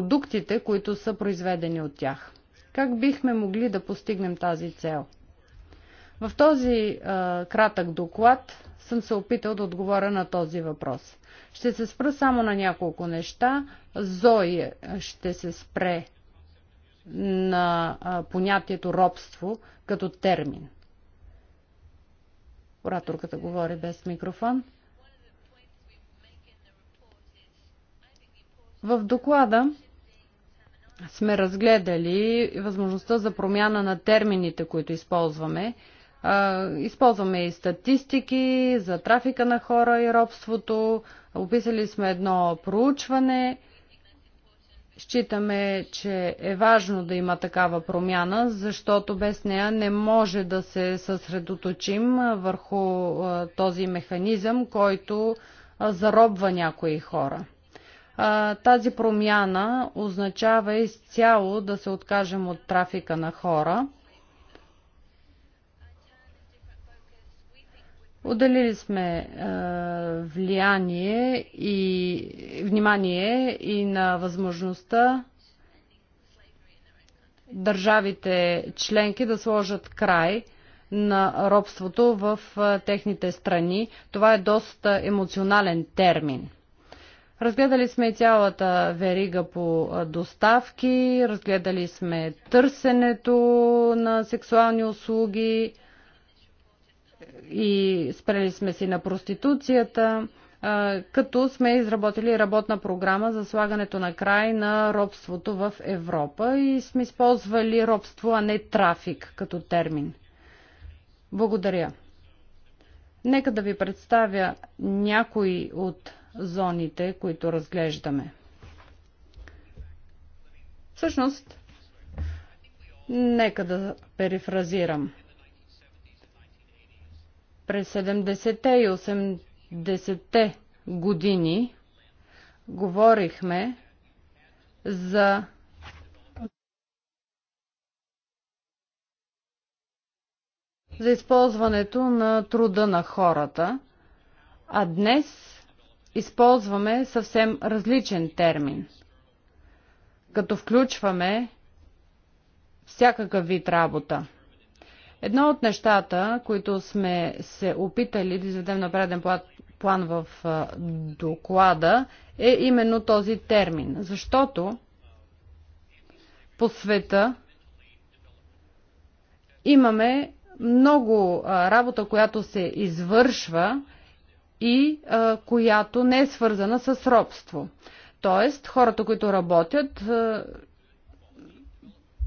продуктите, които са произведени от тях. Как бихме могли да постигнем тази цел? В този а, кратък доклад съм се опитал да отговоря на този въпрос. Ще се спра само на няколко неща. Зои ще се спре на а, понятието робство като термин. Ораторката говори без микрофон. В доклада сме разгледали възможността за промяна на термините, които използваме. Използваме и статистики за трафика на хора и робството. Описали сме едно проучване. Считаме, че е важно да има такава промяна, защото без нея не може да се съсредоточим върху този механизъм, който заробва някои хора тази промяна означава изцяло да се откажем от трафика на хора. Удалили сме влияние и внимание и на възможността държавите членки да сложат край на робството в техните страни. Това е доста емоционален термин. Разгледали сме цялата верига по доставки, разгледали сме търсенето на сексуални услуги и спрели сме си на проституцията, като сме изработили работна програма за слагането на край на робството в Европа и сме използвали робство, а не трафик като термин. Благодаря. Нека да ви представя някои от зоните, които разглеждаме. Всъщност, нека да перифразирам. През 70-те и 80-те години говорихме за за използването на труда на хората, а днес използваме съвсем различен термин, като включваме всякакъв вид работа. Едно от нещата, които сме се опитали да изведем на преден план в доклада, е именно този термин. Защото по света имаме много работа, която се извършва и а, която не е свързана с робство. Тоест, хората, които работят, а,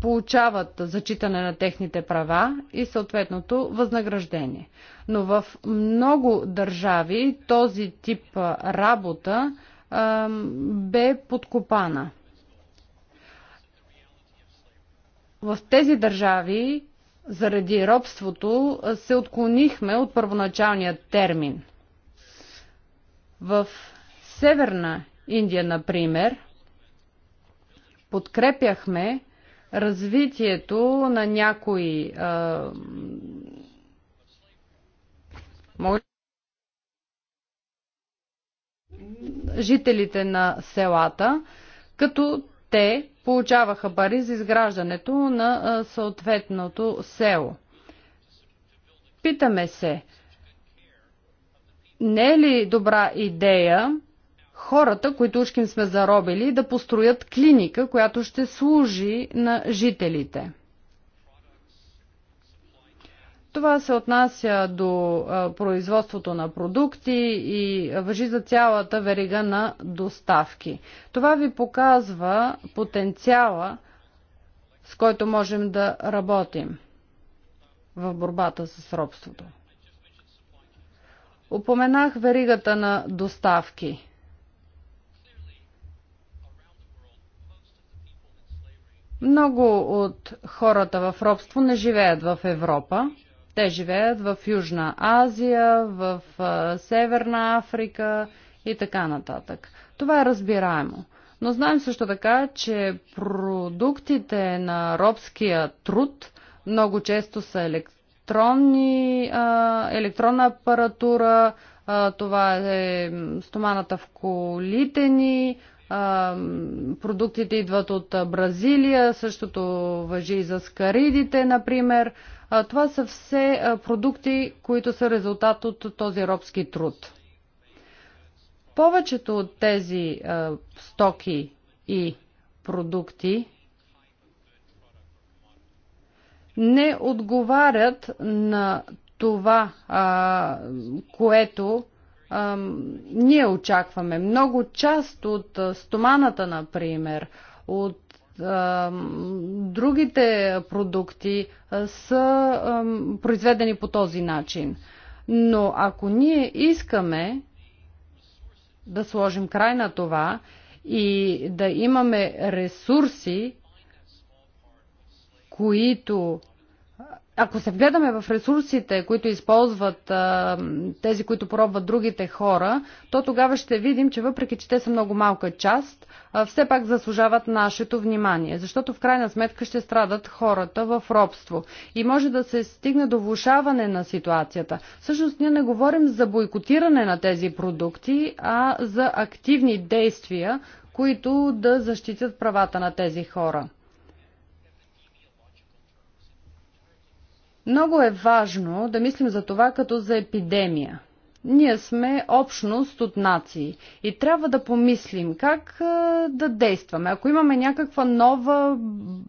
получават зачитане на техните права и съответното възнаграждение. Но в много държави този тип работа а, бе подкопана. В тези държави заради робството се отклонихме от първоначалния термин – в Северна Индия, например, подкрепяхме развитието на някои а, жителите на селата, като те получаваха пари за изграждането на съответното село. Питаме се, не е ли добра идея хората, които ушким сме заробили, да построят клиника, която ще служи на жителите? Това се отнася до производството на продукти и въжи за цялата верига на доставки. Това ви показва потенциала, с който можем да работим в борбата с робството. Упоменах веригата на доставки. Много от хората в робство не живеят в Европа. Те живеят в Южна Азия, в Северна Африка и така нататък. Това е разбираемо. Но знаем също така, че продуктите на робския труд много често са електронни електронни, електронна апаратура, това е стоманата в колите ни, продуктите идват от Бразилия, същото въжи и за скаридите, например. Това са все продукти, които са резултат от този робски труд. Повечето от тези стоки и продукти не отговарят на това, а, което а, ние очакваме. Много част от стоманата, например, от а, другите продукти а, са а, произведени по този начин. Но ако ние искаме да сложим край на това и да имаме ресурси, които ако се вгледаме в ресурсите, които използват тези, които пробват другите хора, то тогава ще видим, че въпреки, че те са много малка част, все пак заслужават нашето внимание, защото в крайна сметка ще страдат хората в робство. И може да се стигне до влушаване на ситуацията. Всъщност ние не говорим за бойкотиране на тези продукти, а за активни действия, които да защитят правата на тези хора. Много е важно да мислим за това като за епидемия. Ние сме общност от нации и трябва да помислим как да действаме. Ако имаме някаква нова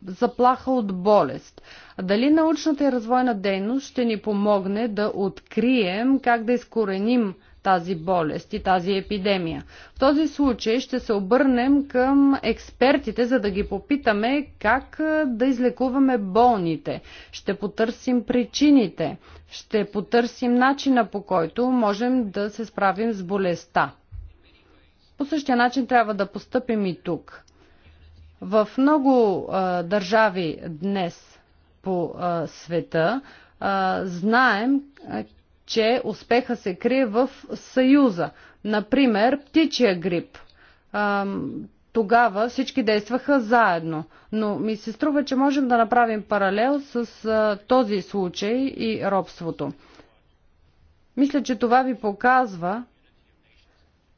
заплаха от болест, дали научната и развойна дейност ще ни помогне да открием как да изкореним тази болест и тази епидемия. В този случай ще се обърнем към експертите, за да ги попитаме как да излекуваме болните. Ще потърсим причините, ще потърсим начина по който можем да се справим с болестта. По същия начин трябва да постъпим и тук. В много а, държави днес по а, света а, знаем че успеха се крие в Съюза. Например, птичия грип. Тогава всички действаха заедно. Но ми се струва, че можем да направим паралел с този случай и робството. Мисля, че това ви показва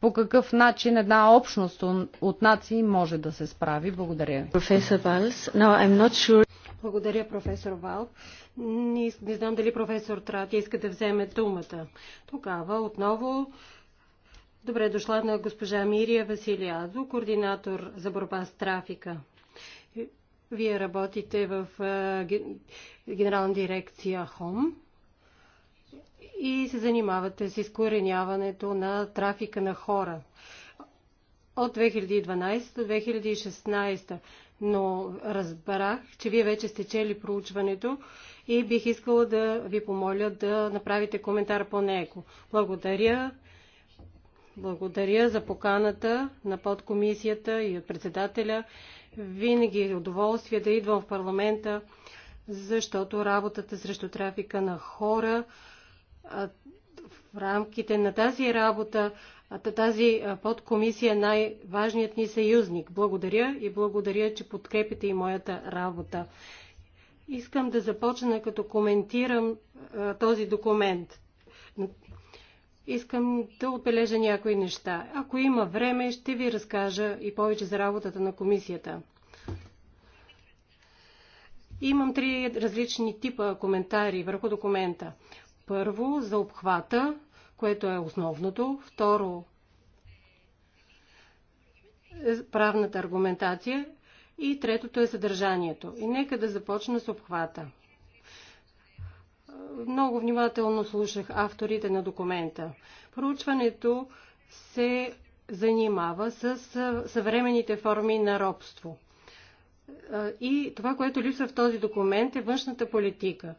по какъв начин една общност от нации може да се справи. Благодаря. Професор Валс, I'm not sure. Благодаря, професор Вал. Не, не знам дали професор Трат иска да вземе думата. Тогава отново добре дошла на госпожа Мирия Василиадо, координатор за борба с трафика. Вие работите в генерална дирекция ХОМ и се занимавате с изкореняването на трафика на хора от 2012 до 2016 но разбрах, че вие вече сте чели проучването и бих искала да ви помоля да направите коментар по него. Благодаря. Благодаря за поканата на подкомисията и от председателя. Винаги е удоволствие да идвам в парламента, защото работата срещу трафика на хора в рамките на тази работа тази подкомисия е най-важният ни съюзник. Благодаря и благодаря, че подкрепите и моята работа. Искам да започна като коментирам този документ. Искам да отбележа някои неща. Ако има време, ще ви разкажа и повече за работата на комисията. Имам три различни типа коментари върху документа. Първо, за обхвата, което е основното. Второ, е правната аргументация и третото е съдържанието. И нека да започна с обхвата. Много внимателно слушах авторите на документа. Проучването се занимава с съвременните форми на робство. И това, което липсва в този документ е външната политика.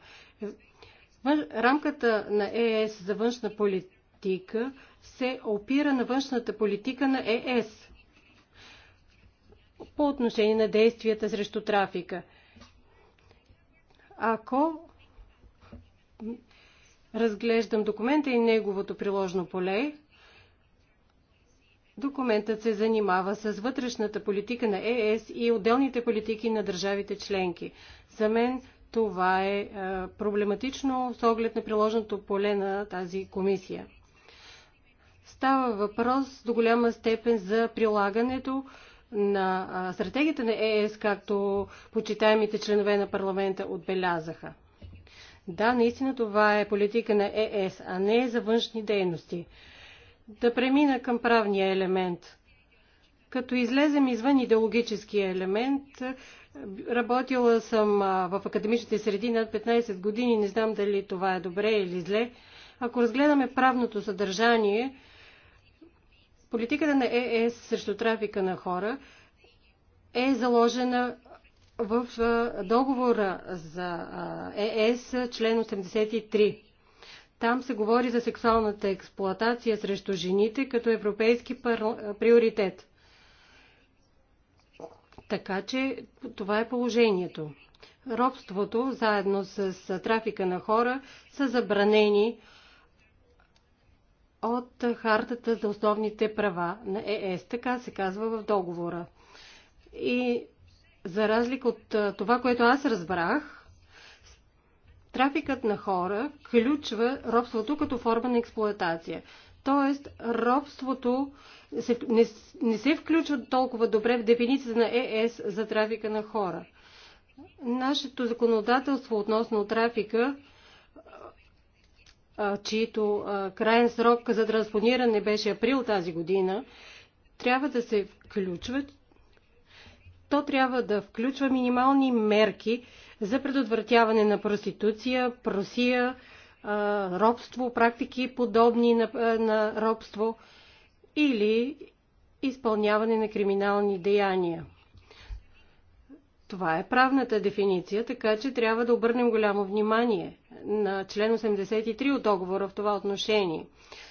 Рамката на ЕС за външна политика се опира на външната политика на ЕС по отношение на действията срещу трафика. Ако разглеждам документа и неговото приложно поле, документът се занимава с вътрешната политика на ЕС и отделните политики на държавите членки. За мен това е, е проблематично с оглед на приложеното поле на тази комисия. Става въпрос до голяма степен за прилагането на стратегията на ЕС, както почитаемите членове на парламента отбелязаха. Да, наистина това е политика на ЕС, а не за външни дейности. Да премина към правния елемент. Като излезем извън идеологическия елемент, Работила съм в академичните среди над 15 години, не знам дали това е добре или зле. Ако разгледаме правното съдържание, политиката на ЕС е срещу трафика на хора е заложена в договора за ЕС, е член 83. Там се говори за сексуалната експлоатация срещу жените като европейски приоритет. Така че това е положението. Робството, заедно с трафика на хора, са забранени от Хартата за основните права на ЕС. Така се казва в договора. И за разлика от това, което аз разбрах, трафикът на хора включва робството като форма на експлоатация. Тоест, робството се, не, не се включва толкова добре в дефиницията на ЕС за трафика на хора. Нашето законодателство относно трафика, чието крайен срок за транспониране беше април тази година, трябва да се включва. То трябва да включва минимални мерки за предотвратяване на проституция, просия, робство, практики подобни на, на робство или изпълняване на криминални деяния. Това е правната дефиниция, така че трябва да обърнем голямо внимание на член 83 от договора в това отношение.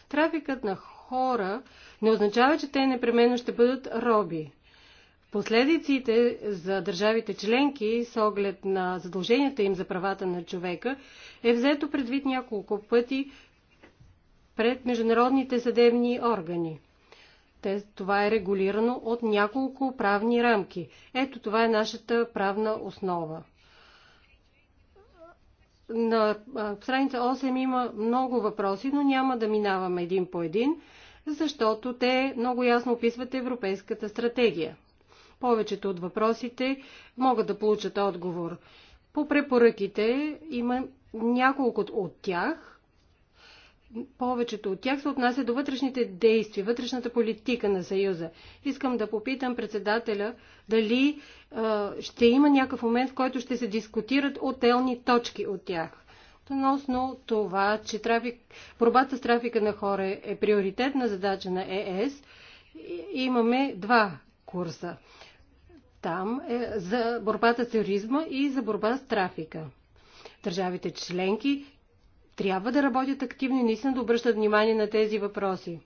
Трафикът на хора не означава, че те непременно ще бъдат роби. Последиците за държавите членки с оглед на задълженията им за правата на човека е взето предвид няколко пъти пред международните съдебни органи. Те, това е регулирано от няколко правни рамки. Ето това е нашата правна основа. На страница 8 има много въпроси, но няма да минаваме един по един, защото те много ясно описват европейската стратегия. Повечето от въпросите могат да получат отговор. По препоръките има няколко от тях. Повечето от тях се отнася до вътрешните действия, вътрешната политика на Съюза. Искам да попитам председателя дали ще има някакъв момент, в който ще се дискутират отделни точки от тях относно това, че трафик, борбата с трафика на хора е приоритетна задача на ЕС, имаме два курса там е за борбата с тероризма и за борба с трафика. Държавите членки трябва да работят активно и наистина да обръщат внимание на тези въпроси.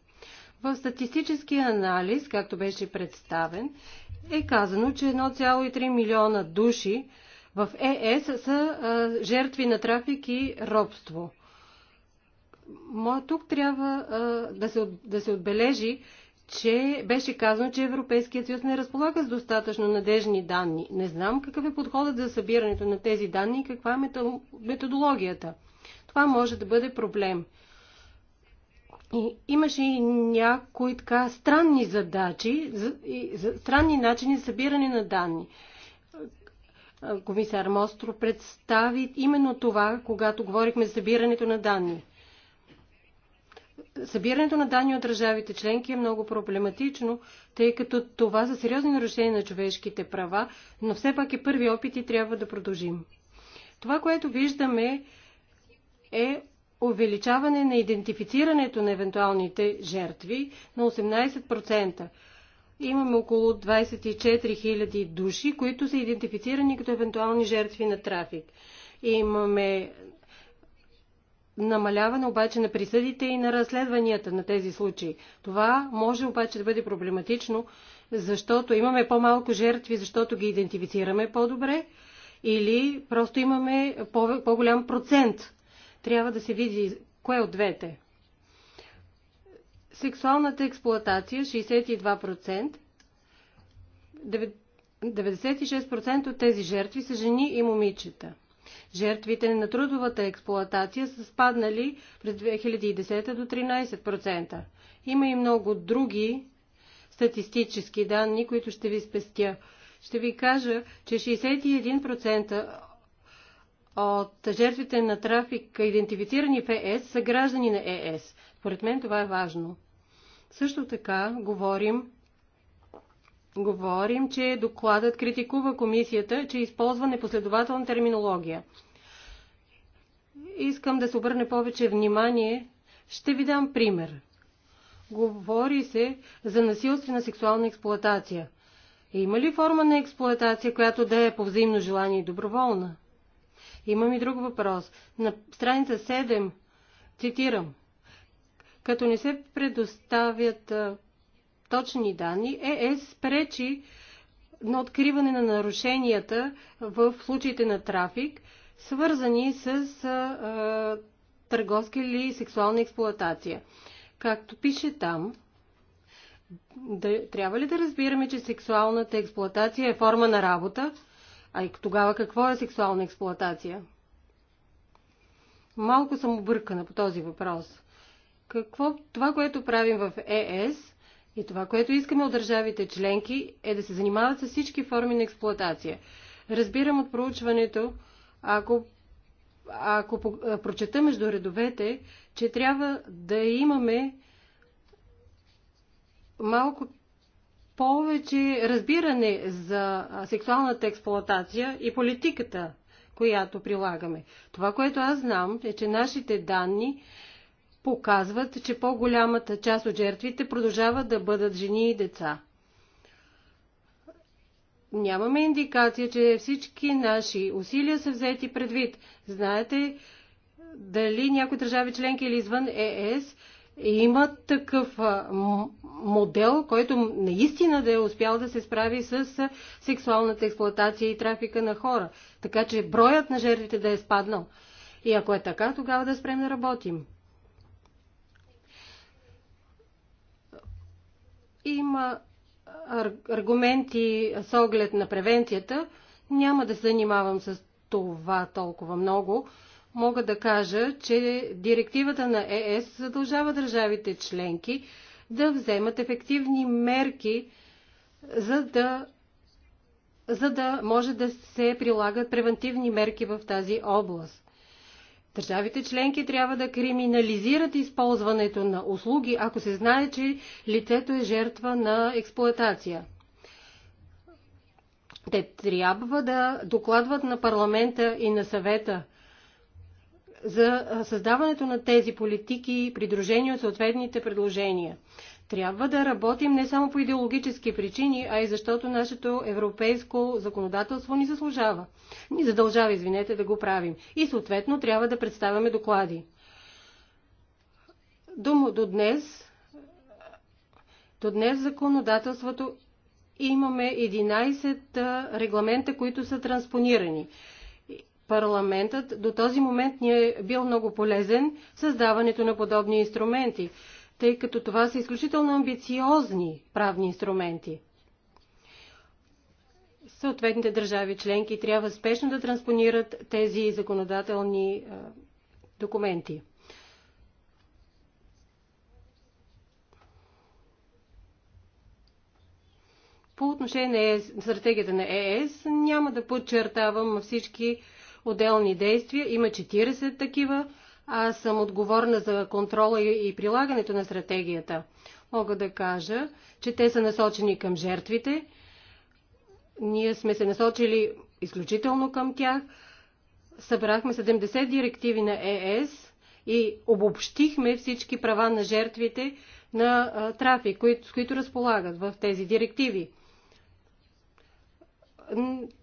В статистическия анализ, както беше представен, е казано, че 1,3 милиона души в ЕС са а, жертви на трафик и робство. Тук трябва а, да, се, да се отбележи, че беше казано, че Европейският съюз не разполага с достатъчно надежни данни. Не знам какъв е подходът за събирането на тези данни и каква е методологията. Това може да бъде проблем. И имаше и някои така странни задачи, за, и, за, странни начини за събиране на данни. Комисар Мостро представи именно това, когато говорихме за събирането на данни събирането на данни от държавите членки е много проблематично, тъй като това са сериозни нарушения на човешките права, но все пак е първи опит и трябва да продължим. Това, което виждаме е увеличаване на идентифицирането на евентуалните жертви на 18%. Имаме около 24 000 души, които са идентифицирани като евентуални жертви на трафик. Имаме намаляване обаче на присъдите и на разследванията на тези случаи. Това може обаче да бъде проблематично, защото имаме по-малко жертви, защото ги идентифицираме по-добре или просто имаме по-голям процент. Трябва да се види кое от двете. Сексуалната експлоатация 62%, 96% от тези жертви са жени и момичета. Жертвите на трудовата експлоатация са спаднали през 2010 до 13%. Има и много други статистически данни, които ще ви спестя. Ще ви кажа, че 61% от жертвите на трафик, идентифицирани в ЕС, са граждани на ЕС. Според мен това е важно. Също така говорим говорим, че докладът критикува комисията, че използва непоследователна терминология. Искам да се обърне повече внимание. Ще ви дам пример. Говори се за насилствена сексуална експлоатация. Има ли форма на експлоатация, която да е по взаимно желание и доброволна? Имам и друг въпрос. На страница 7 цитирам. Като не се предоставят точни данни, ЕС пречи на откриване на нарушенията в случаите на трафик, свързани с а, търговска или сексуална експлоатация. Както пише там, да, трябва ли да разбираме, че сексуалната експлоатация е форма на работа? А и тогава какво е сексуална експлоатация? Малко съм объркана по този въпрос. Какво, това, което правим в ЕС, и това, което искаме от държавите членки, е да се занимават с всички форми на експлоатация. Разбирам от проучването, ако, ако прочета между редовете, че трябва да имаме малко повече разбиране за сексуалната експлоатация и политиката, която прилагаме. Това, което аз знам, е, че нашите данни показват, че по-голямата част от жертвите продължават да бъдат жени и деца. Нямаме индикация, че всички наши усилия са взети предвид. Знаете, дали някои държави членки или извън ЕС имат такъв модел, който наистина да е успял да се справи с сексуалната експлоатация и трафика на хора. Така че броят на жертвите да е спаднал. И ако е така, тогава да спрем да работим. Има аргументи с оглед на превенцията. Няма да се занимавам с това толкова много. Мога да кажа, че директивата на ЕС задължава държавите членки да вземат ефективни мерки, за да, за да може да се прилагат превентивни мерки в тази област. Държавите членки трябва да криминализират използването на услуги, ако се знае, че лицето е жертва на експлоатация. Те трябва да докладват на парламента и на съвета за създаването на тези политики, придружени от съответните предложения. Трябва да работим не само по идеологически причини, а и защото нашето европейско законодателство ни заслужава. Ни задължава, извинете, да го правим. И съответно трябва да представяме доклади. До, до днес до днес законодателството имаме 11 регламента, които са транспонирани. Парламентът до този момент ни е бил много полезен в създаването на подобни инструменти тъй като това са изключително амбициозни правни инструменти. Съответните държави членки трябва спешно да транспонират тези законодателни документи. По отношение на ЕС, стратегията на ЕС, няма да подчертавам всички отделни действия. Има 40 такива. Аз съм отговорна за контрола и прилагането на стратегията. Мога да кажа, че те са насочени към жертвите. Ние сме се насочили изключително към тях. Събрахме 70 директиви на ЕС и обобщихме всички права на жертвите на трафик, с които разполагат в тези директиви.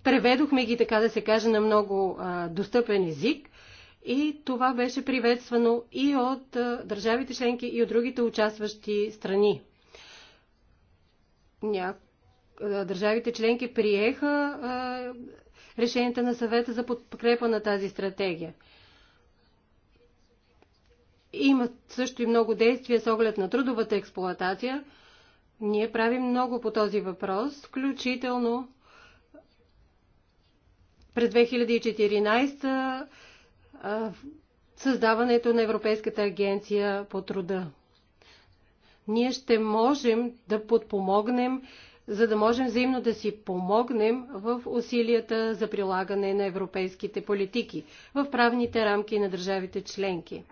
Преведохме ги, така да се каже, на много достъпен език – и това беше приветствано и от държавите членки, и от другите участващи страни. Ня... Държавите членки приеха решенията на съвета за подкрепа на тази стратегия. Имат също и много действия с оглед на трудовата експлоатация. Ние правим много по този въпрос, включително през 2014 създаването на Европейската агенция по труда. Ние ще можем да подпомогнем, за да можем взаимно да си помогнем в усилията за прилагане на европейските политики в правните рамки на държавите членки.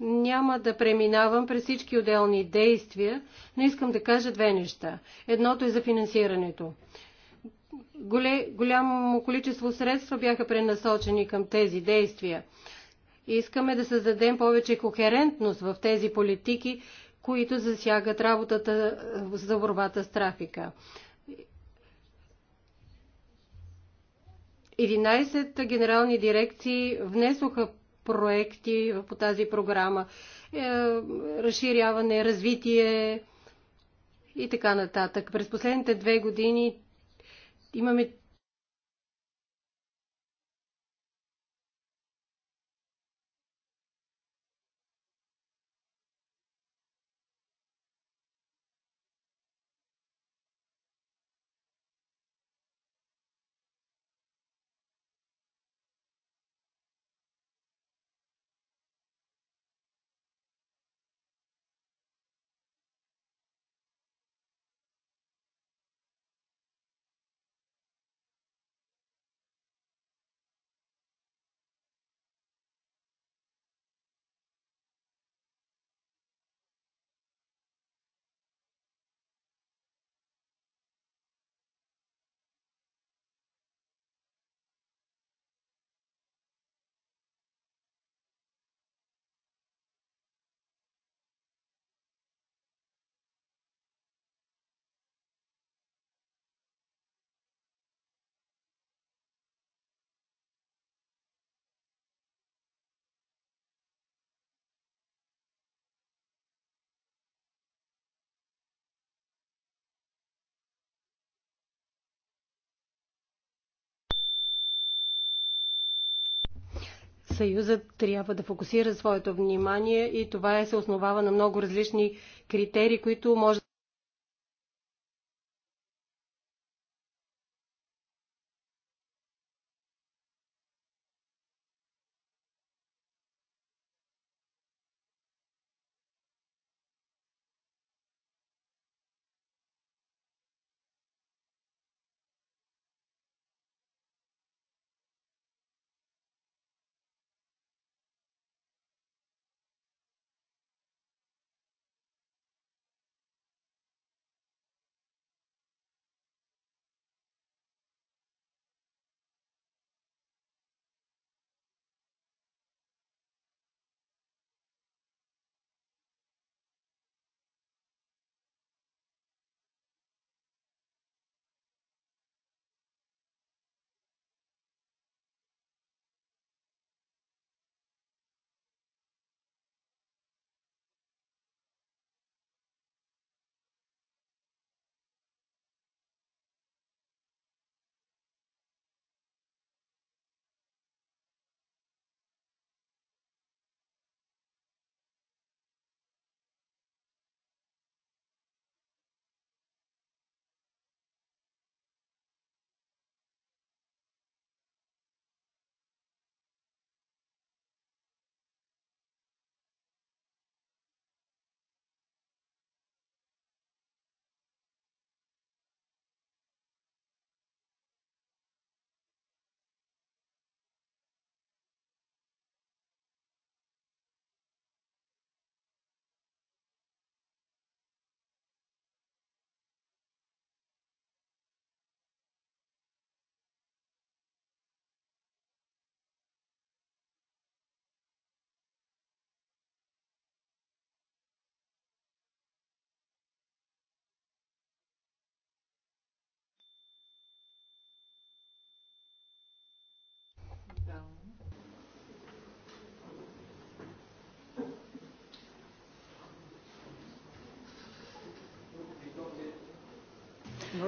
Няма да преминавам през всички отделни действия, но искам да кажа две неща. Едното е за финансирането голямо количество средства бяха пренасочени към тези действия. Искаме да създадем повече кохерентност в тези политики, които засягат работата за борбата с трафика. 11 генерални дирекции внесоха проекти по тази програма. Е, разширяване, развитие и така нататък. През последните две години Имаме Съюзът трябва да фокусира своето внимание и това е, се основава на много различни критерии, които може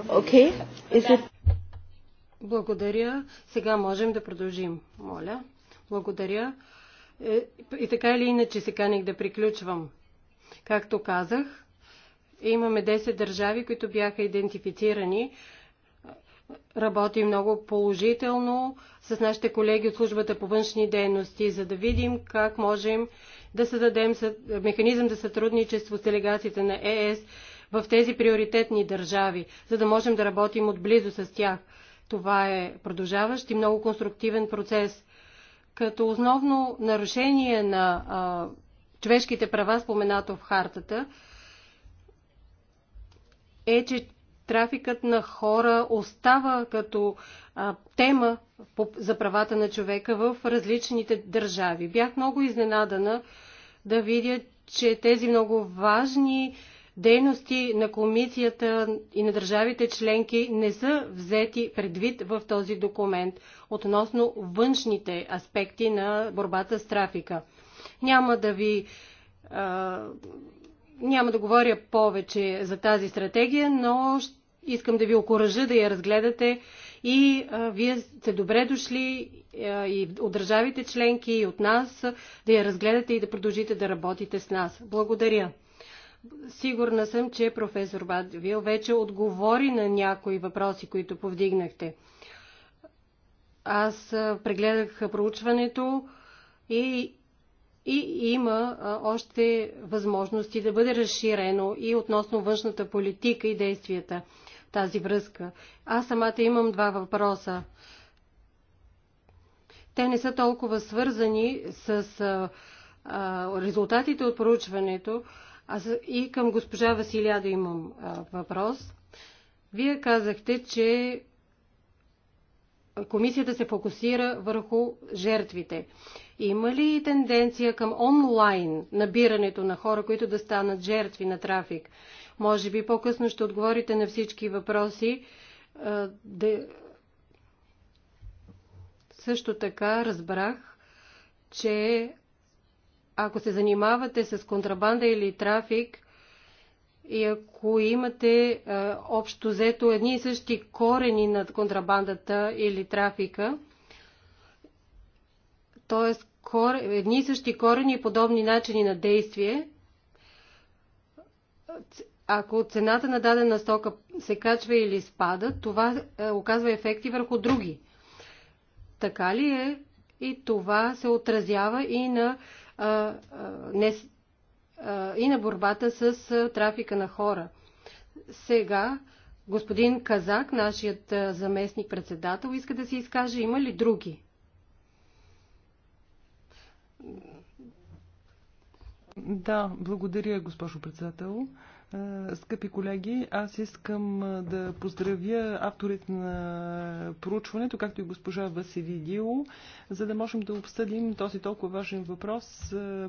Okay. It... Благодаря. Сега можем да продължим. Моля. Благодаря. Е, и така или иначе се каних да приключвам. Както казах, имаме 10 държави, които бяха идентифицирани. Работи много положително с нашите колеги от службата по външни дейности, за да видим как можем да създадем механизъм за сътрудничество с делегациите на ЕС е в тези приоритетни държави, за да можем да работим отблизо с тях. Това е продължаващ и много конструктивен процес. Като основно нарушение на а, човешките права, споменато в хартата, е, че трафикът на хора остава като а, тема по, за правата на човека в различните държави. Бях много изненадана да видя, че тези много важни дейности на комисията и на държавите членки не са взети предвид в този документ относно външните аспекти на борбата с трафика. Няма да ви. А, няма да говоря повече за тази стратегия, но искам да ви окоръжа да я разгледате и а, вие сте добре дошли а, и от държавите членки, и от нас да я разгледате и да продължите да работите с нас. Благодаря. Сигурна съм, че професор Бадвил вече отговори на някои въпроси, които повдигнахте. Аз прегледах проучването и, и има още възможности да бъде разширено и относно външната политика и действията в тази връзка. Аз самата имам два въпроса. Те не са толкова свързани с резултатите от проучването, аз и към госпожа Василия да имам а, въпрос. Вие казахте, че комисията се фокусира върху жертвите. Има ли тенденция към онлайн набирането на хора, които да станат жертви на трафик? Може би по-късно ще отговорите на всички въпроси. А, да... Също така разбрах, че ако се занимавате с контрабанда или трафик и ако имате общо взето едни и същи корени на контрабандата или трафика, т.е. едни и същи корени и подобни начини на действие, ако цената на дадена стока се качва или спада, това е, оказва ефекти върху други. Така ли е? И това се отразява и на не, и на борбата с трафика на хора. Сега господин Казак, нашият заместник-председател, иска да се изкаже. Има ли други? Да, благодаря, госпожо председател. Е, скъпи колеги, аз искам е, да поздравя авторите на проучването, както и госпожа Васили за да можем да обсъдим този толкова важен въпрос, е,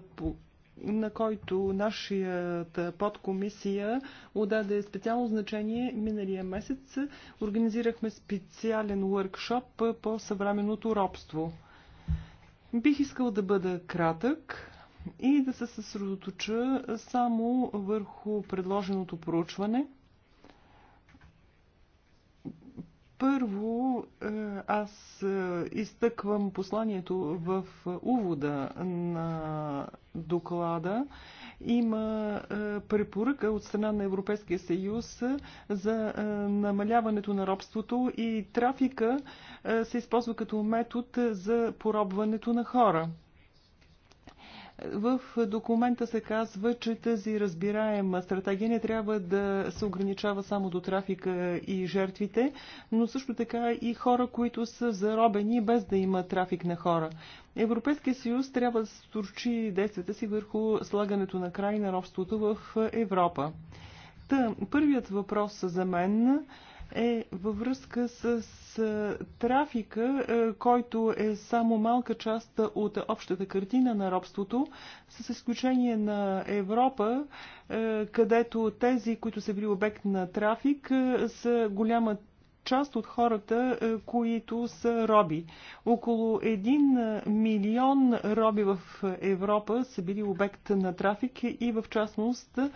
на който нашата подкомисия отдаде специално значение миналия месец. Организирахме специален въркшоп по съвременното робство. Бих искал да бъда кратък и да се съсредоточа само върху предложеното проучване. Първо, е, аз е, изтъквам посланието в увода на доклада. Има е, препоръка от страна на Европейския съюз за намаляването на робството и трафика се използва като метод за поробването на хора. В документа се казва, че тази разбираема стратегия не трябва да се ограничава само до трафика и жертвите, но също така и хора, които са заробени без да има трафик на хора. Европейския съюз трябва да сторчи действията си върху слагането на край на робството в Европа. Та, първият въпрос за мен е е във връзка с трафика, който е само малка част от общата картина на робството, с изключение на Европа, където тези, които са били обект на трафик, са голяма част от хората, е, които са роби. Около 1 е, милион роби в Европа са били обект на трафик и в частност е,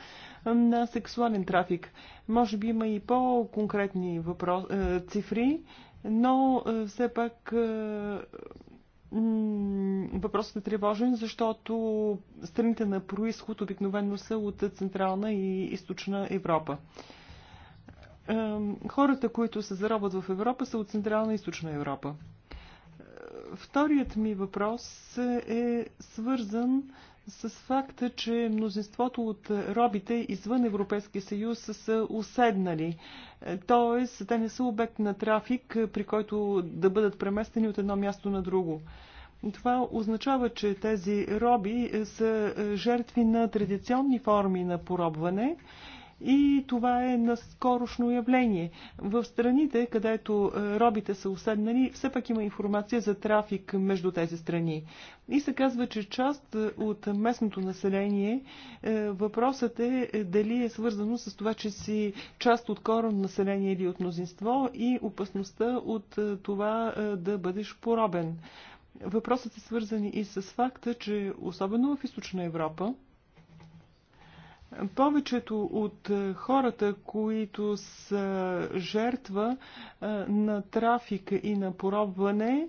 на сексуален трафик. Може би има и по-конкретни въпрос... цифри, но все пак въпросът е тревожен, защото страните на происход обикновено са от Централна и Източна Европа хората, които се заробват в Европа, са от Централна и Източна Европа. Е, вторият ми въпрос е свързан с факта, че мнозинството от робите извън Европейския съюз са уседнали. Е, тоест, те не са обект на трафик, при който да бъдат преместени от едно място на друго. Това означава, че тези роби са жертви на традиционни форми на поробване и това е наскорошно явление. В страните, където е, робите са уседнали, все пак има информация за трафик между тези страни. И се казва, че част е, от местното население е, въпросът е дали е свързано с това, че си част от коренно население или от мнозинство и опасността от това да бъдеш поробен. Въпросът е свързан и с факта, че особено в източна Европа, повечето от е, хората, които са жертва е, на трафик и на поробване, е,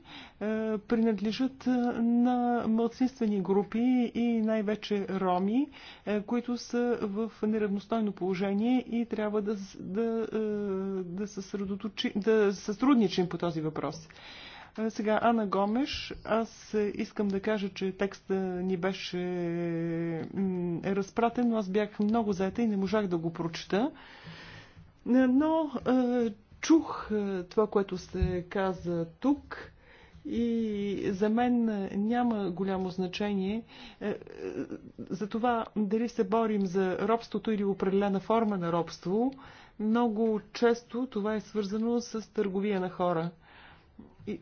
принадлежат на младсинствени групи и най-вече роми, които са в неравностойно положение и трябва да, да, да, да сътрудничим по този въпрос. Сега Ана Гомеш, аз е, искам да кажа, че текста ни беше е разпратен, но аз бях много заета и не можах да го прочета. Но е, чух това, което се каза тук. И за мен няма голямо значение е, е, за това дали се борим за робството или определена форма на робство. Много често това е свързано с търговия на хора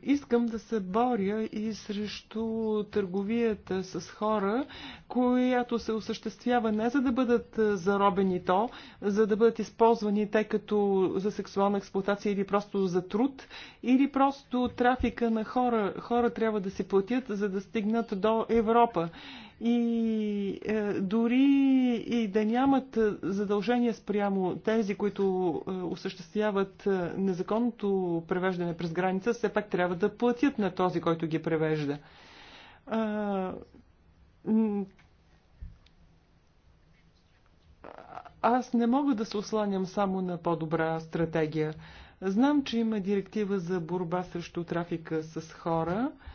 искам да се боря и срещу търговията с хора, която се осъществява не за да бъдат заробени то, за да бъдат използвани те като за сексуална експлуатация или просто за труд, или просто трафика на хора. Хора трябва да си платят, за да стигнат до Европа и е, дори и да нямат е, задължения спрямо тези, които е, осъществяват е, незаконното превеждане през граница, все пак трябва да платят на този, който ги превежда. Е, аз не мога да се осланям само на по-добра стратегия. Знам, че има директива за борба срещу трафика с хора. Е,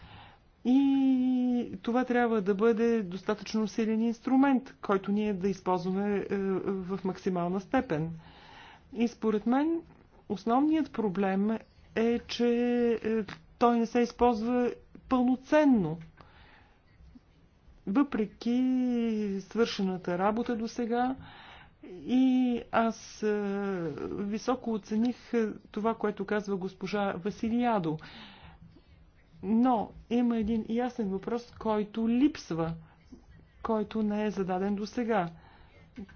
и това трябва да бъде достатъчно силен инструмент, който ние да използваме е, в максимална степен. И според мен основният проблем е, че е, той не се използва пълноценно. Въпреки свършената работа до сега, и аз е, високо оцених това, което казва госпожа Василиадо. Но има един ясен въпрос, който липсва, който не е зададен до сега.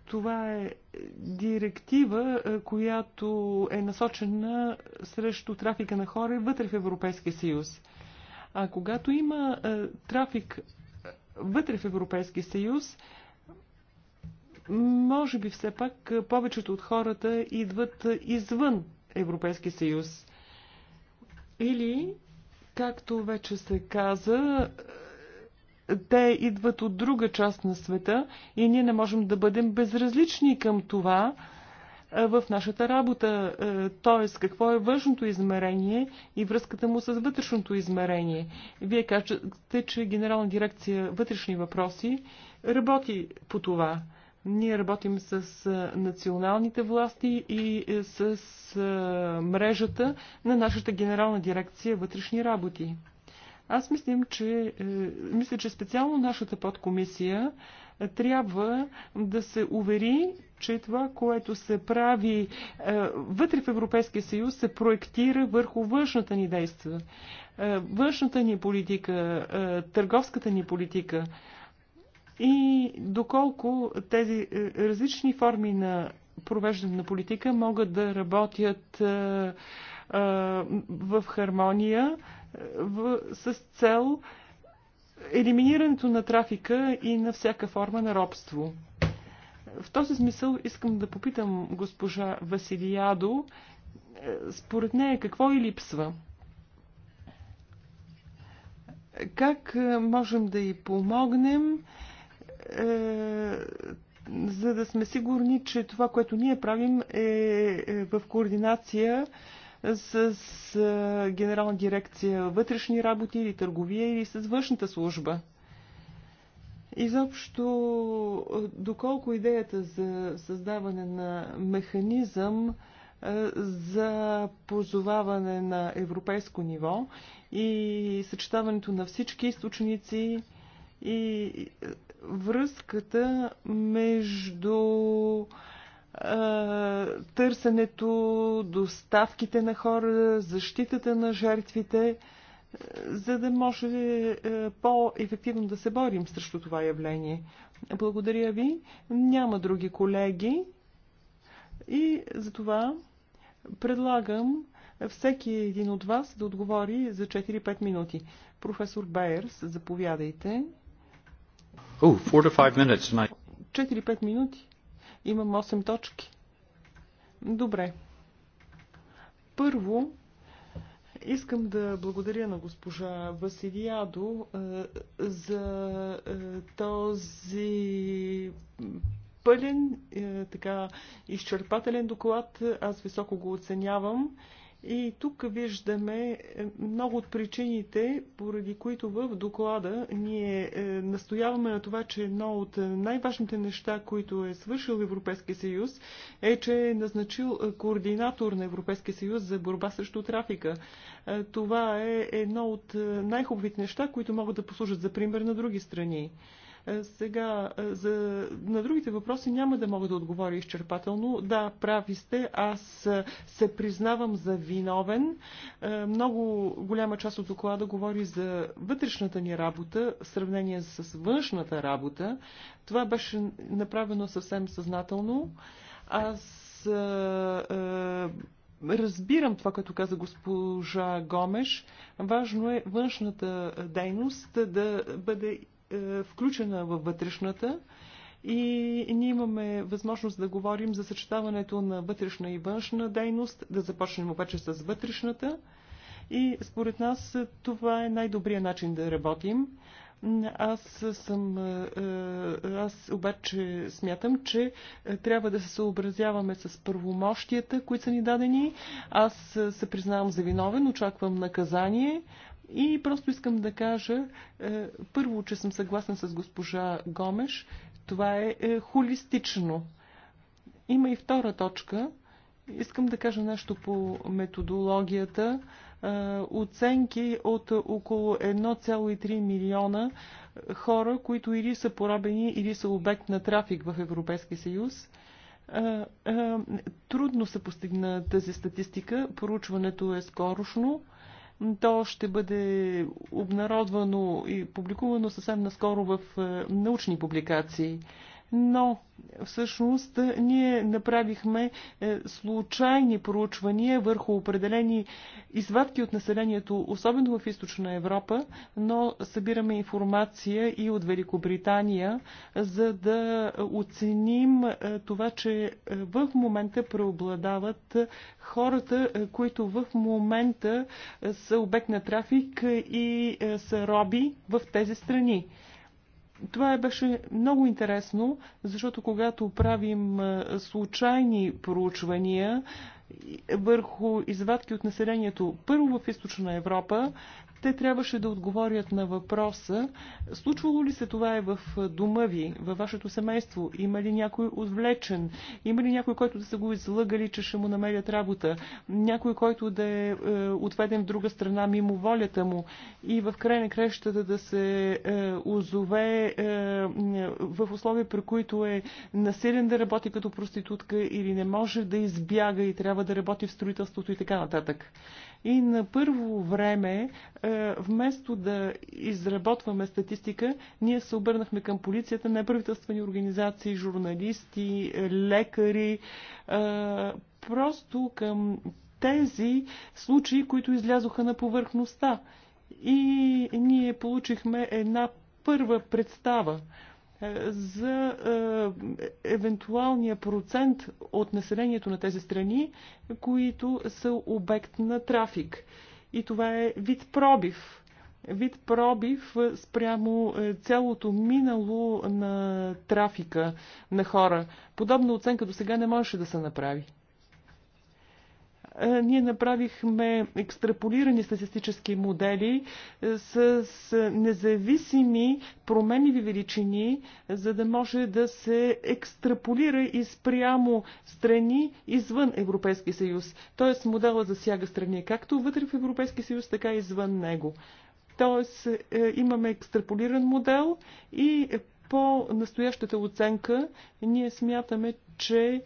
Това е директива, е, която е насочена срещу трафика на хора вътре в Европейския съюз. А когато има е, трафик е, вътре в Европейския съюз, може би все пак повечето от хората идват извън Европейския съюз. Или Както вече се каза, те идват от друга част на света и ние не можем да бъдем безразлични към това в нашата работа. Т.е. какво е външното измерение и връзката му с вътрешното измерение. Вие кажете, че Генерална дирекция вътрешни въпроси работи по това. Ние работим с националните власти и е, с мрежата на нашата генерална дирекция вътрешни работи. Аз мислим, че, е, мисля, че специално нашата подкомисия е, трябва да се увери, че това, което се прави вътре в Европейския съюз, се проектира върху външната ни действа. Външната ни политика, търговската ни политика – и доколко тези е, различни форми на провеждане на политика могат да работят е, е, в хармония с цел елиминирането на трафика и на всяка форма на робство. В този смисъл искам да попитам госпожа Василиадо, според нея какво и липсва? Как можем да й помогнем? Е, за да сме сигурни, че това, което ние правим е, е в координация с е, Генерална дирекция вътрешни работи или търговия или с външната служба. Изобщо, доколко идеята за създаване на механизъм за позоваване на европейско ниво и съчетаването на всички източници и връзката между търсенето, доставките на хора, защитата на жертвите, за да може по-ефективно да се борим срещу това явление. Благодаря ви. Няма други колеги. И за това предлагам всеки един от вас да отговори за 4-5 минути. Професор Байерс, заповядайте. 4-5 минути. Имам 8 точки. Добре. Първо, Искам да благодаря на госпожа Василиадо е, за е, този пълен, е, така изчерпателен доклад. Аз високо го оценявам. И тук виждаме е, много от причините, поради които в доклада ние е, настояваме на това, че едно от най-важните неща, които е свършил Европейския съюз, е, че е назначил е, координатор на Европейския съюз за борба срещу трафика. Това е едно от най-хубавите неща, които могат да послужат за пример на други страни. Е, сега, е, за, на другите въпроси няма да мога да отговоря изчерпателно. Да, прави сте. Аз е, се признавам за виновен. Много голяма част от доклада говори за вътрешната ни работа в сравнение с външната работа. Това беше направено съвсем съзнателно. Аз разбирам това, като каза госпожа Гомеш. Важно е външната дейност да бъде е, включена във вътрешната и ние имаме възможност да говорим за съчетаването на вътрешна и външна дейност, да започнем обаче с вътрешната. И според нас това е най-добрият начин да работим. Аз съм. Е, е, аз обаче смятам, че трябва да се съобразяваме с първомощията, които са ни дадени. Аз се признавам за виновен, очаквам наказание, и просто искам да кажа, е, първо, че съм съгласна с госпожа Гомеш, това е, е холистично. Има и втора точка. Искам да кажа нещо по методологията. Е, оценки от около 1,3 милиона хора, които или са порабени, или са обект на трафик в Европейския съюз. Трудно се постигна тази статистика. Поручването е скорошно то ще бъде обнародвано и публикувано съвсем наскоро в е, научни публикации но всъщност ние направихме е, случайни проучвания върху определени извадки от населението, особено в източна Европа, но събираме информация и от Великобритания, за да оценим е, това, че е, в момента преобладават хората, които в момента са обект на трафик и са роби в тези страни. Това е беше много интересно, защото когато правим случайни проучвания върху извадки от населението първо в източна Европа, те трябваше да отговорят на въпроса, случвало ли се това е в дома ви, във вашето семейство, има ли някой отвлечен, има ли някой, който да са го излъгали, че ще му намерят работа, някой, който да е, е отведен в друга страна мимо волята му и в край на крещата да се е, озове е, в условия, при които е насилен да работи като проститутка или не може да избяга и трябва да работи в строителството и така нататък. И на първо време, е, вместо да изработваме статистика, ние се обърнахме към полицията, неправителствени организации, журналисти, лекари, е, просто към тези случаи, които излязоха на повърхността. И ние получихме една първа представа е, за е, евентуалния процент от населението на тези страни, които са обект на трафик. И това е вид пробив. Вид пробив спрямо е, цялото минало на трафика на хора. Подобна оценка до сега не можеше да се направи. Е, ние направихме екстраполирани статистически модели е, с независими променливи величини, за да може да се екстраполира и спрямо страни извън Европейския съюз. Тоест модела засяга страни както вътре в Европейския съюз, така и извън него. Тоест е, имаме екстраполиран модел и по настоящата оценка ние смятаме, че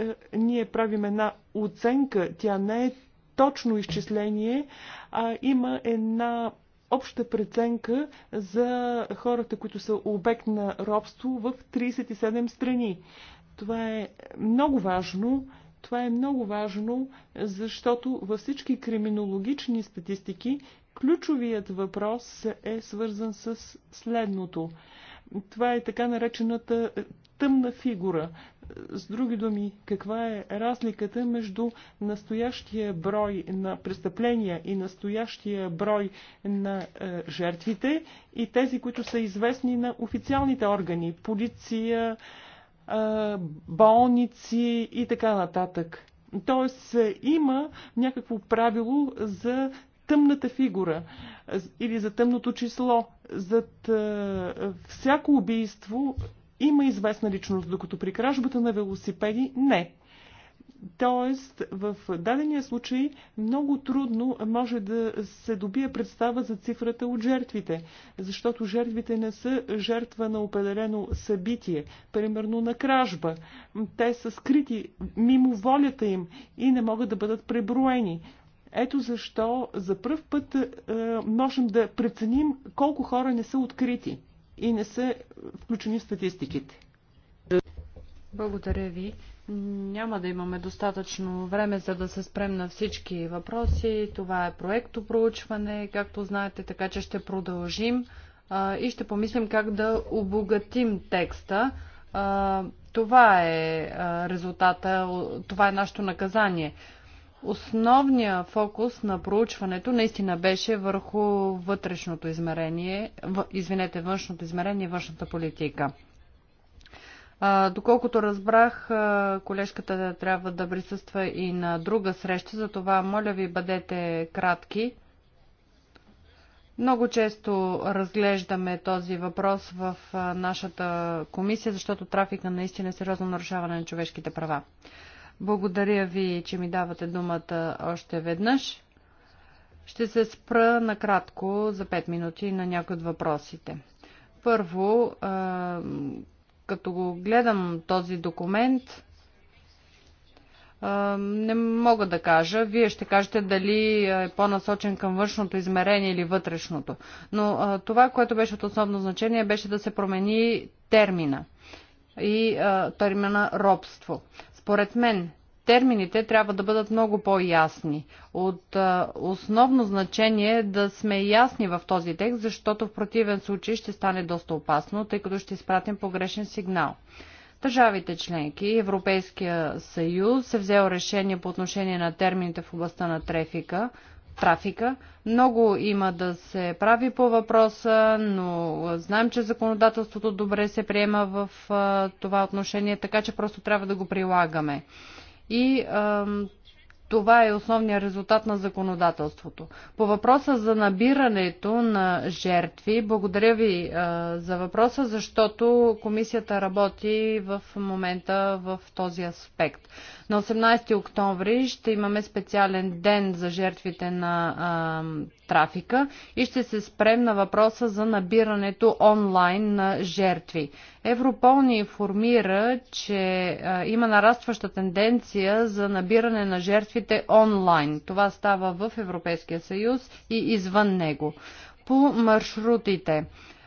е, ние правим една оценка, тя не е точно изчисление, а има една обща преценка за хората, които са обект на робство в 37 страни. Това е много важно. Това е много важно, защото във всички криминологични статистики ключовият въпрос е свързан с следното. Това е така наречената тъмна фигура. С други думи, каква е разликата между настоящия брой на престъпления и настоящия брой на е, жертвите и тези, които са известни на официалните органи, полиция, е, болници и така нататък. Тоест е, има някакво правило за тъмната фигура или за тъмното число. Зад всяко убийство има известна личност, докато при кражбата на велосипеди не. Тоест, в дадения случай много трудно може да се добие представа за цифрата от жертвите, защото жертвите не са жертва на определено събитие, примерно на кражба. Те са скрити мимо волята им и не могат да бъдат преброени. Ето защо за първ път е, можем да преценим колко хора не са открити и не са включени в статистиките. Благодаря ви. Няма да имаме достатъчно време, за да се спрем на всички въпроси. Това е проекто проучване, както знаете, така че ще продължим и ще помислим как да обогатим текста. това е резултата, това е нашето наказание. Основният фокус на проучването наистина беше върху вътрешното измерение, извинете, външното измерение и външната политика. Доколкото разбрах, колежката трябва да присъства и на друга среща, затова моля ви бъдете кратки. Много често разглеждаме този въпрос в нашата комисия, защото трафика наистина е сериозно нарушаване на човешките права. Благодаря ви, че ми давате думата още веднъж. Ще се спра накратко за 5 минути на някои от въпросите. Първо, като го гледам този документ, не мога да кажа. Вие ще кажете дали е по-насочен към външното измерение или вътрешното. Но това, което беше от основно значение, беше да се промени термина и термина робство. Според мен, термините трябва да бъдат много по-ясни. От а, основно значение е да сме ясни в този текст, защото в противен случай ще стане доста опасно, тъй като ще изпратим погрешен сигнал. Държавите членки, Европейския съюз е взел решение по отношение на термините в областта на трефика трафика. Много има да се прави по въпроса, но знаем, че законодателството добре се приема в това отношение, така че просто трябва да го прилагаме. И това е основният резултат на законодателството. По въпроса за набирането на жертви, благодаря ви а, за въпроса, защото комисията работи в момента в този аспект. На 18 октомври ще имаме специален ден за жертвите на а, трафика и ще се спрем на въпроса за набирането онлайн на жертви. Европол ни информира, че а, има нарастваща тенденция за набиране на жертви доставките онлайн. Това става в Европейския съюз и извън него. По маршрутите.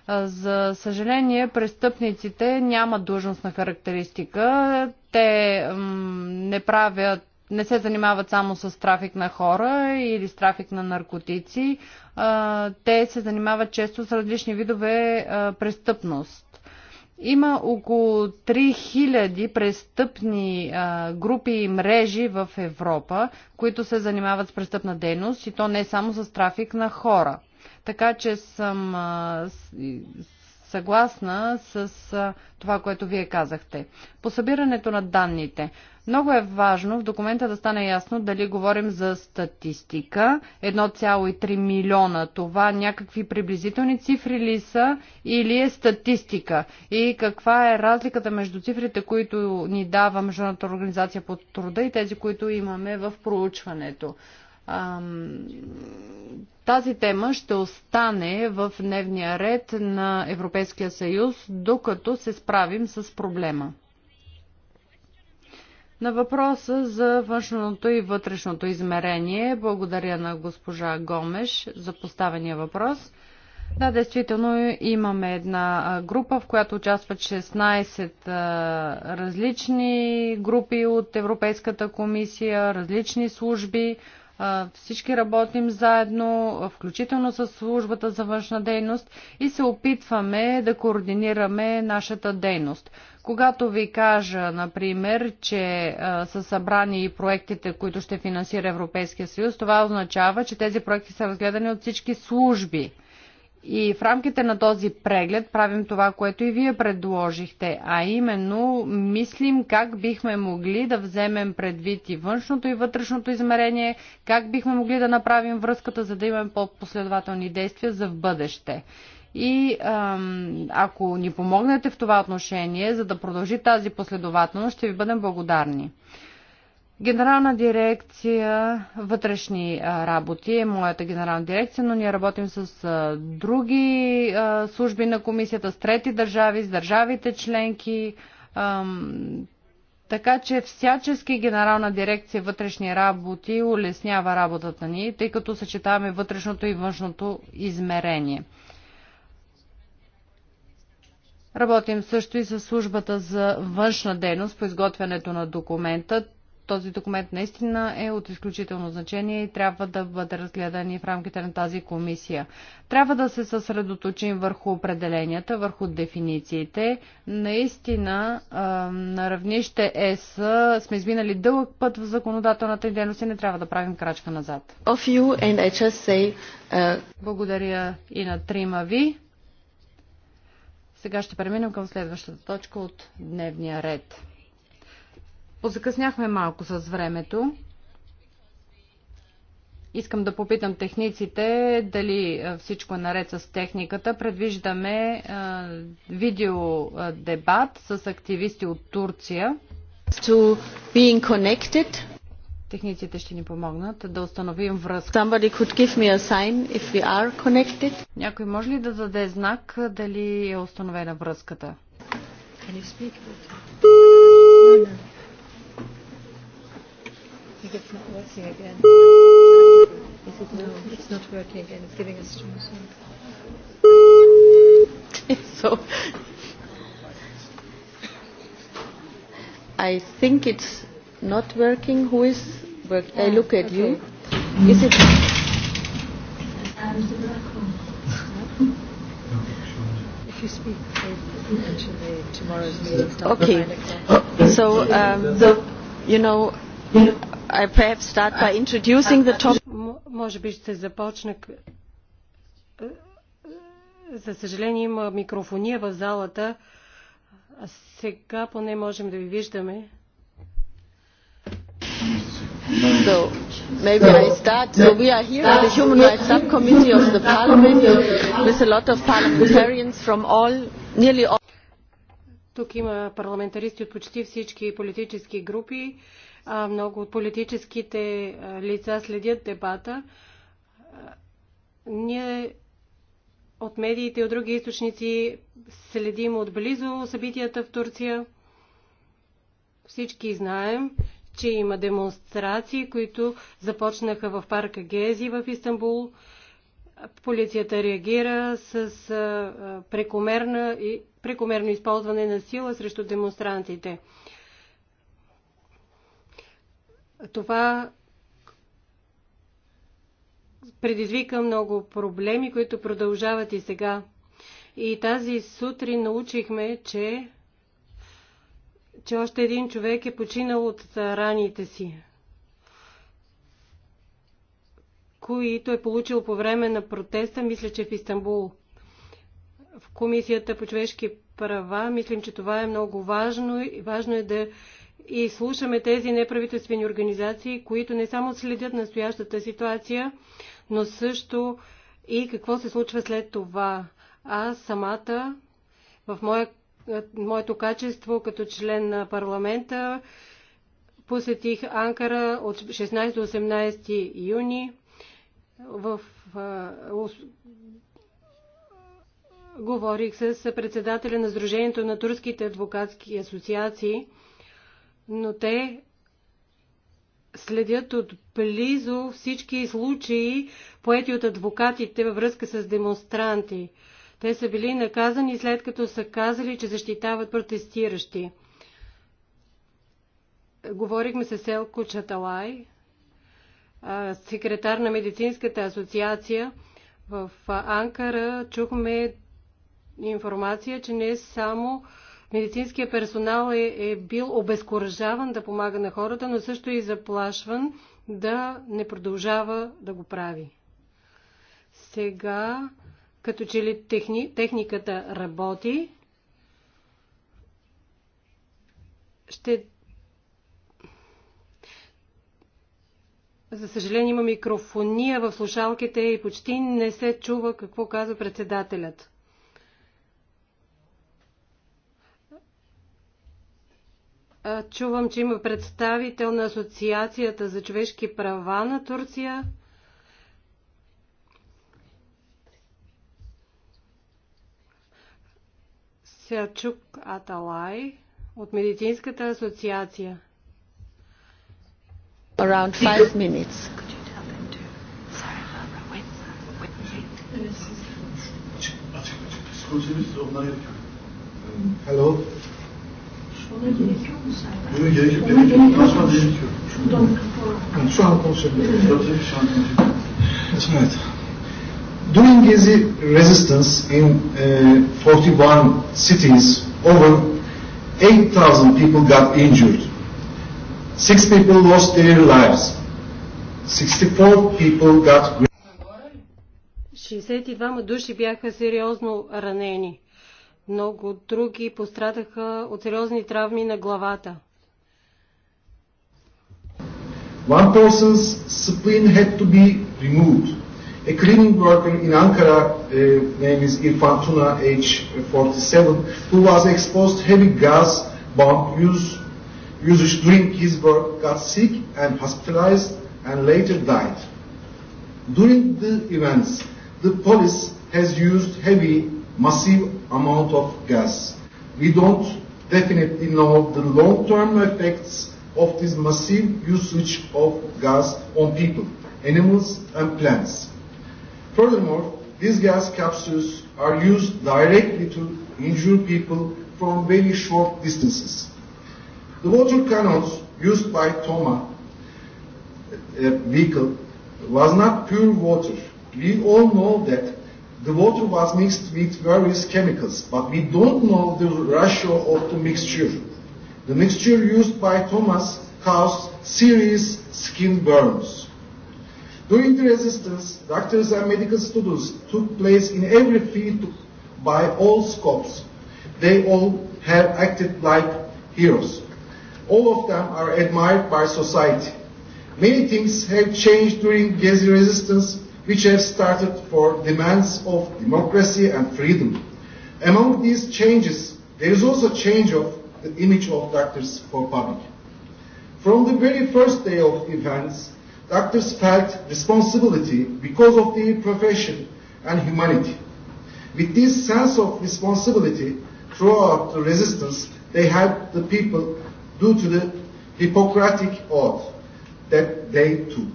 За съжаление, престъпниците нямат длъжностна характеристика. Те не правят не се занимават само с трафик на хора или с трафик на наркотици. Те се занимават често с различни видове престъпност. Има около 3000 престъпни а, групи и мрежи в Европа, които се занимават с престъпна дейност и то не само с трафик на хора. Така че съм а, съгласна с това, което вие казахте. По събирането на данните. Много е важно в документа да стане ясно дали говорим за статистика. 1,3 милиона. Това някакви приблизителни цифри ли са или е статистика? И каква е разликата между цифрите, които ни дава Международната организация по труда и тези, които имаме в проучването? тази тема ще остане в дневния ред на Европейския съюз, докато се справим с проблема. На въпроса за външното и вътрешното измерение, благодаря на госпожа Гомеш за поставения въпрос. Да, действително имаме една група, в която участват 16 различни групи от Европейската комисия, различни служби, всички работим заедно, включително с службата за външна дейност и се опитваме да координираме нашата дейност. Когато ви кажа, например, че а, са събрани и проектите, които ще финансира Европейския съюз, това означава, че тези проекти са разгледани от всички служби. И в рамките на този преглед правим това, което и вие предложихте, а именно мислим как бихме могли да вземем предвид и външното и вътрешното измерение, как бихме могли да направим връзката, за да имаме по-последователни действия за в бъдеще. И ам, ако ни помогнете в това отношение, за да продължи тази последователност, ще ви бъдем благодарни. Генерална дирекция вътрешни работи е моята генерална дирекция, но ние работим с други служби на комисията, с трети държави, с държавите членки. Така че всячески генерална дирекция вътрешни работи улеснява работата ни, тъй като съчетаваме вътрешното и външното измерение. Работим също и с службата за външна дейност по изготвянето на документа този документ наистина е от изключително значение и трябва да бъде разгледан и в рамките на тази комисия. Трябва да се съсредоточим върху определенията, върху дефинициите. Наистина на равнище ЕС сме изминали дълъг път в законодателната дейност и не трябва да правим крачка назад. Благодаря и на трима ви. Сега ще преминем към следващата точка от дневния ред. Позакъсняхме малко с времето. Искам да попитам техниците дали всичко е наред с техниката. Предвиждаме видеодебат с активисти от Турция. To being connected. Техниците ще ни помогнат да установим връзка. Somebody could give me a sign if we are connected. Някой може ли да даде знак дали е установена връзката? Can you speak? No, no think it's not working again. Is it no, it's not working again. It's giving us too much. so I think it's not working. Who is working? I look at okay. you. Is it? If you speak, mention the tomorrow's meeting. Okay. So, um, so, you know I perhaps start by introducing the topic. Може би ще започна. За съжаление има микрофония в залата. А сега поне можем да ви виждаме. So maybe I start. So we are here in the Human Rights Subcommittee of the Parliament with a lot of parliamentarians from all, nearly all. Тук има парламентаристи от почти всички политически групи. Uh, много от политическите лица следят дебата. Ние от медиите и от други източници следим отблизо събитията в Турция. Всички знаем, че има демонстрации, които започнаха в парка Гези в Истанбул. Полицията реагира с прекомерна и прекомерно използване на сила срещу демонстрантите. Това предизвика много проблеми, които продължават и сега. И тази сутрин научихме, че, че още един човек е починал от раните си, които е получил по време на протеста, мисля, че в Истанбул. В Комисията по човешки права мислим, че това е много важно и важно е да и слушаме тези неправителствени организации, които не само следят настоящата ситуация, но също и какво се случва след това. Аз самата в моя, моето качество като член на парламента посетих Анкара от 16 до 18 юни в говорих с председателя на Сдружението на турските адвокатски асоциации но те следят отблизо всички случаи, поети от адвокатите във връзка с демонстранти. Те са били наказани след като са казали, че защитават протестиращи. Говорихме с селко Чаталай, секретар на Медицинската асоциация в Анкара. Чухме информация, че не само медицинския персонал е, е бил обезкуражаван да помага на хората, но също и заплашван да не продължава да го прави. Сега, като че ли техни, техниката работи, ще. За съжаление има микрофония в слушалките и почти не се чува какво казва председателят. Чувам, че има представител на Асоциацията за човешки права на Турция. Сячук Аталай от Медицинската асоциация. Around five minutes. Hello. Ona gerek yok mu sence? Yok gerek yok. Ona gerek During Gezi resistance in uh, 41 cities, over 8,000 people got injured. Six people lost their lives. 64 people got 62 души бяха сериозно ранени. Много други пострадаха от сериозни травми на главата. One person's spleen had to be removed. A cleaning worker in Ankara, uh, name is Irfan Tuna, age 47, who was exposed to heavy gas bomb use, usage during his work, got sick and hospitalized and later died. During the events, the police has used heavy massive amount of gas. We don't definitely know the long-term effects of this massive usage of gas on people, animals, and plants. Furthermore, these gas capsules are used directly to injure people from very short distances. The water cannons used by Toma uh, vehicle was not pure water. We all know that the water was mixed with various chemicals, but we don't know the ratio of the mixture. The mixture used by Thomas caused serious skin burns. During the resistance, doctors and medical students took place in every field by all scopes. They all have acted like heroes. All of them are admired by society. Many things have changed during Gezi resistance, which have started for demands of democracy and freedom. Among these changes, there is also change of the image of doctors for public. From the very first day of events, doctors felt responsibility because of their profession and humanity. With this sense of responsibility throughout the resistance, they helped the people due to the Hippocratic oath that they took.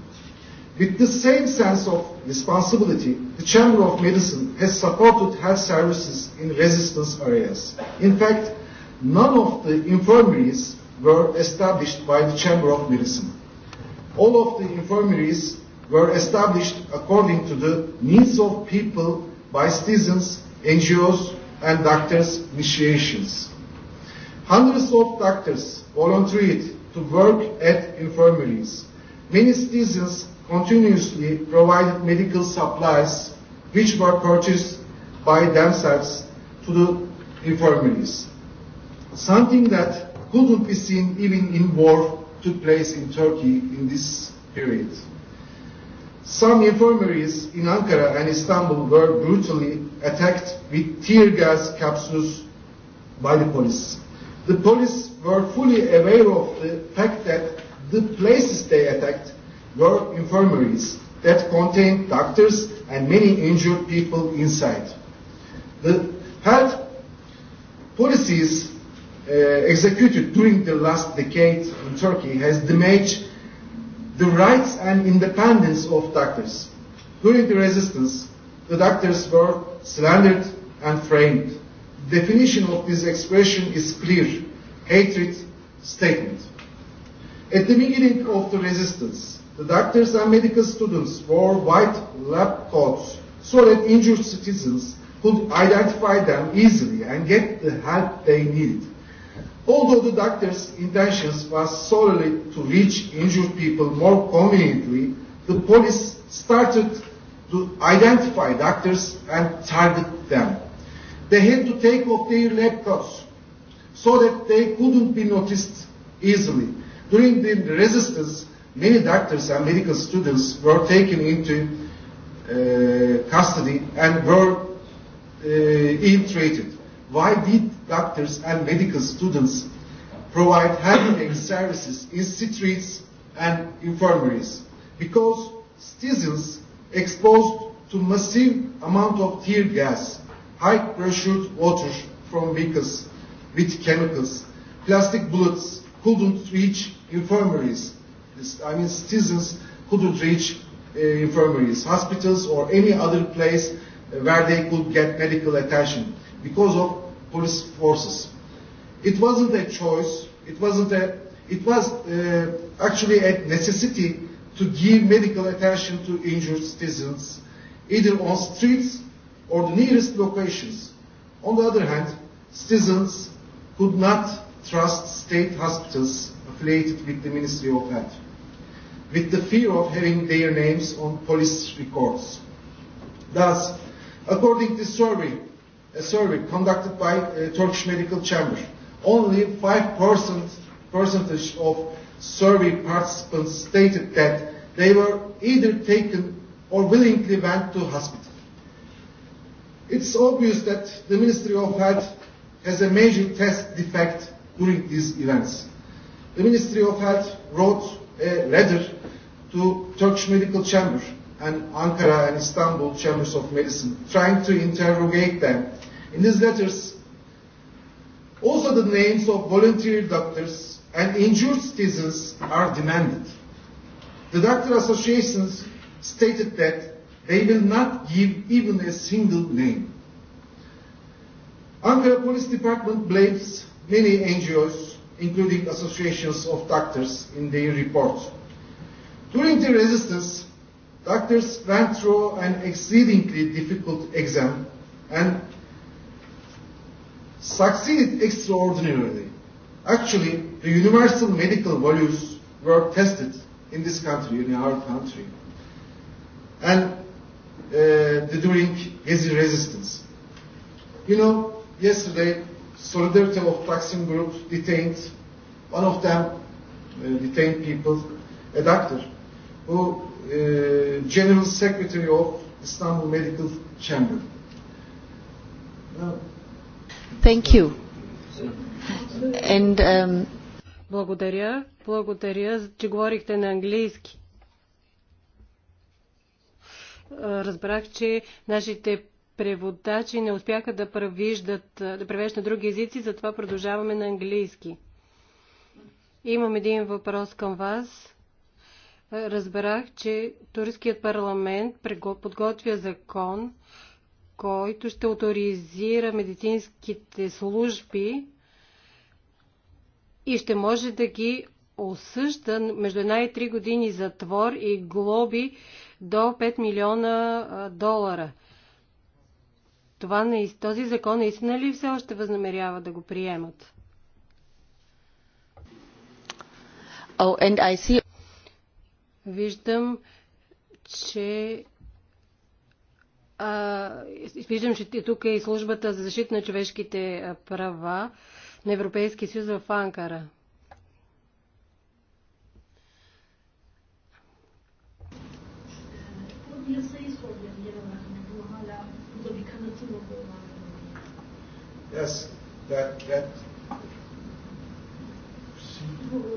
With the same sense of responsibility, the Chamber of Medicine has supported health services in resistance areas. In fact, none of the infirmaries were established by the Chamber of Medicine. All of the infirmaries were established according to the needs of people by citizens, NGOs, and doctors' initiations. Hundreds of doctors volunteered to work at infirmaries. Many citizens continuously provided medical supplies which were purchased by themselves to the infirmaries. Something that couldn't be seen even in war took place in Turkey in this period. Some infirmaries in Ankara and Istanbul were brutally attacked with tear gas capsules by the police. The police were fully aware of the fact that the places they attacked were infirmaries that contained doctors and many injured people inside. The health policies uh, executed during the last decade in Turkey has damaged the rights and independence of doctors. During the resistance, the doctors were slandered and framed. The definition of this expression is clear hatred statement. At the beginning of the resistance, The doctors and medical students wore white lab coats so that injured citizens could identify them easily and get the help they needed. Although the doctor's intentions was solely to reach injured people more conveniently, the police started to identify doctors and target them. They had to take off their lab coats so that they couldn't be noticed easily. During the resistance, many doctors and medical students were taken into uh, custody and were uh, ill-treated. Why did doctors and medical students provide health services in streets and infirmaries? Because citizens exposed to massive amount of tear gas, high pressured water from vehicles with chemicals, plastic bullets couldn't reach infirmaries I mean citizens couldn't reach uh, infirmaries, hospitals, or any other place where they could get medical attention because of police forces. It wasn't a choice. It wasn't a. It was uh, actually a necessity to give medical attention to injured citizens, either on streets or the nearest locations. On the other hand, citizens could not trust state hospitals affiliated with the Ministry of Health with the fear of having their names on police records. Thus, according to survey, a survey conducted by uh, Turkish Medical Chamber, only 5% percentage of survey participants stated that they were either taken or willingly went to hospital. It's obvious that the Ministry of Health has a major test defect during these events. The Ministry of Health wrote a letter to Turkish Medical Chamber and Ankara and Istanbul Chambers of Medicine, trying to interrogate them. In these letters, also the names of volunteer doctors and injured citizens are demanded. The doctor associations stated that they will not give even a single name. Ankara Police Department blames many NGOs, including associations of doctors, in their reports During the resistance, doctors went through an exceedingly difficult exam and succeeded extraordinarily. Actually, the universal medical values were tested in this country, in our country, and uh, during his resistance. You know, yesterday, Solidarity of Taksim Group detained one of them, uh, detained people, a doctor who e, е, General Secretary of Istanbul Medical Chamber. Thank you. And, um... Благодаря. Благодаря, че говорихте на английски. Разбрах, че нашите преводачи не успяха да, превиждат, да превеждат на други езици, затова продължаваме на английски. Имам един въпрос към вас разбрах, че Турският парламент подготвя закон, който ще авторизира медицинските служби и ще може да ги осъжда между една и три години затвор и глоби до 5 милиона долара. Това не, този закон наистина ли все още възнамерява да го приемат? Oh, and I see виждам, че а, виждам, че тук е и службата за защита на човешките права на Европейския съюз в Анкара. Yes, that, that kadar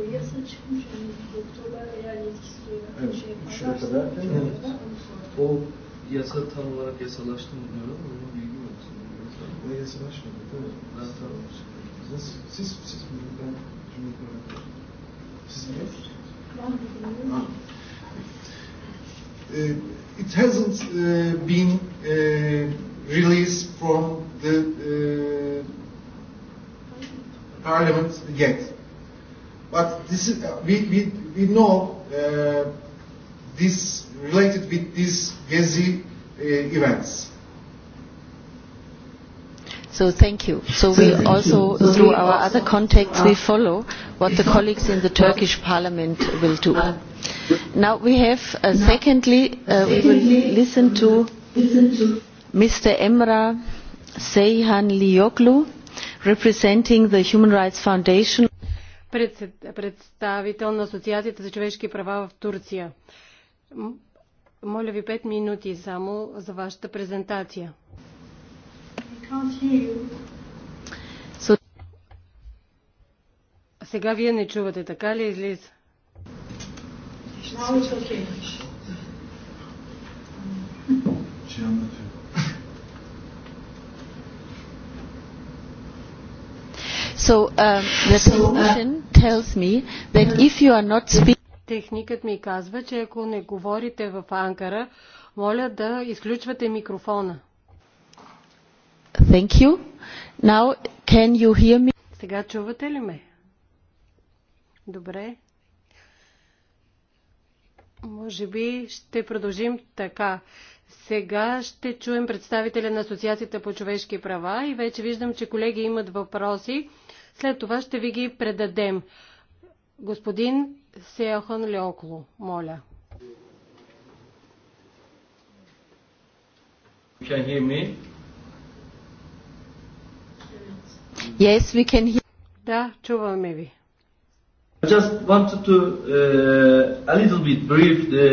değil mi? O yasa tam olarak yasalaştı mı diyor ama onun bilgi yok. O yasalaşmadı değil mi? tam siz, siz, siz ben cümle Siz Ben it hasn't uh, been uh, released from the uh, parliament yet. But this is, uh, we, we, we know uh, this related with these Gezi uh, events. So thank you. So we also, through our other contacts, we follow what the colleagues in the Turkish parliament will do. Now we have, uh, secondly, uh, we will listen to Mr. Emra Seyhan Lioglu, representing the Human Rights Foundation представител на Асоциацията за човешки права в Турция. Моля ви 5 минути само за вашата презентация. Сега вие не чувате, така ли излиза? So uh, the uh, technician tells me that if you are not speaking... Техникът ми казва, че ако не говорите в Анкара, моля да изключвате микрофона. Thank you. Now, can you hear me? Сега чувате ли ме? Добре. Може би ще продължим така. Сега ще чуем представителя на Асоциацията по човешки права и вече виждам, че колеги имат въпроси. След това ще ви ги предадем. Господин Сеохан Леоклу, моля. Can hear me? Yes, we can hear. Да, чуваме ви. I just wanted to uh, a little bit brief the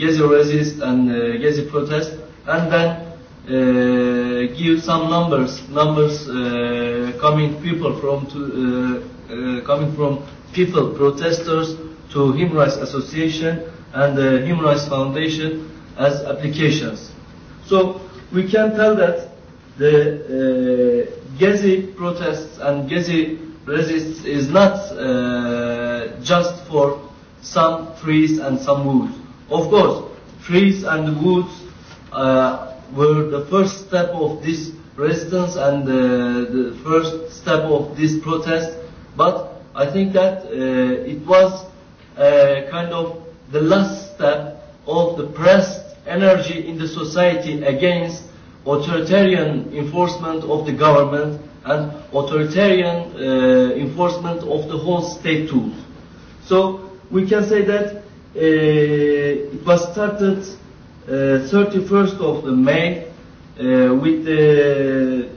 Gezi resist and uh, Gezi protest and then uh, give some numbers, numbers uh, coming people from to, uh, uh, coming from people protesters to Human Rights Association and the Human Rights Foundation as applications. So we can tell that the uh, Gezi protests and Gezi resists is not uh, just for some trees and some woods. Of course, trees and woods uh, were the first step of this resistance and uh, the first step of this protest. But I think that uh, it was uh, kind of the last step of the pressed energy in the society against authoritarian enforcement of the government and authoritarian uh, enforcement of the whole state tools. So we can say that uh, it was started 31st of the May uh, with uh,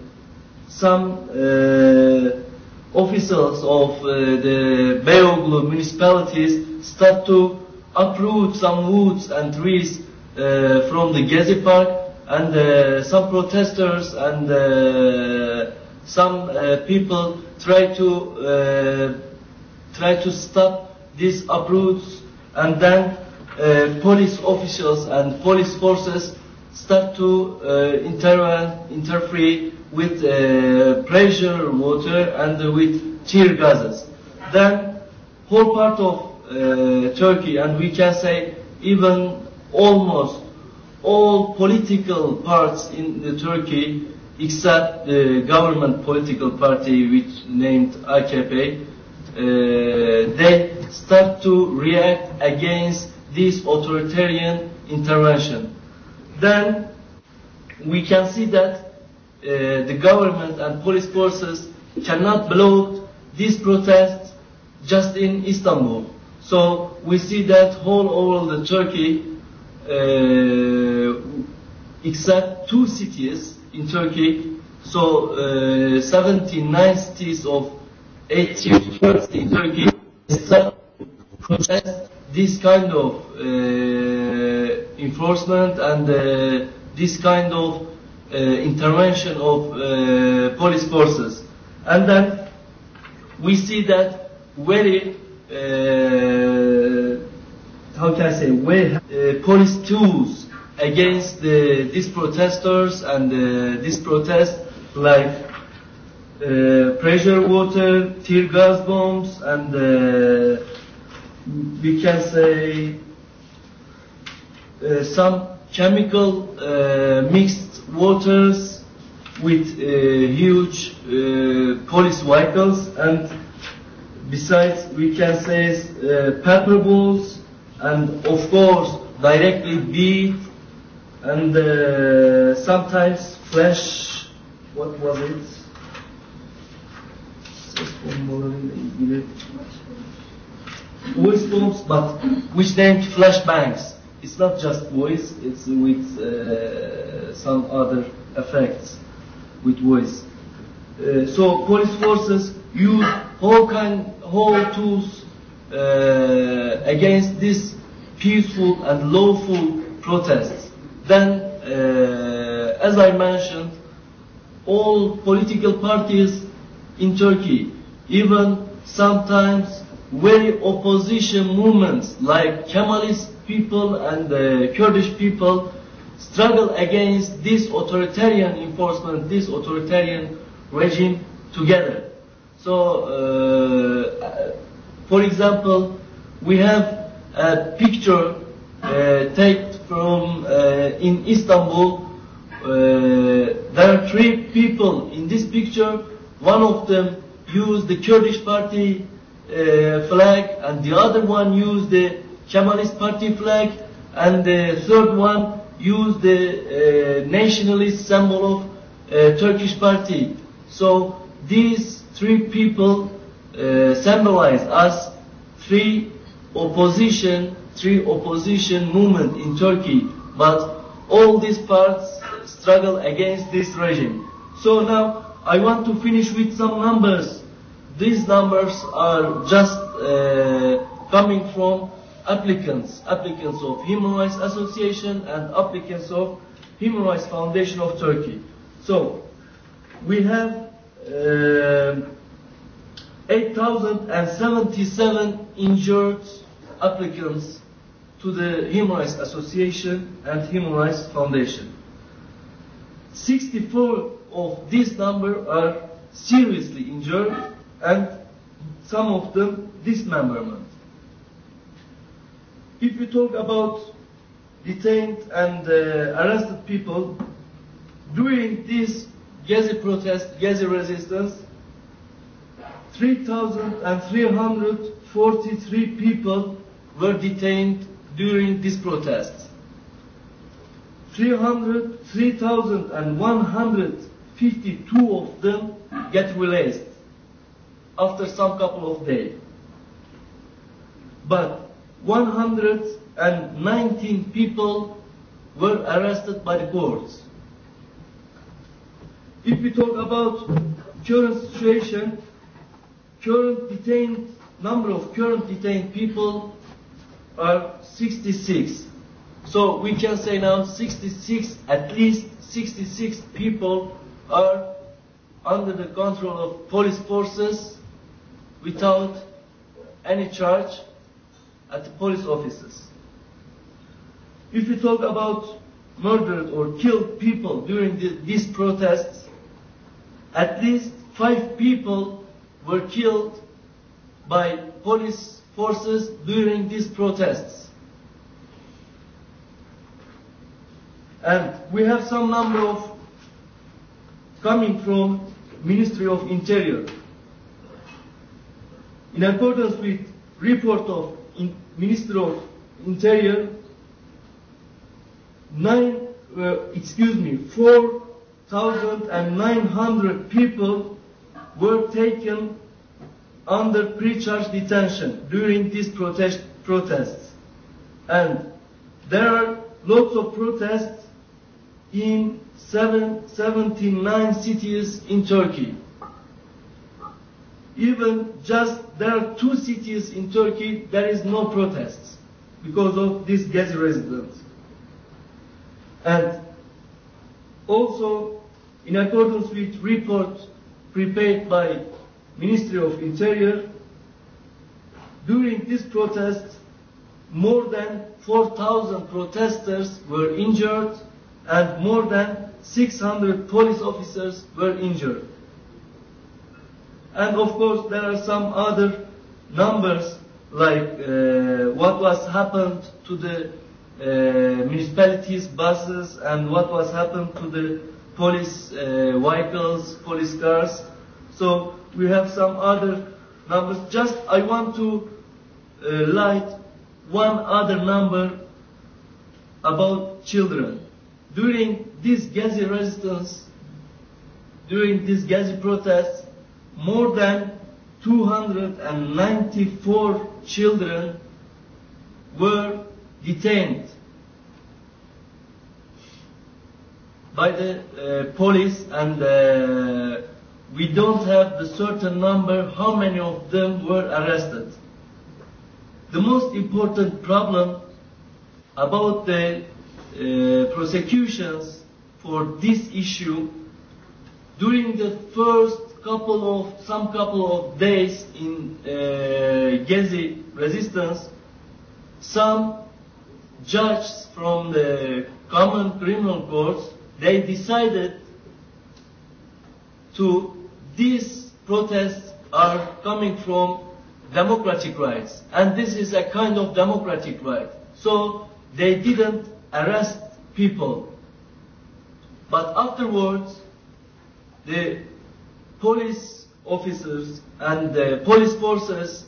some uh, officials of uh, the Beoglu municipalities start to uproot some woods and trees uh, from the Gezi Park and uh, some protesters and uh, some uh, people try to uh, try to stop these uproots and then uh, police officials and police forces start to uh, inter interfere with uh, pressure water and uh, with tear gases. Then whole part of uh, Turkey and we can say even almost all political parts in the Turkey except the government political party which named AKP uh, they start to react against this authoritarian intervention. Then we can see that uh, the government and police forces cannot block these protests just in Istanbul. So we see that whole over the Turkey, uh, except two cities in Turkey, so uh, 79 cities of 80 in Turkey protest this kind of uh, enforcement and uh, this kind of uh, intervention of uh, police forces. And then we see that very, uh, how can I say, very, uh, police tools against the, these protesters and uh, these protests like uh, pressure water, tear gas bombs and uh, we can say uh, some chemical uh, mixed waters with uh, huge uh, police vehicles and besides we can say uh, pepper balls and of course directly beat and uh, sometimes flash what was it? wisdoms, but which named flashbangs. It's not just voice, it's with uh, some other effects with voice. Uh, so police forces use whole, kind, whole tools uh, against this peaceful and lawful protests. Then, uh, as I mentioned, all political parties in Turkey, even sometimes very opposition movements like Kemalist people and the Kurdish people struggle against this authoritarian enforcement, this authoritarian regime together. So, uh, for example, we have a picture uh, taken from uh, in Istanbul. Uh, there are three people in this picture. One of them used the Kurdish party uh, flag, and the other one used the Chamanist party flag, and the third one used the uh, nationalist symbol of uh, Turkish party. So these three people uh, symbolize us three opposition, three opposition movement in Turkey, but all these parts struggle against this regime. So now I want to finish with some numbers These numbers are just uh, coming from applicants, applicants of Human Rights Association and applicants of Human Rights Foundation of Turkey. So we have uh, 8,077 injured applicants to the Human Rights Association and Human Rights Foundation. 64 of this number are seriously injured and some of them dismemberment. If we talk about detained and uh, arrested people, during this Gezi protest, Gezi resistance, 3,343 people were detained during these protests. 3,152 of them get released after some couple of days. But 119 people were arrested by the courts. If we talk about current situation, current detained number of current detained people are 66. So we can say now 66, at least 66 people are under the control of police forces without any charge at the police offices. If we talk about murdered or killed people during the, these protests, at least five people were killed by police forces during these protests. And we have some number of coming from Ministry of Interior in accordance with report of in Minister of Interior, nine, uh, excuse me, 4,900 people were taken under pre-charge detention during these protest, protests. And there are lots of protests in seven, 79 cities in Turkey even just there are two cities in Turkey, there is no protests because of this gas residents. And also, in accordance with report prepared by Ministry of Interior, during this protest, more than 4,000 protesters were injured and more than 600 police officers were injured And of course, there are some other numbers like uh, what was happened to the uh, municipalities' buses and what was happened to the police uh, vehicles, police cars. So we have some other numbers. Just I want to uh, light one other number about children. During this Gazi resistance, during this Gazi protests, more than 294 children were detained by the uh, police and uh, we don't have the certain number how many of them were arrested. The most important problem about the uh, prosecutions for this issue during the first couple of some couple of days in uh, Gezi resistance, some judges from the common criminal courts they decided to these protests are coming from democratic rights and this is a kind of democratic right so they didn't arrest people but afterwards the police officers and the police forces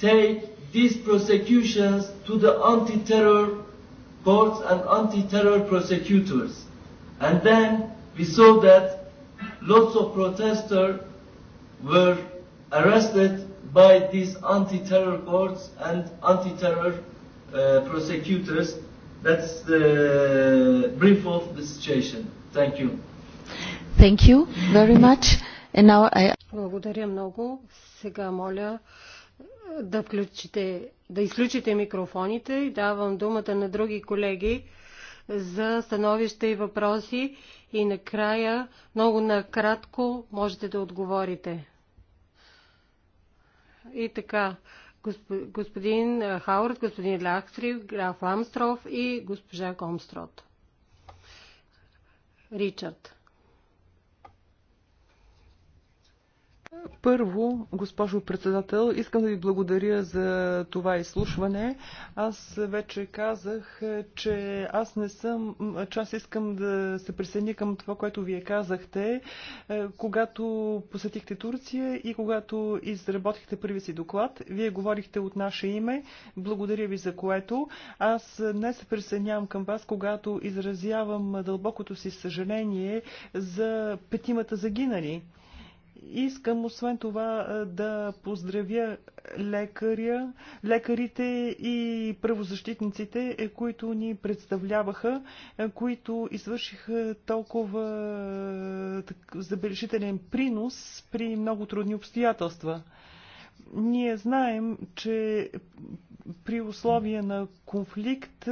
take these prosecutions to the anti-terror courts and anti-terror prosecutors. And then we saw that lots of protesters were arrested by these anti-terror courts and anti-terror uh, prosecutors. That's the brief of the situation. Thank you. Thank you very much. Благодаря много. Сега моля е, да включите, да изключите микрофоните и давам думата на други колеги за становища и въпроси и накрая много накратко можете да отговорите. И така, господин Хауърд, господин Лахстрив, граф Ламстров и госпожа Комстрот. Ричард. Първо, госпожо председател, искам да ви благодаря за това изслушване. Аз вече казах, че аз не съм, че аз искам да се присъединя към това, което вие казахте, е, когато посетихте Турция и когато изработихте първи си доклад. Вие говорихте от наше име. Благодаря ви за което. Аз не се присъединявам към вас, когато изразявам дълбокото си съжаление за петимата загинали. Искам освен това да поздравя лекаря, лекарите и правозащитниците, е, които ни представляваха, е, които извършиха толкова е, забележителен принос при много трудни обстоятелства. Ние знаем, че при условия на конфликт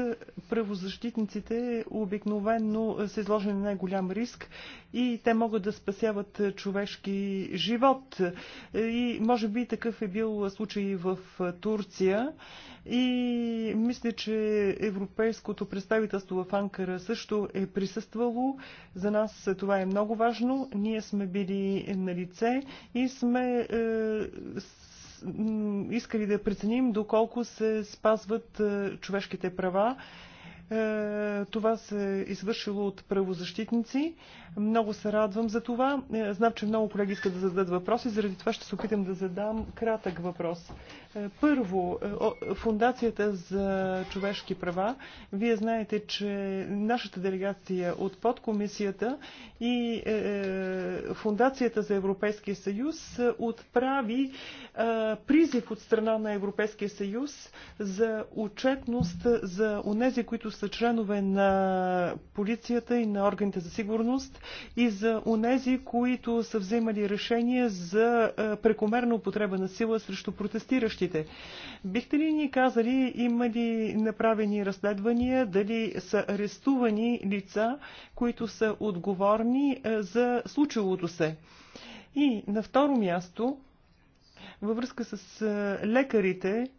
правозащитниците обикновенно са изложени на най-голям риск и те могат да спасяват човешки живот. И може би такъв е бил случай в Турция. И мисля, че европейското представителство в Анкара също е присъствало. За нас това е много важно. Ние сме били на лице и сме е, искали да преценим доколко се спазват е, човешките права е, това се извършило от правозащитници. Много се радвам за това. Е, знам, че много колеги искат да зададат въпроси, заради това ще се опитам да задам кратък въпрос. Е, първо, Фундацията за човешки права. Вие знаете, че нашата делегация от подкомисията и Фундацията за Европейския съюз отправи призив от страна на Европейския съюз за отчетност за онези, които са членове на полицията и на органите за сигурност и за онези, които са вземали решение за прекомерна употреба на сила срещу протестиращите. Бихте ли ни казали, има ли направени разследвания, дали са арестувани лица, които са отговорни за случилото се? И на второ място, във връзка с лекарите,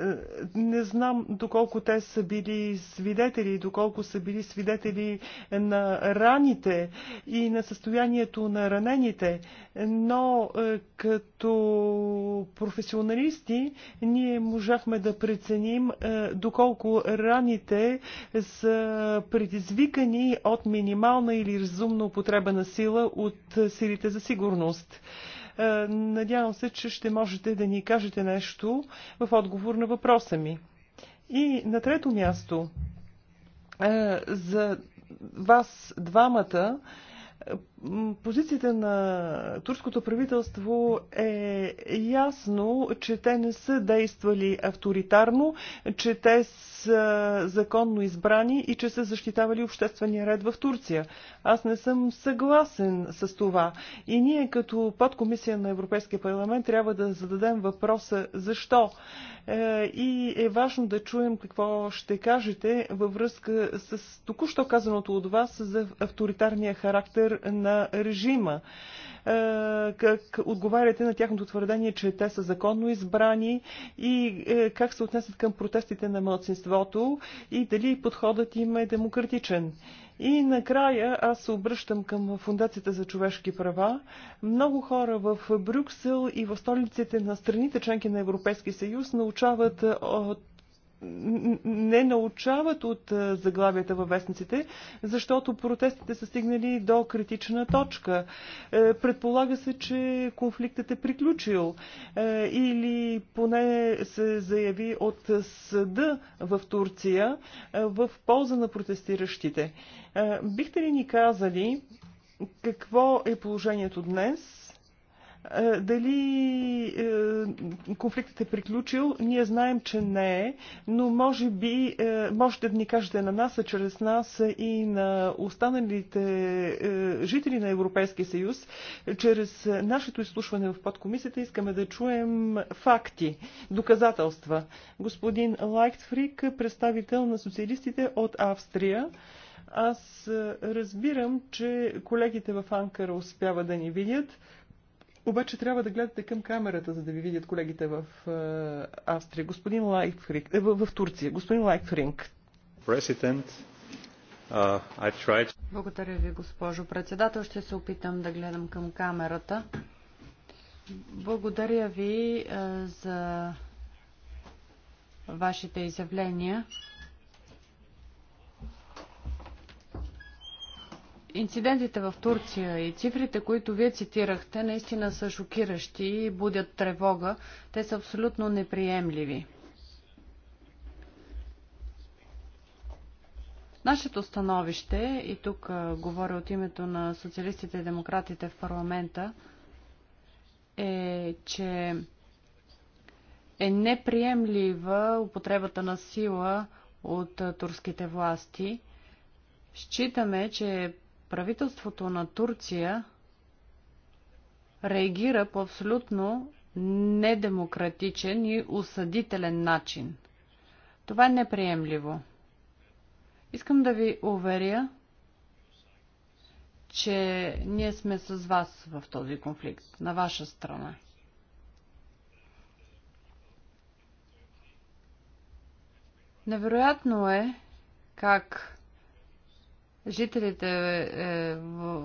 е, е, не знам доколко те са били свидетели, доколко са били свидетели на раните и на състоянието на ранените, но е, като професионалисти ние можахме да преценим доколко раните са предизвикани от минимална или разумна употреба на сила от силите за сигурност. Е, надявам се, че ще можете да ни кажете нещо в отговор на въпроса ми. И на трето място, е, за вас двамата, позицията на турското правителство е ясно, че те не са действали авторитарно, че те са законно избрани и че са защитавали обществения ред в Турция. Аз не съм съгласен с това. И ние като подкомисия на Европейския парламент трябва да зададем въпроса защо. Е, и е важно да чуем какво ще кажете във връзка с току-що казаното от вас за авторитарния характер на режима е, как отговаряте на тяхното твърдение, че те са законно избрани и е, как се отнесат към протестите на младсинства обществото и дали подходът им е демократичен. И накрая аз се обръщам към Фундацията за човешки права. Много хора в Брюксел и в столиците на страните членки на Европейски съюз научават от не научават от заглавията във вестниците, защото протестите са стигнали до критична точка. Е, предполага се, че конфликтът е приключил е, или поне се заяви от съда в Турция е, в полза на протестиращите. Бихте ли ни казали какво е положението днес? Е, дали е, конфликтът е приключил, ние знаем, че не е, но може би е, можете да ни кажете на нас, а чрез нас и на останалите жители на Европейския съюз, чрез нашето изслушване в подкомисията искаме да чуем факти, доказателства. Господин Лайтфрик, представител на социалистите от Австрия, аз разбирам, че колегите в Анкара успяват да ни видят. Обаче трябва да гледате към камерата, за да ви видят колегите в е, Австрия. Господин Лайфринг, е, в, в Турция. Господин Лайфринг. Uh, Благодаря ви, госпожо председател. Ще се опитам да гледам към камерата. Благодаря ви е, за вашите изявления. Инцидентите в Турция и цифрите, които вие цитирахте, наистина са шокиращи и будят тревога. Те са абсолютно неприемливи. Нашето становище, и тук говоря от името на социалистите и демократите в парламента, е, че е неприемлива употребата на сила от турските власти. Считаме, че правителството на Турция реагира по абсолютно недемократичен и осъдителен начин. Това е неприемливо. Искам да ви уверя, че ние сме с вас в този конфликт, на ваша страна. Невероятно е как жителите, е,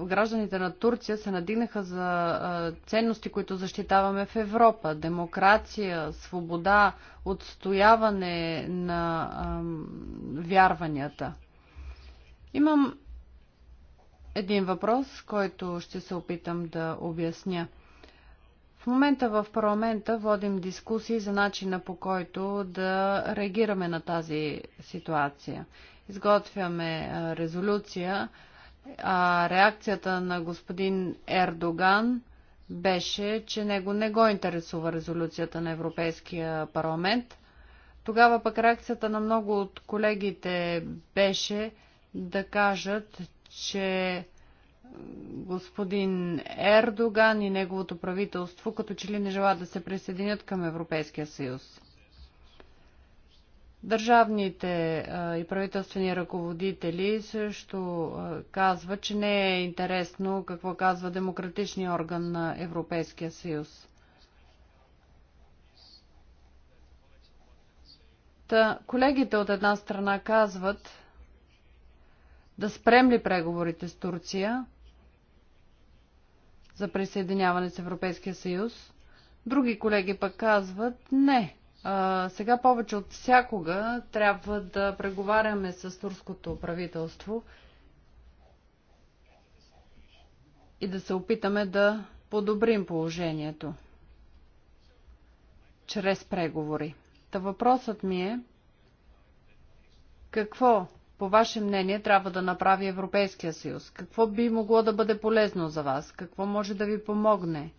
гражданите на Турция се надигнаха за е, ценности, които защитаваме в Европа. Демокрация, свобода, отстояване на вярванията. Имам един въпрос, който ще се опитам да обясня. В момента в парламента водим дискусии за начина по който да реагираме на тази ситуация изготвяме резолюция, а реакцията на господин Ердоган беше, че него не го интересува резолюцията на Европейския парламент. Тогава пък реакцията на много от колегите беше да кажат, че господин Ердоган и неговото правителство като че ли не желаят да се присъединят към Европейския съюз. Държавните и правителствени ръководители също казват, че не е интересно какво казва демократичния орган на Европейския съюз. Та, колегите от една страна казват да спрем ли преговорите с Турция за присъединяване с Европейския съюз. Други колеги пък казват не сега повече от всякога трябва да преговаряме с турското правителство и да се опитаме да подобрим положението чрез преговори. Та въпросът ми е какво, по ваше мнение, трябва да направи Европейския съюз? Какво би могло да бъде полезно за вас? Какво може да ви помогне?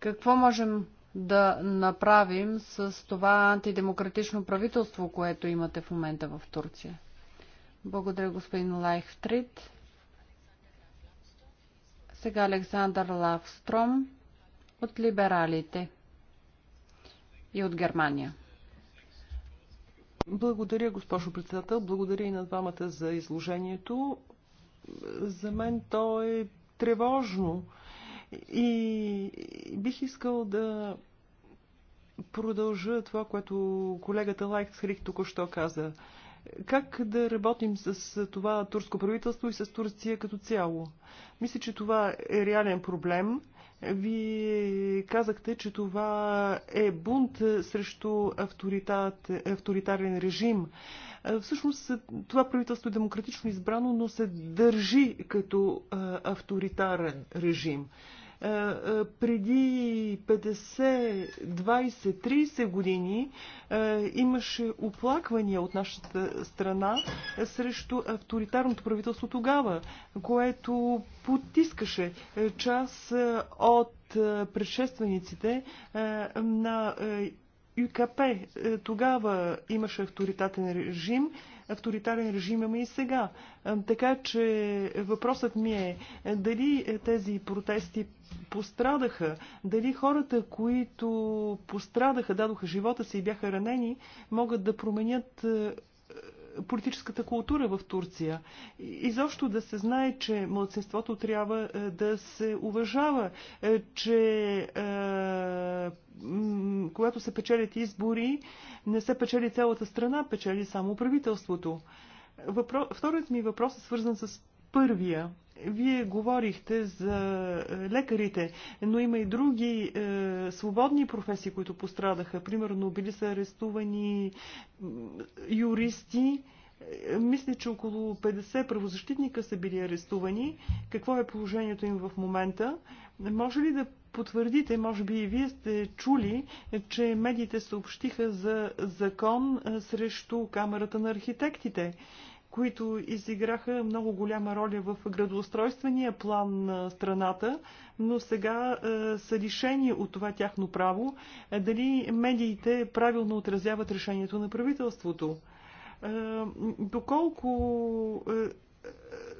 Какво можем да направим с това антидемократично правителство, което имате в момента в Турция? Благодаря, господин Лайхтрид. Сега Александър Лавстром от либералите и от Германия. Благодаря, госпожо председател. Благодаря и на двамата за изложението. За мен то е тревожно. И бих искал да продължа това, което колегата Лайк Лайхсхрих току-що каза. Как да работим с това турско правителство и с Турция като цяло? Мисля, че това е реален проблем вие казахте, че това е бунт срещу авторитат, авторитарен режим. Всъщност това правителство е демократично избрано, но се държи като авторитарен режим. Е, е, преди 50, 20, 30 години е, имаше оплаквания от нашата страна срещу авторитарното правителство тогава, което потискаше част от предшествениците на ЮКП. Е, тогава имаше авторитатен режим. Авторитарен режим има и сега. Е, така че въпросът ми е, е дали тези протести пострадаха, дали хората, които пострадаха, дадоха живота си и бяха ранени, могат да променят политическата култура в Турция. Изобщо да се знае, че младсенството трябва е, да се уважава, е, че е, когато се печелят избори, не се печели цялата страна, печели само правителството. Въпро... Вторият ми въпрос е свързан с първия. Вие говорихте за е, лекарите, но има и други е, свободни професии, които пострадаха. Примерно били са арестувани юристи. Е, мисля, че около 50 правозащитника са били арестувани. Какво е положението им в момента? Може ли да потвърдите, може би и вие сте чули, че медиите съобщиха за закон е, срещу Камерата на архитектите които изиграха много голяма роля в градоустройствения план на страната, но сега е, са лишени от това тяхно право. Е, дали медиите правилно отразяват решението на правителството? Е, доколко е,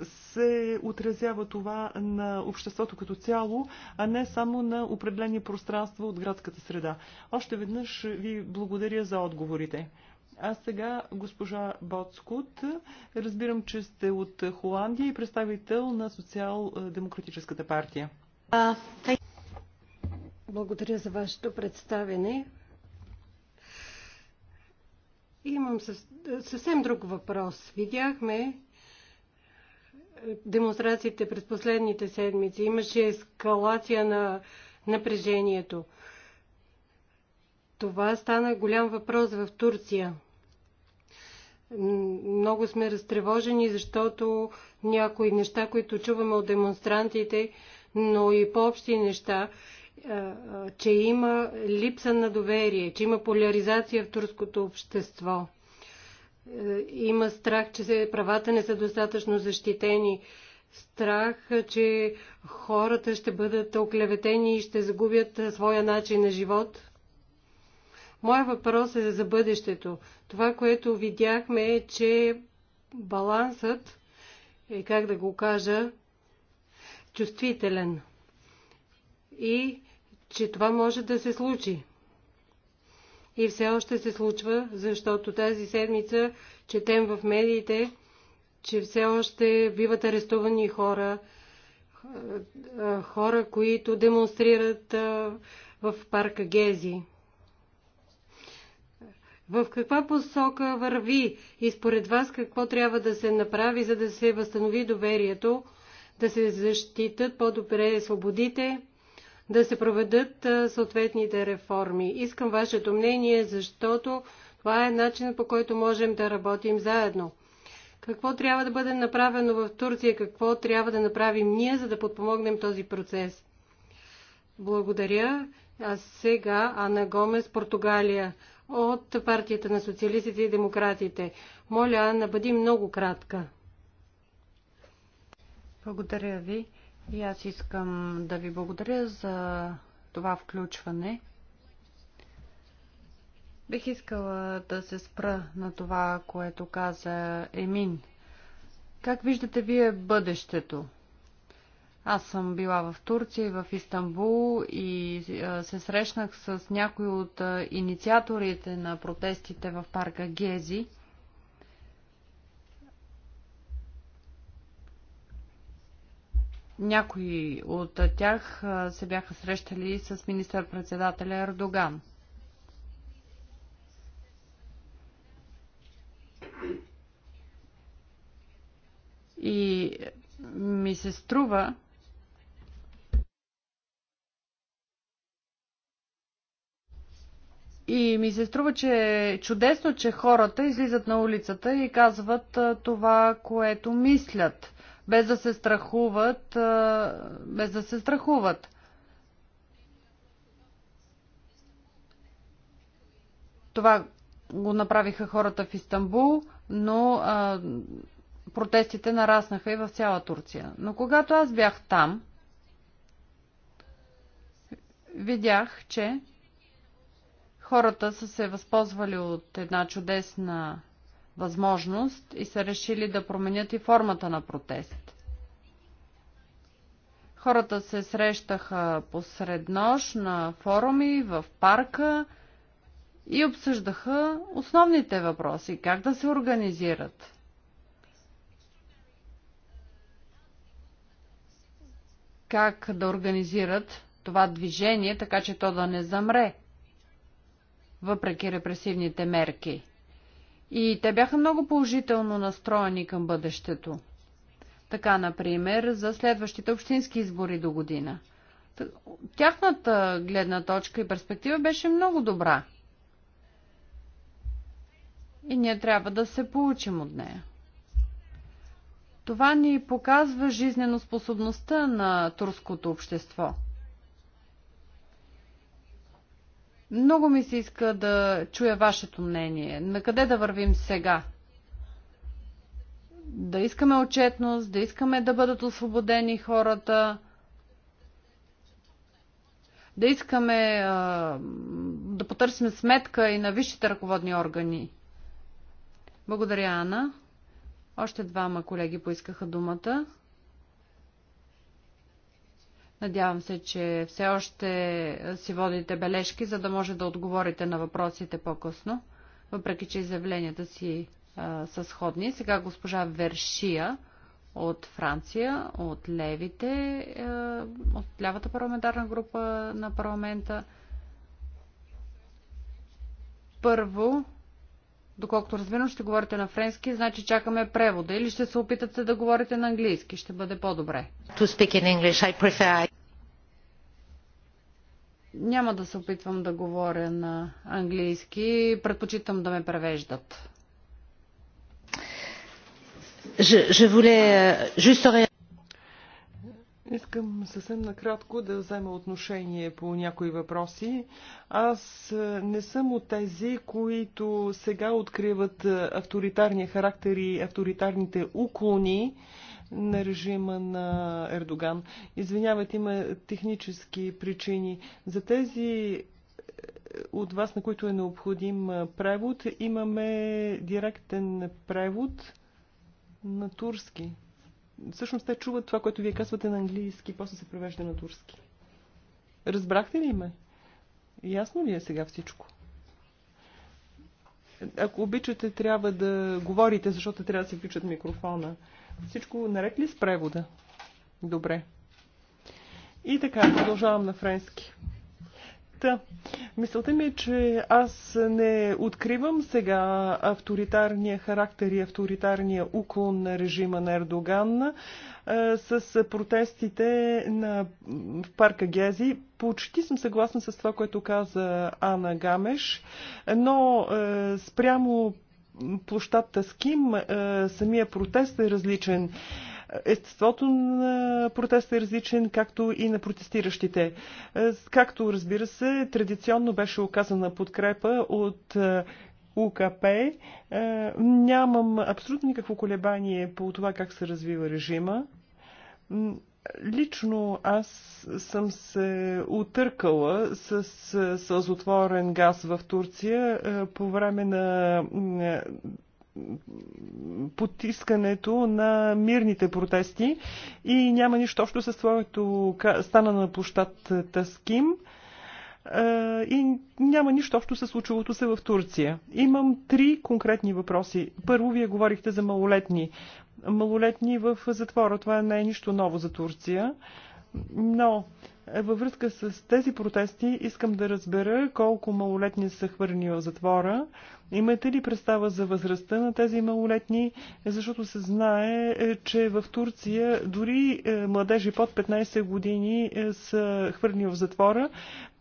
се отразява това на обществото като цяло, а не само на определени пространства от градската среда. Още веднъж ви благодаря за отговорите. А сега госпожа Боцкут, разбирам, че сте от Холандия и представител на Социал-демократическата партия. Благодаря за вашето представене. Имам съвсем друг въпрос. Видяхме е, демонстрациите през последните седмици. Имаше ескалация на напрежението. Това стана голям въпрос в Турция – много сме разтревожени, защото някои неща, които чуваме от демонстрантите, но и по-общи неща, че има липса на доверие, че има поляризация в турското общество. Е, има страх, че правата не са достатъчно защитени. Страх, че хората ще бъдат оклеветени и ще загубят своя начин на живот. Моя въпрос е за бъдещето. Това, което видяхме е, че балансът е, как да го кажа, чувствителен. И че това може да се случи. И все още се случва, защото тази седмица четем в медиите, че все още биват арестувани хора, хора, които демонстрират в парка Гези. В каква посока върви и според вас какво трябва да се направи, за да се възстанови доверието, да се защитат по-добре свободите, да се проведат съответните реформи? Искам вашето мнение, защото това е начинът по който можем да работим заедно. Какво трябва да бъде направено в Турция? Какво трябва да направим ние, за да подпомогнем този процес? Благодаря. А сега Ана Гомес, Португалия от партията на социалистите и демократите. Моля, Анна, бъди много кратка. Благодаря ви. И аз искам да ви благодаря за това включване. Бих искала да се спра на това, което каза Емин. Как виждате вие бъдещето? Аз съм била в Турция и в Истанбул и се срещнах с някои от инициаторите на протестите в парка Гези. Някои от тях се бяха срещали с министър-председателя Ердоган. И ми се струва, И ми се струва, че е чудесно, че хората излизат на улицата и казват това, което мислят, без да се страхуват, без да се страхуват. Това го направиха хората в Истанбул, но а, протестите нараснаха и в цяла Турция. Но когато аз бях там, видях, че Хората са се възползвали от една чудесна възможност и са решили да променят и формата на протест. Хората се срещаха посред нощ на форуми, в парка и обсъждаха основните въпроси, как да се организират. Как да организират това движение, така че то да не замре въпреки репресивните мерки. И те бяха много положително настроени към бъдещето. Така, например, за следващите общински избори до година. Тяхната гледна точка и перспектива беше много добра. И ние трябва да се получим от нея. Това ни показва жизненоспособността на турското общество – Много ми се иска да чуя вашето мнение. На къде да вървим сега? Да искаме отчетност, да искаме да бъдат освободени хората, да искаме да потърсим сметка и на висшите ръководни органи. Благодаря, Ана. Още двама колеги поискаха думата. Надявам се, че все още си водите бележки, за да може да отговорите на въпросите по-късно, въпреки че изявленията си а, са сходни. Сега госпожа Вершия от Франция, от левите, а, от лявата парламентарна група на парламента. Първо, Доколкото разбирам, ще говорите на френски, значи чакаме превода или ще се опитате да говорите на английски. Ще бъде по-добре. Prefer... Няма да се опитвам да говоря на английски. Предпочитам да ме превеждат. Je, je voulais euh, juste Искам съвсем накратко да взема отношение по някои въпроси. Аз е, не съм от тези, които сега откриват е, авторитарния характер и авторитарните уклони на режима на Ердоган. Извинявайте, има технически причини. За тези е, от вас, на които е необходим превод, имаме директен превод на турски. Всъщност те чуват това, което вие казвате на английски, после се превежда на турски. Разбрахте ли ме? Ясно ли е сега всичко? Ако обичате, трябва да говорите, защото трябва да се включат микрофона. Всичко наред ли с превода? Добре. И така, продължавам на френски. Та, мисълта ми е, че аз не откривам сега авторитарния характер и авторитарния уклон на режима на Ердоган с протестите на, в парка Гези. Почти съм съгласна с това, което каза Ана Гамеш, но а, спрямо площадта Ским а, самия протест е различен. А, Естеството на протеста е различен, както и на протестиращите. Е, както разбира се, традиционно беше оказана подкрепа от е, УКП. Е, нямам абсолютно никакво колебание по това как се развива режима. Лично аз съм се отъркала с сълзотворен газ в Турция по време на потискането на мирните протести и няма нищо общо с твоето стана на площад Таским и няма нищо общо с случилото се в Турция. Имам три конкретни въпроси. Първо, вие говорихте за малолетни. Малолетни в затвора. Това не е нищо ново за Турция. Но е, във връзка с тези протести искам да разбера колко малолетни са хвърлени в затвора. Имате ли представа за възрастта на тези малолетни? Е, защото се знае, е, че в Турция дори младежи под 15 години са хвърлени в затвора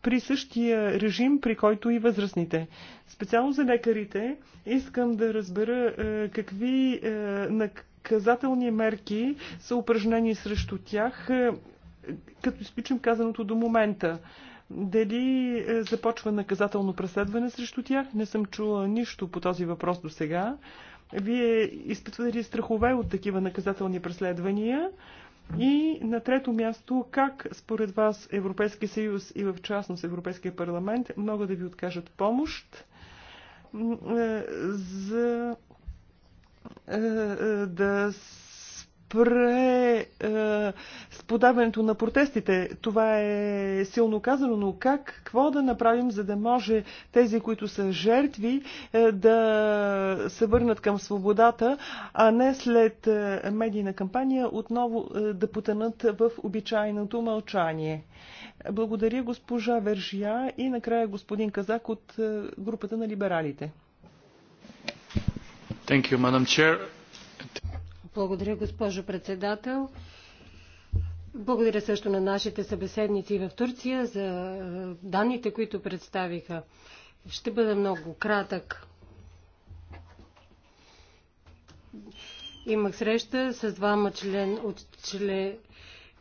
при същия режим, при който и възрастните. Специално за лекарите искам да разбера какви наказателни мерки са упражнени срещу тях като изпичам казаното до момента. Дали е, започва наказателно преследване срещу тях? Не съм чула нищо по този въпрос до сега. Вие изпитвате ли страхове от такива наказателни преследвания? И на трето място, как според вас Европейския съюз и в частност Европейския парламент могат да ви откажат помощ е, за е, да спре е, с подаването на протестите. Това е силно казано, но как, какво да направим, за да може тези, които са жертви, е, да се върнат към свободата, а не след е, медийна кампания отново е, да потънат в обичайното мълчание. Благодаря госпожа Вержия и накрая господин Казак от е, групата на либералите. Thank you, Madam Chair. Благодаря, госпожо председател. Благодаря също на нашите събеседници в Турция за е, данните, които представиха. Ще бъда много кратък. Имах среща с двама член, от член,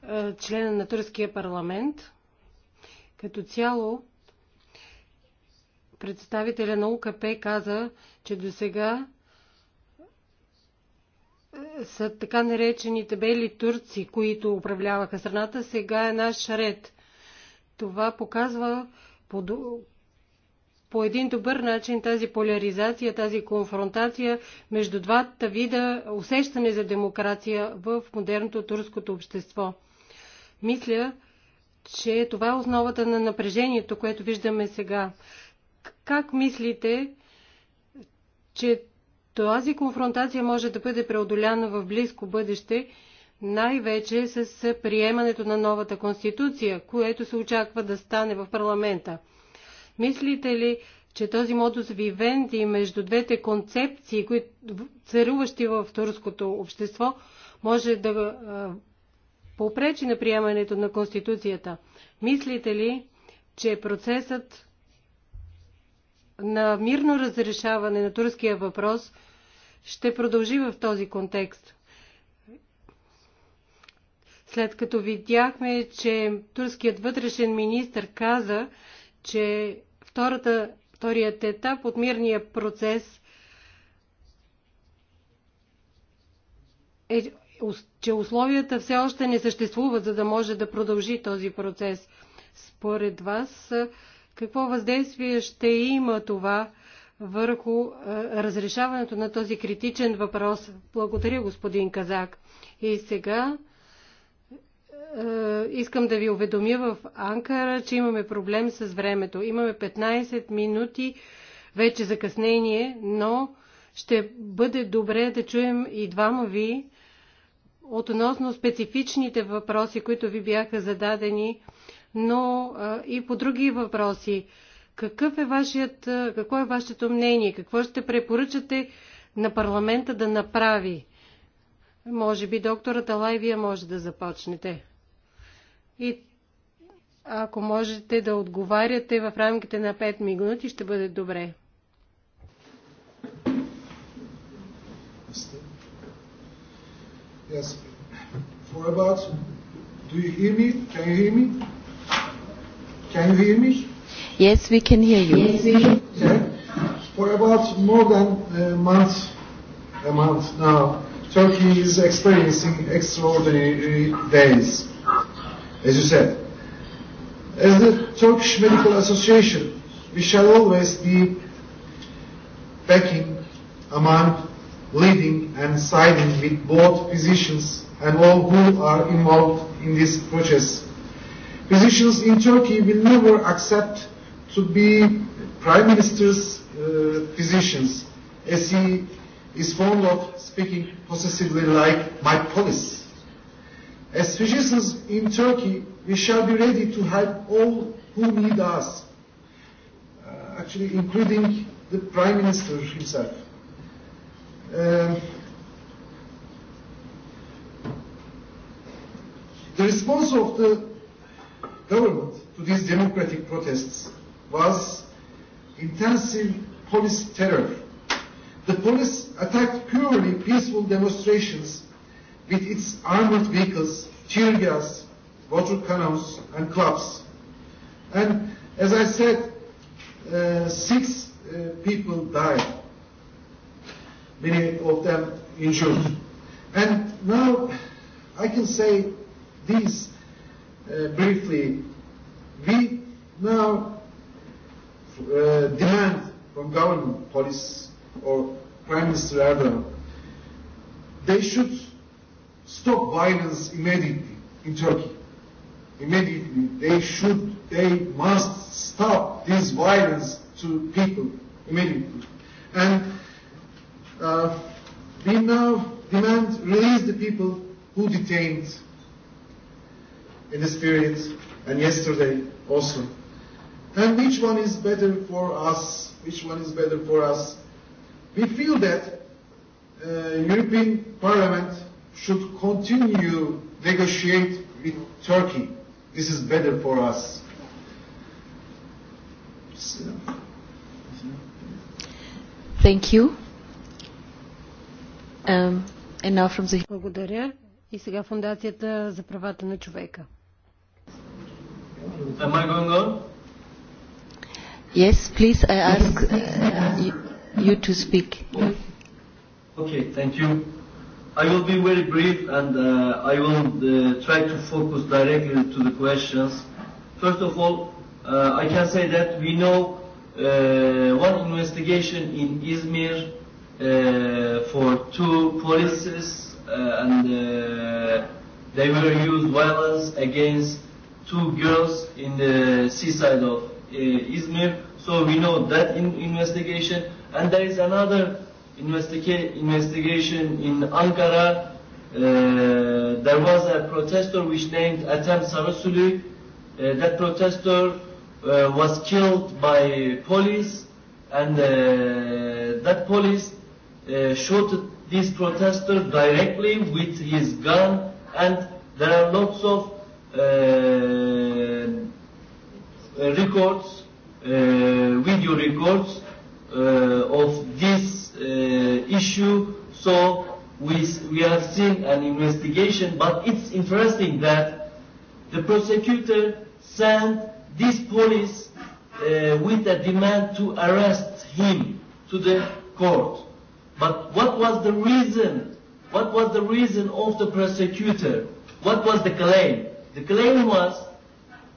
е, члена на Турския парламент. Като цяло, представителя на УКП каза, че до сега са така наречените бели турци, които управляваха страната, сега е наш ред. Това показва по, по един добър начин тази поляризация, тази конфронтация между двата вида усещане за демокрация в модерното турското общество. Мисля, че това е основата на напрежението, което виждаме сега. Как мислите, че тази конфронтация може да бъде преодоляна в близко бъдеще, най-вече с приемането на новата конституция, което се очаква да стане в парламента. Мислите ли, че този модус вивенди между двете концепции, които царуващи в турското общество, може да попречи на приемането на Конституцията. Мислите ли, че процесът на мирно разрешаване на турския въпрос ще продължи в този контекст. След като видяхме, че турският вътрешен министр каза, че втората, вторият етап от мирния процес е, че условията все още не съществуват, за да може да продължи този процес. Според вас, какво въздействие ще има това върху е, разрешаването на този критичен въпрос? Благодаря, господин Казак. И сега е, искам да ви уведомя в Анкара, че имаме проблем с времето. Имаме 15 минути вече закъснение, но ще бъде добре да чуем и двама ви относно специфичните въпроси, които ви бяха зададени но и по други въпроси. Какъв е вашият, какво е вашето мнение? Какво ще препоръчате на парламента да направи? Може би докторът Алай, вие може да започнете. И ако можете да отговаряте в рамките на 5 минути, ще бъде добре. Yes. For about, do you hear me? Can you hear me? Can you hear me? Yes, we can hear you. Yes, we can. For about more than a month, a month now, Turkey is experiencing extraordinary days, as you said. As the Turkish Medical Association, we shall always be backing among leading and siding with both physicians and all who are involved in this process Physicians in Turkey will never accept to be prime minister's uh, physicians, as he is fond of speaking possessively like my police. As physicians in Turkey, we shall be ready to help all who need us, uh, actually including the prime minister himself. Uh, the response of the government to these democratic protests was intensive police terror. The police attacked purely peaceful demonstrations with its armored vehicles, tear gas, water cannons, and clubs. And as I said, uh, six uh, people died, many of them injured. And now I can say these uh, briefly. We now uh, demand from government, police, or Prime Minister Erdogan, they should stop violence immediately in Turkey. Immediately, they should, they must stop this violence to people immediately. And uh, we now demand release the people who detained in the spirit and yesterday also. And which one is better for us? Which one is better for us? We feel that uh, European Parliament should continue negotiate with Turkey. This is better for us. Thank you. Um, and now from the... Благодаря. И сега Фундацията за правата на човека. Am I going on? Yes, please, I ask uh, you, you to speak. Okay, thank you. I will be very brief and uh, I will uh, try to focus directly to the questions. First of all, uh, I can say that we know uh, one investigation in Izmir uh, for two policies uh, and uh, they were used violence against two girls in the seaside of uh, Izmir. So we know that in investigation. And there is another investiga investigation in Ankara. Uh, there was a protester which named Atem Sarasuli. Uh, that protester uh, was killed by police and uh, that police uh, shot this protester directly with his gun and there are lots of uh, records, uh, video records uh, of this uh, issue. So we, we have seen an investigation, but it's interesting that the prosecutor sent this police uh, with a demand to arrest him to the court. But what was the reason? What was the reason of the prosecutor? What was the claim? The claim was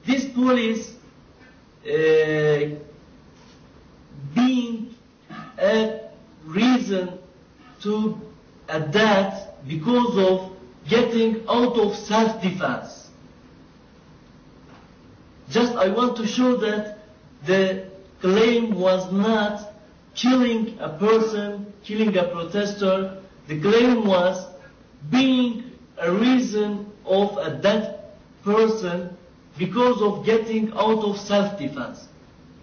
this police is uh, being a reason to adapt because of getting out of self-defense. Just I want to show that the claim was not killing a person, killing a protester. The claim was being a reason of a death person because of getting out of self-defense.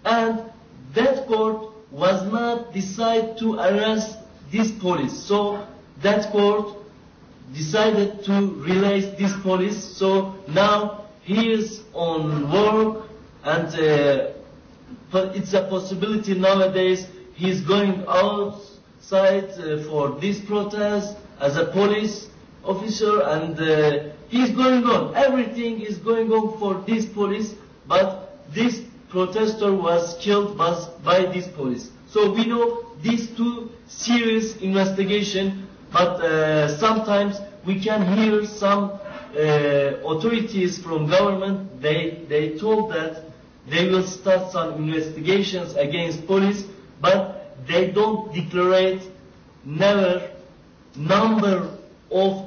And that court was not decided to arrest this police. So that court decided to release this police. So now he is on work and uh, it's a possibility nowadays he's going outside uh, for this protest as a police officer and uh, is going on. Everything is going on for this police, but this protester was killed by this police. So we know these two serious investigation, but uh, sometimes we can hear some uh, authorities from government, they, they told that they will start some investigations against police, but they don't declare never number of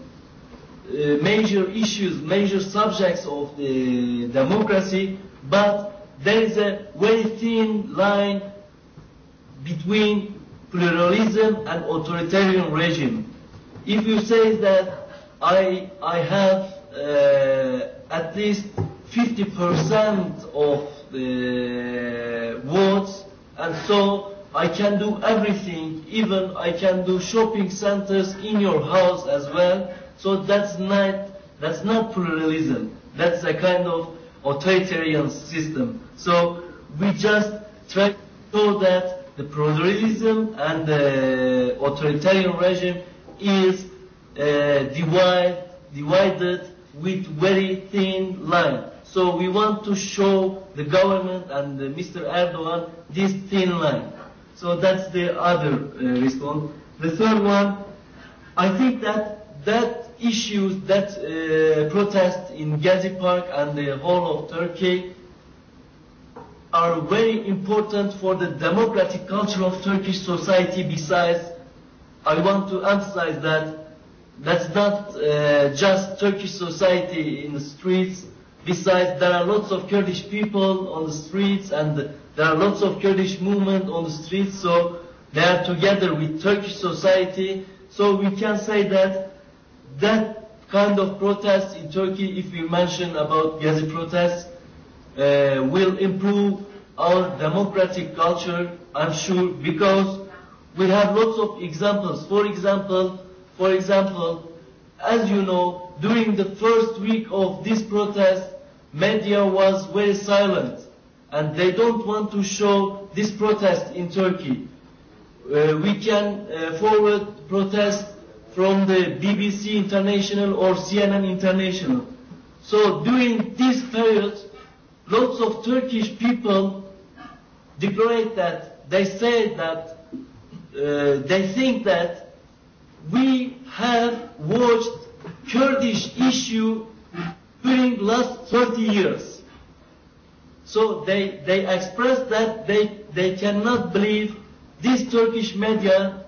major issues, major subjects of the democracy, but there is a very thin line between pluralism and authoritarian regime. If you say that I, I have uh, at least 50% of the votes, and so I can do everything, even I can do shopping centers in your house as well, So that's not, that's not pluralism. That's a kind of authoritarian system. So we just try to show that the pluralism and the authoritarian regime is uh, divide, divided with very thin line. So we want to show the government and uh, Mr. Erdogan this thin line. So that's the other uh, response. The third one, I think that that issues that uh, protest in Gezi Park and the whole of Turkey are very important for the democratic culture of Turkish society. Besides, I want to emphasize that that's not uh, just Turkish society in the streets. Besides, there are lots of Kurdish people on the streets and there are lots of Kurdish movement on the streets. So they are together with Turkish society. So we can say that that kind of protest in Turkey, if we mention about Gezi protests, uh, will improve our democratic culture, I'm sure, because we have lots of examples. For example, for example, as you know, during the first week of this protest, media was very silent, and they don't want to show this protest in Turkey. Uh, we can uh, forward protest from the BBC International or CNN International. So during this period, lots of Turkish people declared that they said that uh, they think that we have watched Kurdish issue during last 30 years. So they, they expressed that they, they cannot believe this Turkish media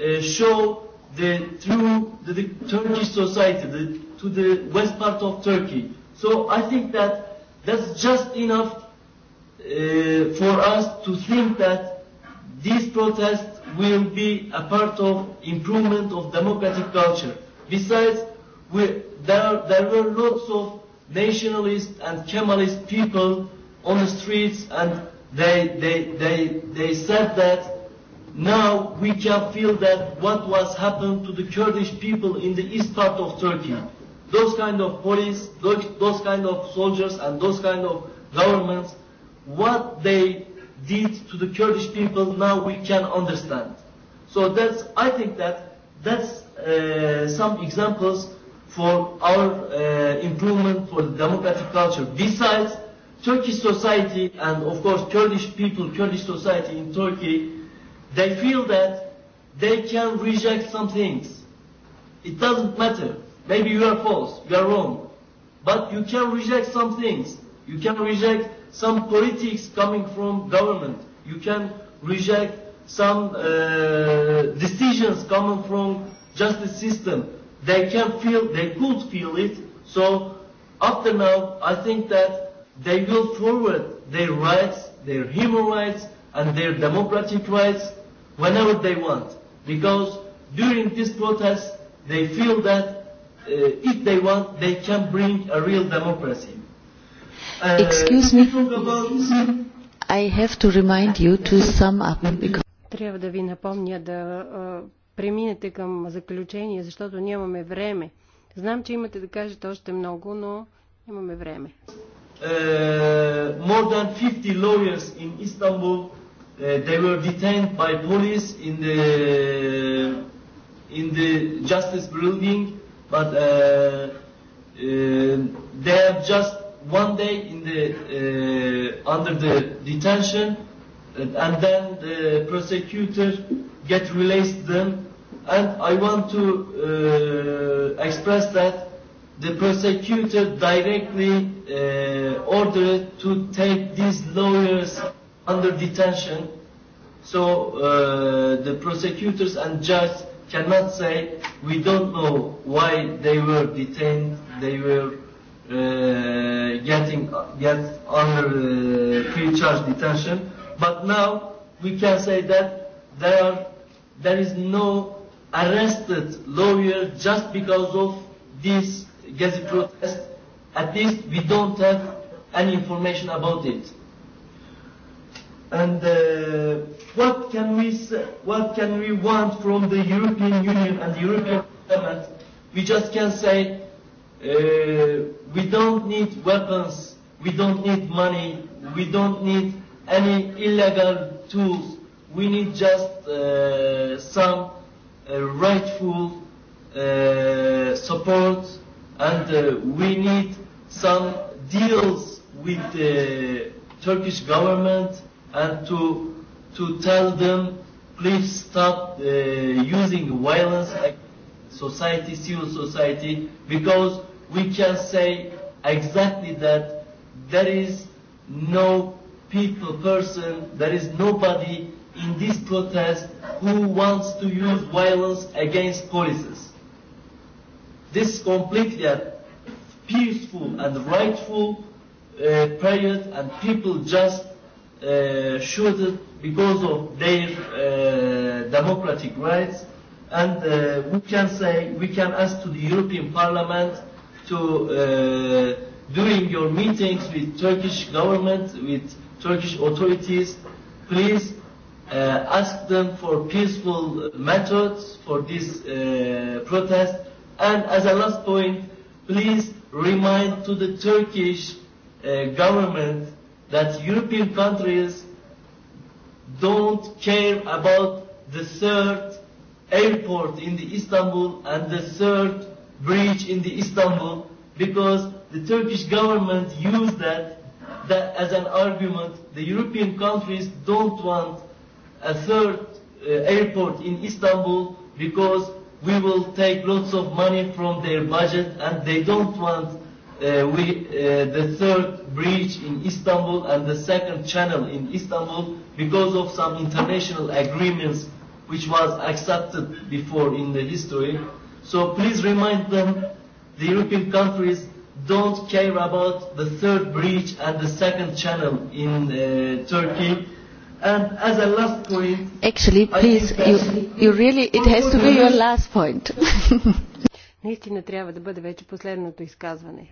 uh, show the, through the, the Turkish society, the, to the west part of Turkey. So I think that that's just enough uh, for us to think that these protests will be a part of improvement of democratic culture. Besides, we, there, there were lots of nationalist and Kemalist people on the streets and they, they, they, they said that Now we can feel that what was happened to the Kurdish people in the east part of Turkey. Those kind of police, those, those kind of soldiers and those kind of governments, what they did to the Kurdish people now we can understand. So that's, I think that that's uh, some examples for our uh, improvement for the democratic culture. Besides, Turkish society and of course Kurdish people, Kurdish society in Turkey They feel that they can reject some things. It doesn't matter. Maybe you are false, you are wrong. But you can reject some things. You can reject some politics coming from government. You can reject some uh, decisions coming from justice system. They can feel, they could feel it. So after now, I think that they will forward their rights, their human rights, and their democratic rights whenever they want. Because during this protest, they feel that uh, if they want, they can bring a real democracy. Uh, Excuse me. I have to remind you to sum up. Because... Трябва да ви напомня да uh, преминете към заключение, защото нямаме време. Знам, че имате да кажете още много, но имаме време. Uh, more than 50 lawyers in Istanbul uh, they were detained by police in the in the justice building, but uh, uh, they have just one day in the uh, under the detention, and, and then the prosecutor get released them. And I want to uh, express that the prosecutor directly uh, ordered to take these lawyers under detention. So uh, the prosecutors and judge cannot say we don't know why they were detained, they were uh, getting get under uh, pre-charge detention. But now we can say that there are, there is no arrested lawyer just because of this Gezi protest. At least we don't have any information about it And uh, what can we say what can we want from the European Union and the European Parliament? We just can say uh, we don't need weapons, we don't need money, we don't need any illegal tools. We need just uh, some uh, rightful uh, support, and uh, we need some deals with the Turkish government and to, to tell them, please stop uh, using violence society, civil society, because we can say exactly that there is no people, person, there is nobody in this protest who wants to use violence against policies. This is completely a peaceful and rightful uh, period and people just uh, should because of their uh, democratic rights and uh, we can say we can ask to the European Parliament to uh, during your meetings with Turkish government with Turkish authorities please uh, ask them for peaceful methods for this uh, protest and as a last point please remind to the Turkish uh, government that European countries don't care about the third airport in the Istanbul and the third bridge in the Istanbul because the Turkish government used that, that as an argument. The European countries don't want a third uh, airport in Istanbul because we will take lots of money from their budget and they don't want uh, we, uh, the third bridge in Istanbul and the second channel in Istanbul because of some international agreements which was accepted before in the history. So please remind them, the European countries don't care about the third bridge and the second channel in uh, Turkey. And as a last point... Actually, please, you, you really, it has to be your last point. Наистина трябва да бъде вече последното изказване.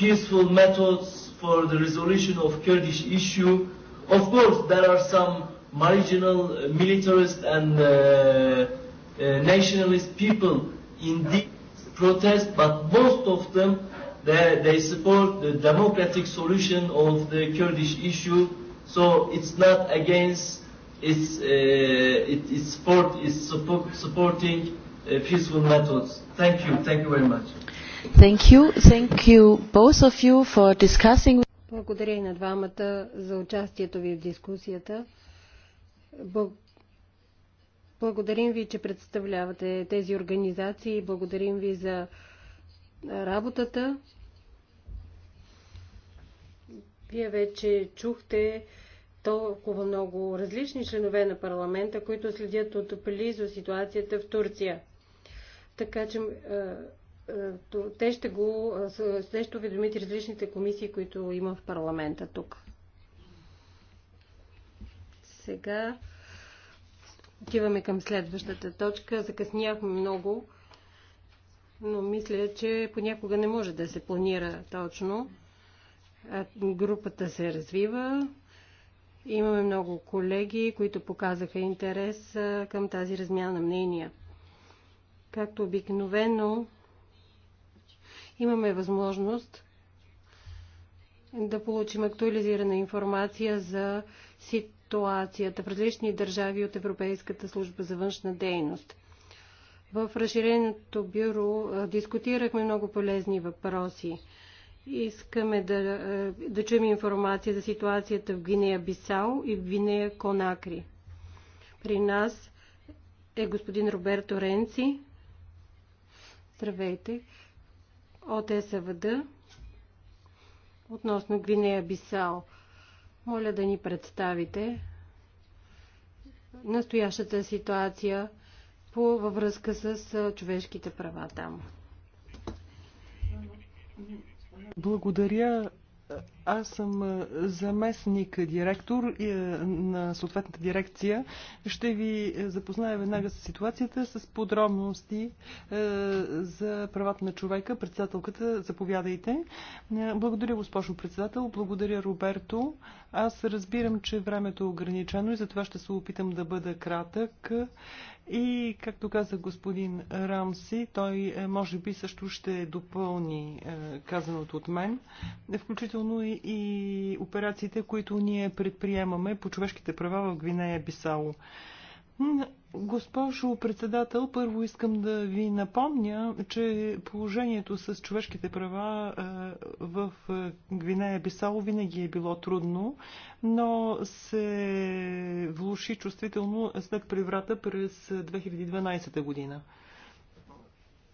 peaceful of methods for the resolution of Kurdish issue. Of course, there are some marginal uh, militarist and uh, uh, nationalist people in this protest, but most of them, they, they support the democratic solution of the Kurdish issue. So it's not against, it's, uh, it, it's, support, it's support, supporting uh, peaceful methods. Thank you. Thank you very much. Thank you. Thank you both of you for discussing. Благодаря и на двамата за участието ви в дискусията. Благодарим ви, че представлявате тези организации. Благодарим ви за работата. Вие вече чухте толкова много различни членове на парламента, които следят от близо ситуацията в Турция. Така че те ще го те ще различните комисии, които има в парламента тук. Сега отиваме към следващата точка. Закъсняхме много, но мисля, че понякога не може да се планира точно. Групата се развива. Имаме много колеги, които показаха интерес към тази размяна на мнения. Както обикновено, имаме възможност да получим актуализирана информация за ситуацията в различни държави от Европейската служба за външна дейност. В разширеното бюро дискутирахме много полезни въпроси. Искаме да, да чуем информация за ситуацията в Гвинея Бисао и в Гвинея Конакри. При нас е господин Роберто Ренци. Здравейте! От е СВД относно Гвинея Бисао. Моля да ни представите настоящата ситуация по, във връзка с човешките права там. Благодаря аз съм заместник директор е, на съответната дирекция. Ще ви е, запозная веднага с ситуацията, с подробности е, за правата на човека. Председателката, заповядайте. Благодаря, госпожо председател. Благодаря, Роберто. Аз разбирам, че времето е ограничено и затова ще се опитам да бъда кратък. И, както каза господин Рамси, той е, може би също ще допълни е, казаното от мен, включително и операциите, които ние предприемаме по човешките права в Гвинея Бисало. Госпожо председател, първо искам да ви напомня, че положението с човешките права е, в е, Гвинея Бисало винаги е било трудно, но се влуши чувствително след преврата през 2012 година.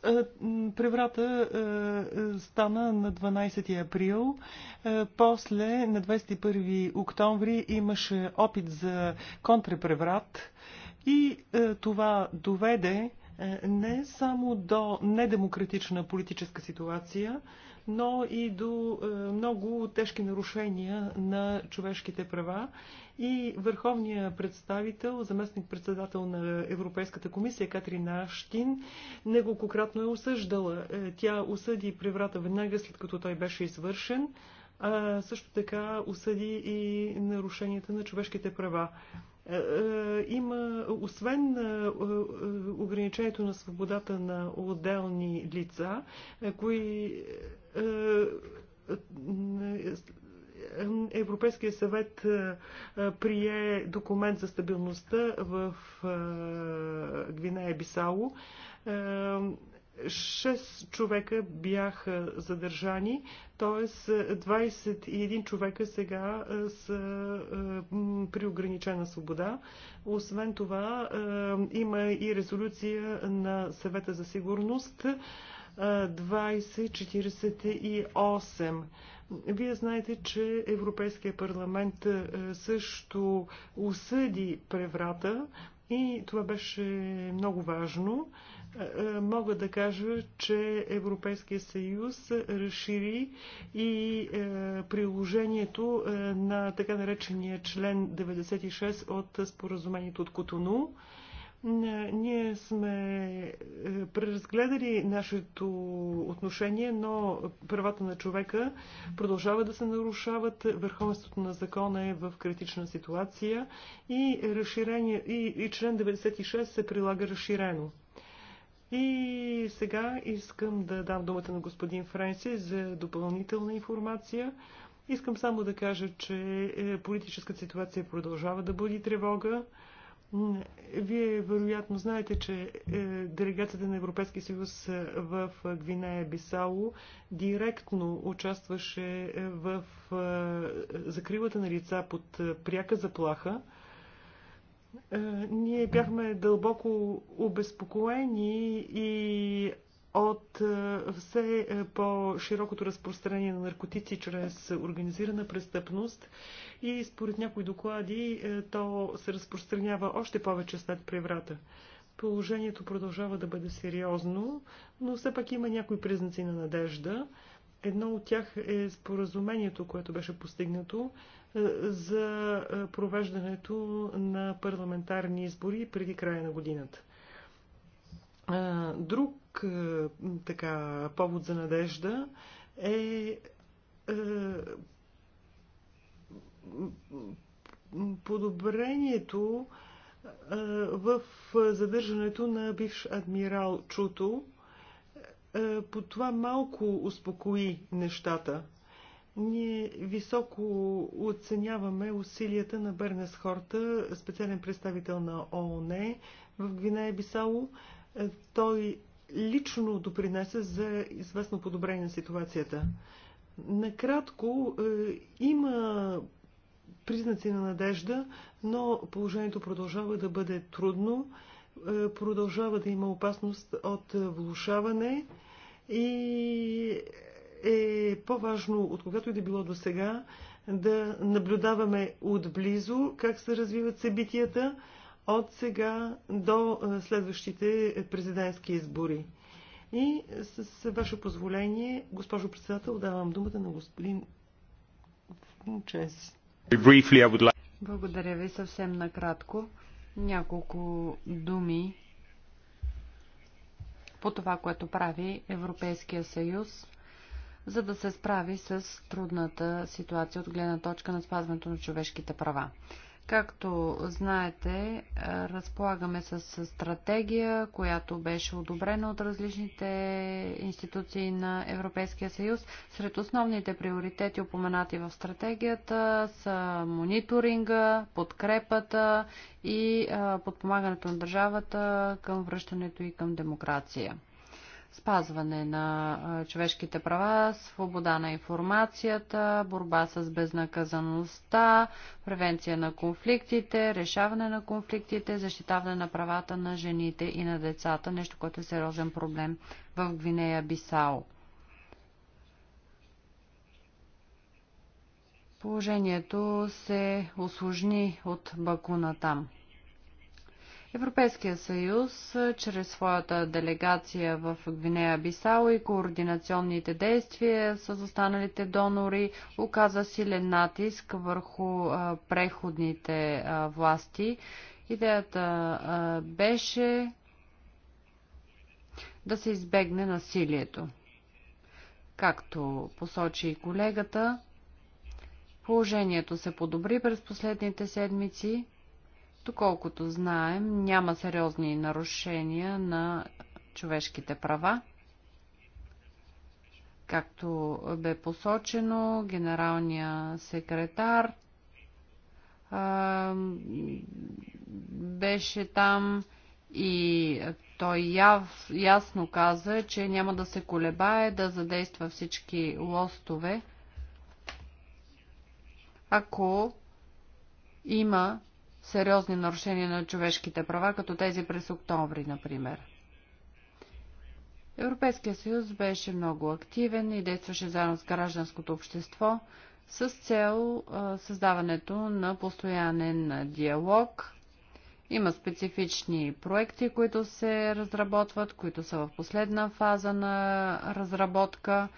Е, преврата стана на 12 април. После на 21 октомври имаше опит за контрпреврат. И е, това доведе е, не само до недемократична политическа ситуация, но и до е, много тежки нарушения на човешките права. И върховният представител, заместник-председател на Европейската комисия Катрин Аштин, неколкократно е осъждала. Тя осъди преврата веднага след като той беше извършен, а също така осъди и нарушенията на човешките права. Е, е, има, освен е, ограничението на свободата на отделни лица, кои Европейския съвет прие документ за стабилността в Гвинея Бисало. 6 човека бяха задържани, т.е. 21 човека сега е, са е, при ограничена свобода. Освен това, е, има и резолюция на съвета за сигурност 2048. Вие знаете, че Европейския парламент също осъди преврата и това беше много важно. Е, е, мога да кажа, че Европейския съюз разшири и е, приложението на така наречения член 96 от споразумението от Котону. Ние сме преразгледали нашето отношение, но правата на човека продължават да се нарушават. Върховенството на закона е в критична ситуация и, и, и член 96 се прилага разширено. И сега искам да дам думата на господин Френси за допълнителна информация. Искам само да кажа, че е, политическата ситуация продължава да буди тревога. Вие вероятно знаете, че е, делегацията на Европейския съюз в Гвинея Бисало директно участваше в е, закрилата на лица под пряка заплаха. Е, ние бяхме дълбоко обезпокоени и от е, все е, по-широкото разпространение на наркотици чрез организирана престъпност и според някои доклади то се разпространява още повече след преврата. Положението продължава да бъде сериозно, но все пак има някои признаци на надежда. Едно от тях е споразумението, което беше постигнато е, за е, провеждането на парламентарни избори преди края на годината. Е, друг така повод за надежда е подобрението в задържането на бивш адмирал Чуто. По това малко успокои нещата ние високо оценяваме усилията на Бернес Хорта, специален представител на ООН в Гвинея Бисало. Той лично допринесе за известно подобрение на ситуацията. Накратко, е, има признаци на надежда, но положението продължава да бъде трудно, е, продължава да има опасност от влушаване и е по-важно от когато и да било до сега да наблюдаваме отблизо как се развиват събитията от сега до следващите президентски избори. И с ваше позволение, госпожо председател, давам думата на господин Чес. Благодаря ви съвсем накратко. Няколко думи по това, което прави Европейския съюз за да се справи с трудната ситуация от гледна точка на спазването на човешките права. Както знаете, е, разполагаме с стратегия, която беше одобрена от различните институции на Европейския съюз. Сред основните приоритети, упоменати в стратегията, са мониторинга, подкрепата и е, подпомагането на държавата към връщането и към демокрация спазване на човешките права, свобода на информацията, борба с безнаказаността, превенция на конфликтите, решаване на конфликтите, защитаване на правата на жените и на децата, нещо, което е сериозен проблем в Гвинея Бисао. Положението се осложни от Бакуна там. Европейския съюз, чрез своята делегация в Гвинея Бисао и координационните действия с останалите донори, оказа силен натиск върху преходните власти. Идеята беше да се избегне насилието. Както посочи и колегата, положението се подобри през последните седмици Доколкото знаем, няма сериозни нарушения на човешките права. Както бе посочено, генералния секретар а, беше там и той яв, ясно каза, че няма да се колебае да задейства всички лостове, ако има сериозни нарушения на човешките права, като тези през октомври, например. Европейския съюз беше много активен и действаше заедно с гражданското общество с цел създаването на постоянен диалог. Има специфични проекти, които се разработват, които са в последна фаза на разработка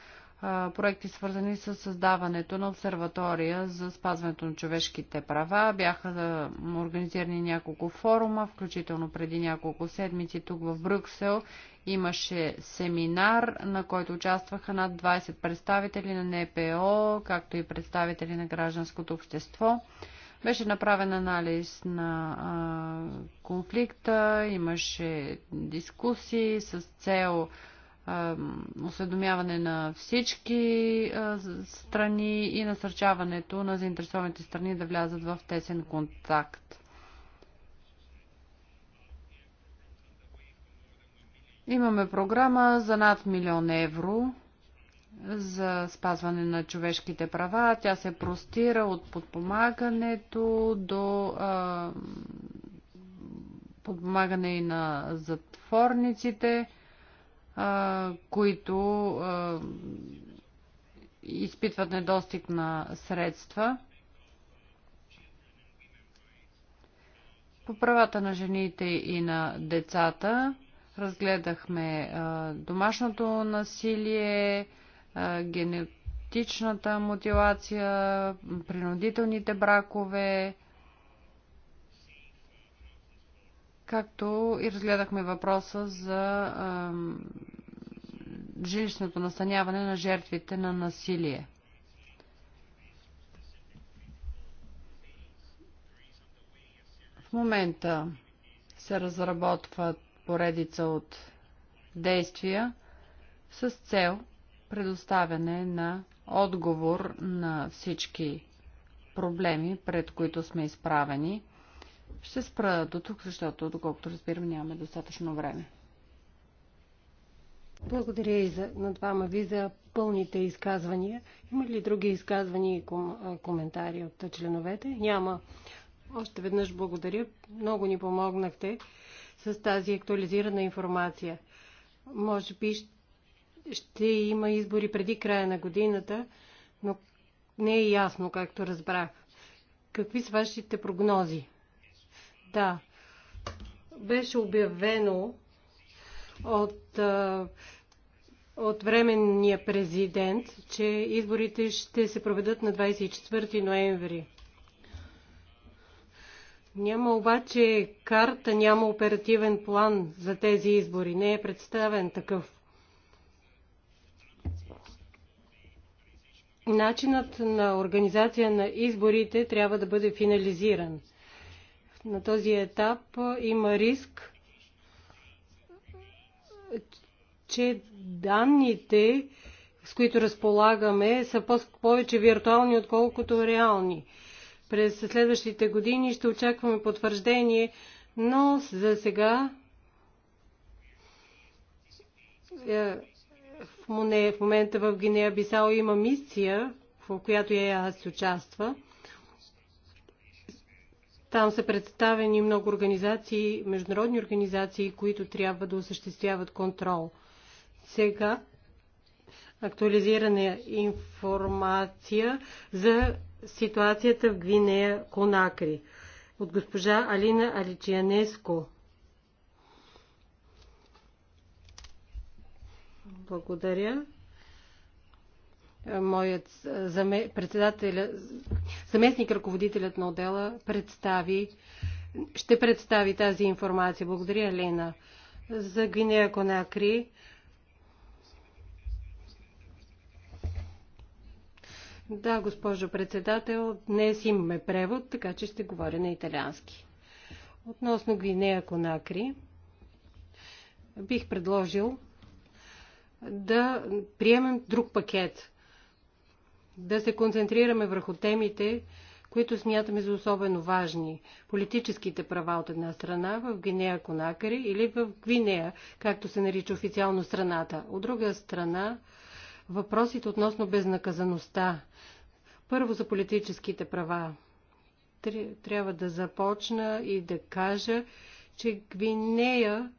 проекти, свързани с създаването на обсерватория за спазването на човешките права. Бяха организирани няколко форума, включително преди няколко седмици тук в Брюксел имаше семинар, на който участваха над 20 представители на НПО, както и представители на гражданското общество. Беше направен анализ на а, конфликта, имаше дискусии с цел осведомяване на всички страни и насърчаването на заинтересованите страни да влязат в тесен контакт. Имаме програма за над милион евро за спазване на човешките права. Тя се простира от подпомагането до а, подпомагане и на затворниците а, които а, изпитват недостиг на средства. По правата на жените и на децата разгледахме а, домашното насилие, а, генетичната мотивация, принудителните бракове, Както и разгледахме въпроса за а, жилищното настаняване на жертвите на насилие. В момента се разработват поредица от действия с цел предоставяне на отговор на всички проблеми, пред които сме изправени ще спра до тук, защото, доколкото разбирам, нямаме достатъчно време. Благодаря и за, на двама ви за пълните изказвания. Има ли други изказвания и ком, коментари от членовете? Няма. Още веднъж благодаря. Много ни помогнахте с тази актуализирана информация. Може би ще има избори преди края на годината, но не е ясно, както разбрах. Какви са вашите прогнози? света. Беше обявено от, от временния президент, че изборите ще се проведат на 24 ноември. Няма обаче карта, няма оперативен план за тези избори. Не е представен такъв. Начинът на организация на изборите трябва да бъде финализиран на този етап има риск, че данните, с които разполагаме, са повече виртуални, отколкото реални. През следващите години ще очакваме потвърждение, но за сега е, в момента в Гинея Бисао има мисия, в която и аз участва – там са представени много организации, международни организации, които трябва да осъществяват контрол. Сега актуализирана информация за ситуацията в Гвинея Конакри от госпожа Алина Аличианеско. Благодаря. Е, моят председател, заместник ръководителят на отдела представи, ще представи тази информация. Благодаря, Лена. За Гвинея Конакри. Да, госпожо председател, днес имаме превод, така че ще говоря на италиански. Относно Гвинея Конакри, бих предложил да приемем друг пакет да се концентрираме върху темите, които смятаме за особено важни. Политическите права от една страна в Гвинея Конакари или в Гвинея, както се нарича официално страната. От друга страна, въпросите относно безнаказаността. Първо за политическите права. Трябва да започна и да кажа, че Гвинея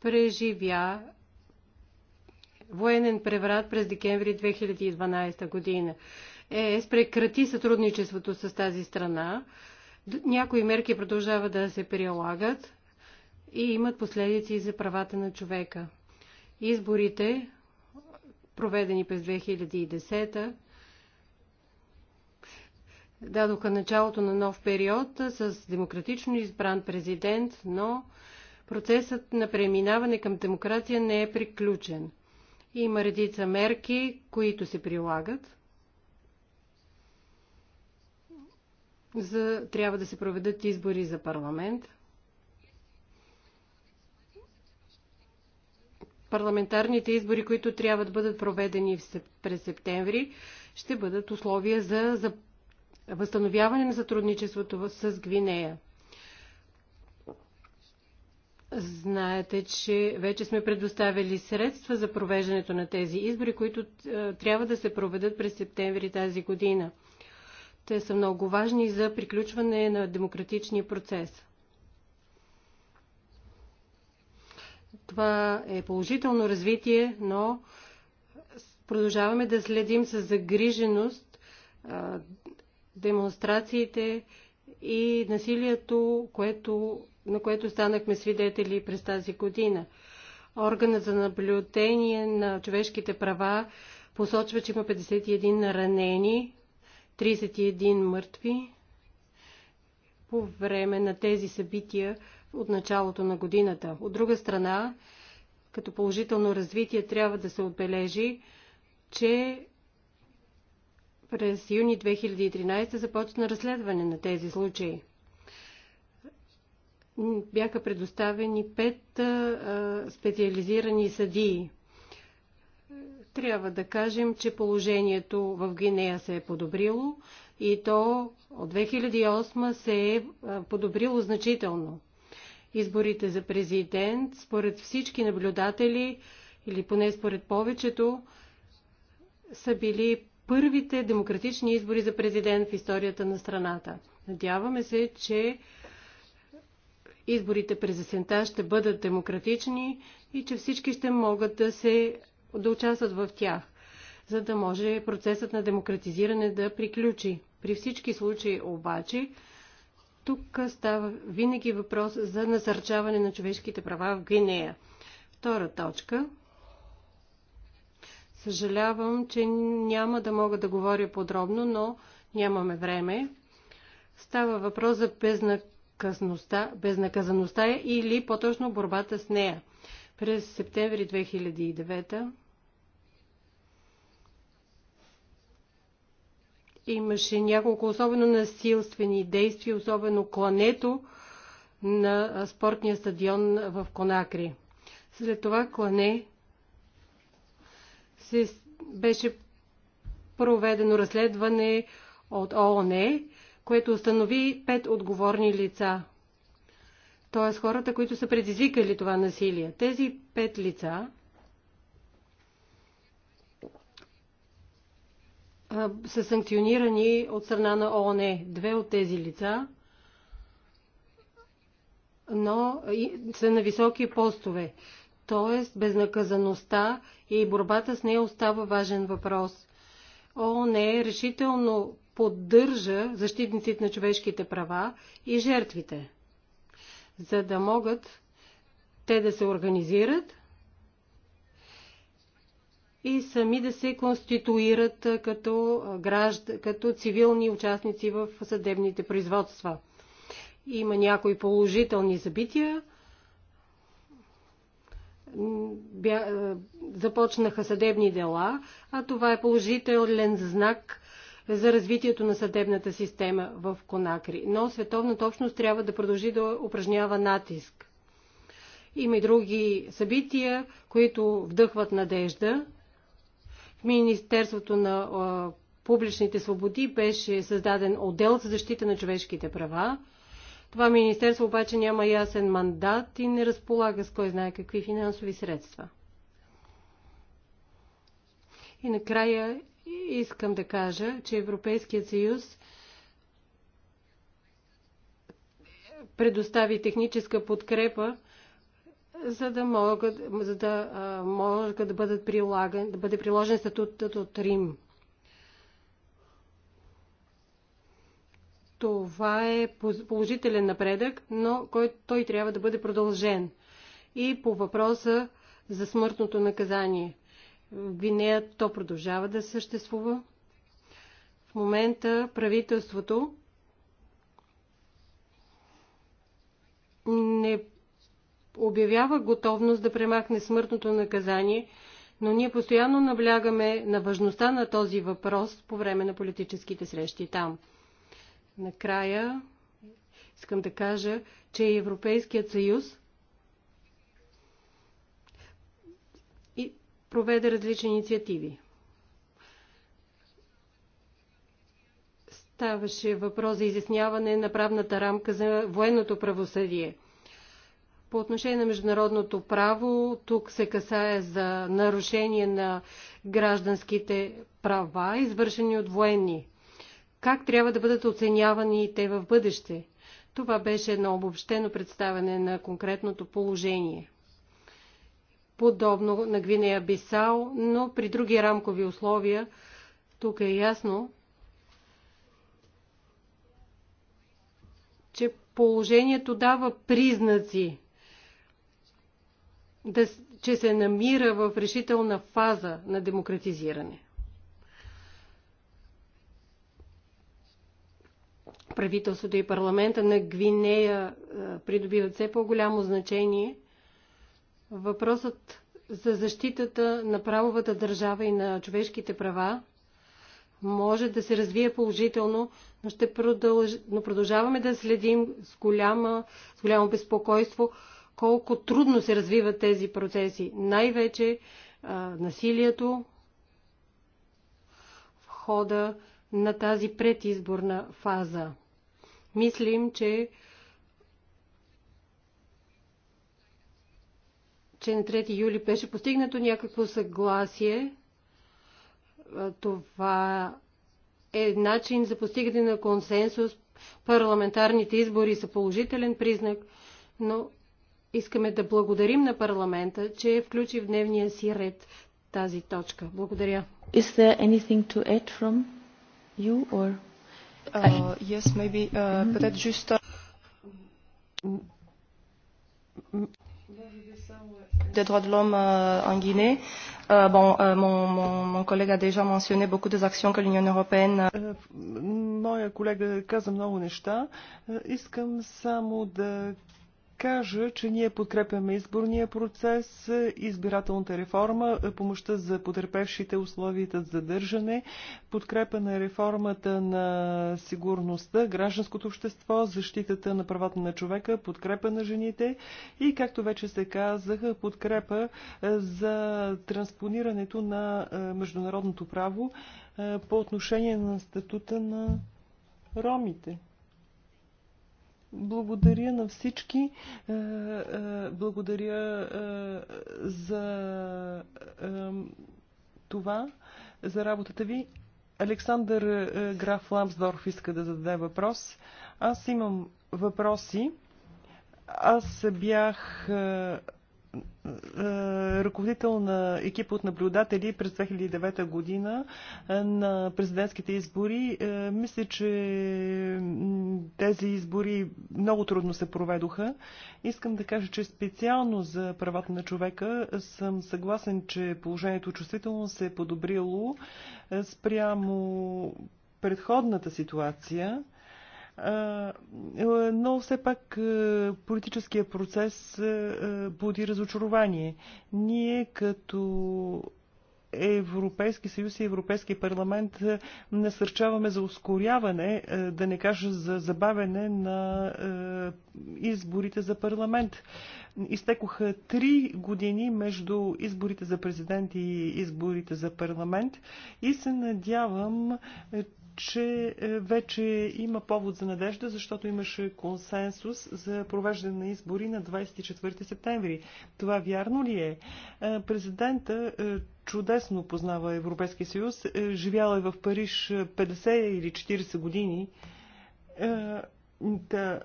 преживя военен преврат през декември 2012 година. ЕС прекрати сътрудничеството с тази страна. Някои мерки продължават да се прилагат и имат последици за правата на човека. Изборите, проведени през 2010 дадоха началото на нов период с демократично избран президент, но процесът на преминаване към демокрация не е приключен – има редица мерки, които се прилагат. За, трябва да се проведат избори за парламент. Парламентарните избори, които трябва да бъдат проведени през септември, ще бъдат условия за, за възстановяване на сътрудничеството с Гвинея. Знаете, че вече сме предоставили средства за провеждането на тези избори, които е, трябва да се проведат през септември тази година. Те са много важни за приключване на демократичния процес. Това е положително развитие, но продължаваме да следим с загриженост е, демонстрациите и насилието, което на което станахме свидетели през тази година. Органът за наблюдение на човешките права посочва, че има 51 наранени, 31 мъртви по време на тези събития от началото на годината. От друга страна, като положително развитие трябва да се отбележи, че през юни 2013 започна разследване на тези случаи бяха предоставени пет специализирани съдии. Трябва да кажем, че положението в Гинея се е подобрило и то от 2008 се е подобрило значително. Изборите за президент, според всички наблюдатели, или поне според повечето, са били първите демократични избори за президент в историята на страната. Надяваме се, че изборите през есента ще бъдат демократични и че всички ще могат да, се, да участват в тях, за да може процесът на демократизиране да приключи. При всички случаи обаче, тук става винаги въпрос за насърчаване на човешките права в Гвинея. Втора точка. Съжалявам, че няма да мога да говоря подробно, но нямаме време. Става въпрос за безнак безнаказаността е или по-точно борбата с нея. През септември 2009 имаше няколко особено насилствени действия, особено клането на спортния стадион в Конакри. След това клане се беше проведено разследване от ООН е което установи пет отговорни лица. Т.е. хората, които са предизвикали това насилие. Тези пет лица са санкционирани от страна на ООН. Две от тези лица но са на високи постове. Тоест, безнаказаността и борбата с нея остава важен въпрос. ООН е решително поддържа защитниците на човешките права и жертвите, за да могат те да се организират и сами да се конституират като, гражд... като цивилни участници в съдебните производства. Има някои положителни събития. Бя... Започнаха съдебни дела, а това е положителен знак за развитието на съдебната система в Конакри. Но световната общност трябва да продължи да упражнява натиск. Има и други събития, които вдъхват надежда. В Министерството на публичните свободи беше създаден отдел за защита на човешките права. Това министерство обаче няма ясен мандат и не разполага с кой знае какви финансови средства. И накрая и искам да кажа, че Европейският съюз предостави техническа подкрепа, за да, могат, за да а, могат да, бъдат прилаган, да бъде приложен статутът от Рим. Това е положителен напредък, но кой, той трябва да бъде продължен. И по въпроса за смъртното наказание – Гвинея то продължава да съществува. В момента правителството не обявява готовност да премахне смъртното наказание, но ние постоянно наблягаме на важността на този въпрос по време на политическите срещи там. Накрая искам да кажа, че Европейският съюз проведе различни инициативи. Ставаше въпрос за изясняване на правната рамка за военното правосъдие. По отношение на международното право, тук се касае за нарушение на гражданските права, извършени от военни. Как трябва да бъдат оценявани те в бъдеще? Това беше едно обобщено представяне на конкретното положение подобно на Гвинея Бисао, но при други рамкови условия. Тук е ясно, че положението дава признаци, да, че се намира в решителна фаза на демократизиране. Правителството и парламента на Гвинея придобиват все по-голямо значение – Въпросът за защитата на правовата държава и на човешките права може да се развие положително, но, ще продълж... но продължаваме да следим с, голяма... с голямо безпокойство колко трудно се развиват тези процеси. Най-вече насилието в хода на тази предизборна фаза. Мислим, че че на 3 юли беше постигнато някакво съгласие. Това е начин за постигане на консенсус. Парламентарните избори са положителен признак, но искаме да благодарим на парламента, че е включи в дневния си ред тази точка. Благодаря. Is there anything to add from you or... Uh, yes, maybe, uh, mm-hmm. but just... Mm-hmm des droits de l'homme euh, en Guinée. Euh, bon, euh, mon, mon, mon collègue a déjà mentionné beaucoup des actions que l'Union européenne. mon collègue Моя колега каза много неща. Искам само да кажа, че ние подкрепяме изборния процес, избирателната реформа, помощта за потерпевшите условията за задържане, подкрепа на реформата на сигурността, гражданското общество, защитата на правата на човека, подкрепа на жените и, както вече се казах, подкрепа е, за транспонирането на е, международното право е, по отношение на статута на ромите. Благодаря на всички. Е, е, благодаря е, за това, за работата ви. Александър Граф Ламсдорф иска да зададе въпрос. Аз имам въпроси. Аз бях ръководител на екипа от наблюдатели през 2009 година на президентските избори. Мисля, че тези избори много трудно се проведоха. Искам да кажа, че специално за правата на човека съм съгласен, че положението чувствително се е подобрило спрямо предходната ситуация е, но все пак е, политическия процес е, буди разочарование. Ние като Европейски съюз и Европейски парламент насърчаваме за ускоряване, да не кажа за забавене на изборите за парламент. Изтекоха три години между изборите за президент и изборите за парламент и се надявам, че е, вече има повод за надежда, защото имаше консенсус за провеждане на избори на 24 септември. Това вярно ли е? е президента е, чудесно познава Европейския съюз. живял е в Париж 50 или 40 години. Да.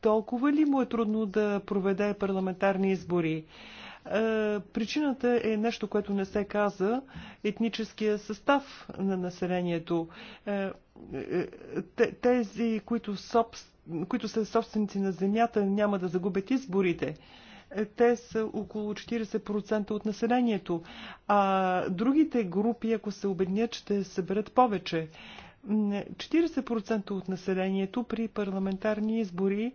Толкова ли му е трудно да проведе парламентарни избори? Е, причината е нещо, което не се каза етническия състав на населението. Е, е, тези, които, соб... които са собственици на земята, няма да загубят изборите те са около 40% от населението, а другите групи, ако се обеднят, ще съберат повече. 40% от населението при парламентарни избори е,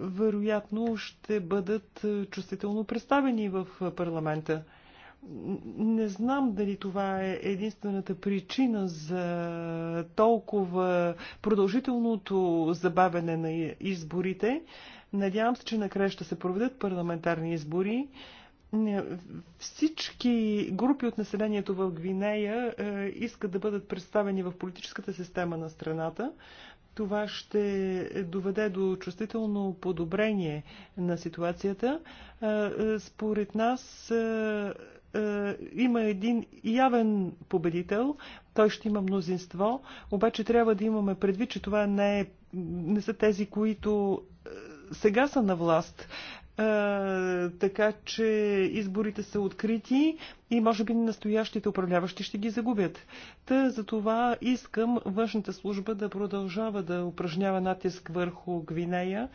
вероятно ще бъдат е, чувствително представени в парламента. Не знам дали това е единствената причина за толкова продължителното забавене на изборите. Надявам се, че накрая ще се проведат парламентарни избори всички групи от населението в Гвинея е, искат да бъдат представени в политическата система на страната. Това ще доведе до чувствително подобрение на ситуацията. Е, е, според нас има един явен победител, той ще има мнозинство, обаче трябва да имаме предвид, че това не, е, не са тези, които сега са на власт така че изборите са открити и може би настоящите управляващи ще ги загубят. Та за това искам външната служба да продължава да упражнява натиск върху Гвинея,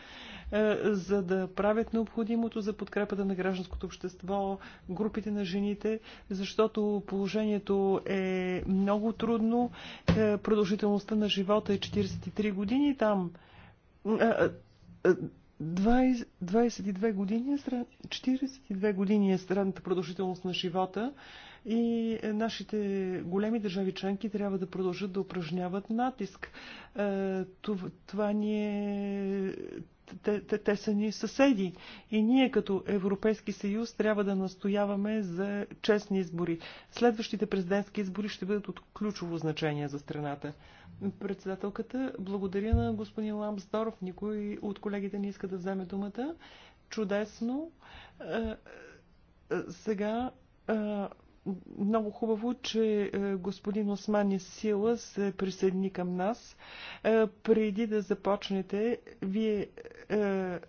за да правят необходимото за подкрепата на гражданското общество, групите на жените, защото положението е много трудно. Е, продължителността на живота е 43 години там е, е, 22 години, 42 години е средната е продължителност на живота и нашите големи държави членки трябва да продължат да упражняват натиск. Е, това ни е те, те, те са ни съседи. И ние като Европейски съюз трябва да настояваме за честни избори. Следващите президентски избори ще бъдат от ключово значение за страната. Председателката, благодаря на господин Ламсдоров. Никой от колегите не иска да вземе думата. Чудесно. Е, е, сега е, много хубаво, че е, господин Османи Сила се присъедини към нас. Е, преди да започнете, вие е,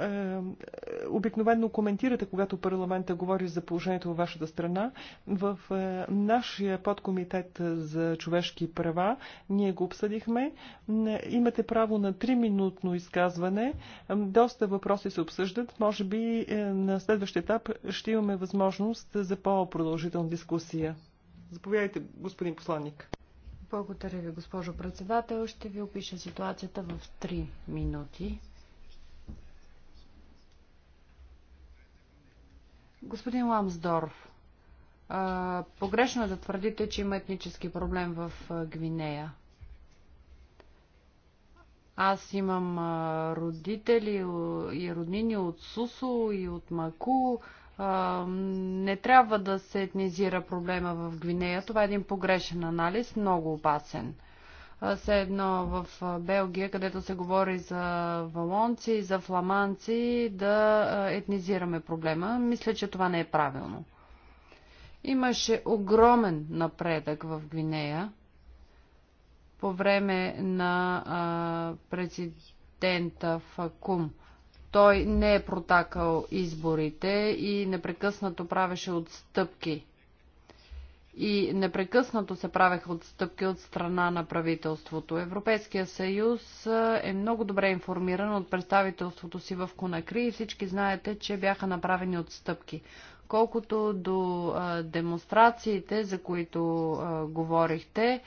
е, обикновено коментирате, когато парламента говори за положението във вашата страна. В е, нашия подкомитет за човешки права ние го обсъдихме. Имате право на 3-минутно изказване. Доста въпроси се обсъждат. Може би е, на следващия етап ще имаме възможност за по-продължителна дискусия. Заповядайте, господин посланник. Благодаря ви, госпожо председател. Ще ви опиша ситуацията в 3 минути. Господин Ламсдорф, а, погрешно е да твърдите, че има етнически проблем в Гвинея. Аз имам родители и роднини от Сусо и от Маку. Не трябва да се етнизира проблема в Гвинея. Това е един погрешен анализ, много опасен все едно в Белгия, където се говори за валонци, за фламанци, да етнизираме проблема. Мисля, че това не е правилно. Имаше огромен напредък в Гвинея по време на а, президента Факум. Той не е протакал изборите и непрекъснато правеше отстъпки и непрекъснато се правеха отстъпки от страна на правителството. Европейския съюз е много добре информиран от представителството си в Конакри и всички знаете, че бяха направени отстъпки. Колкото до демонстрациите, за които говорихте,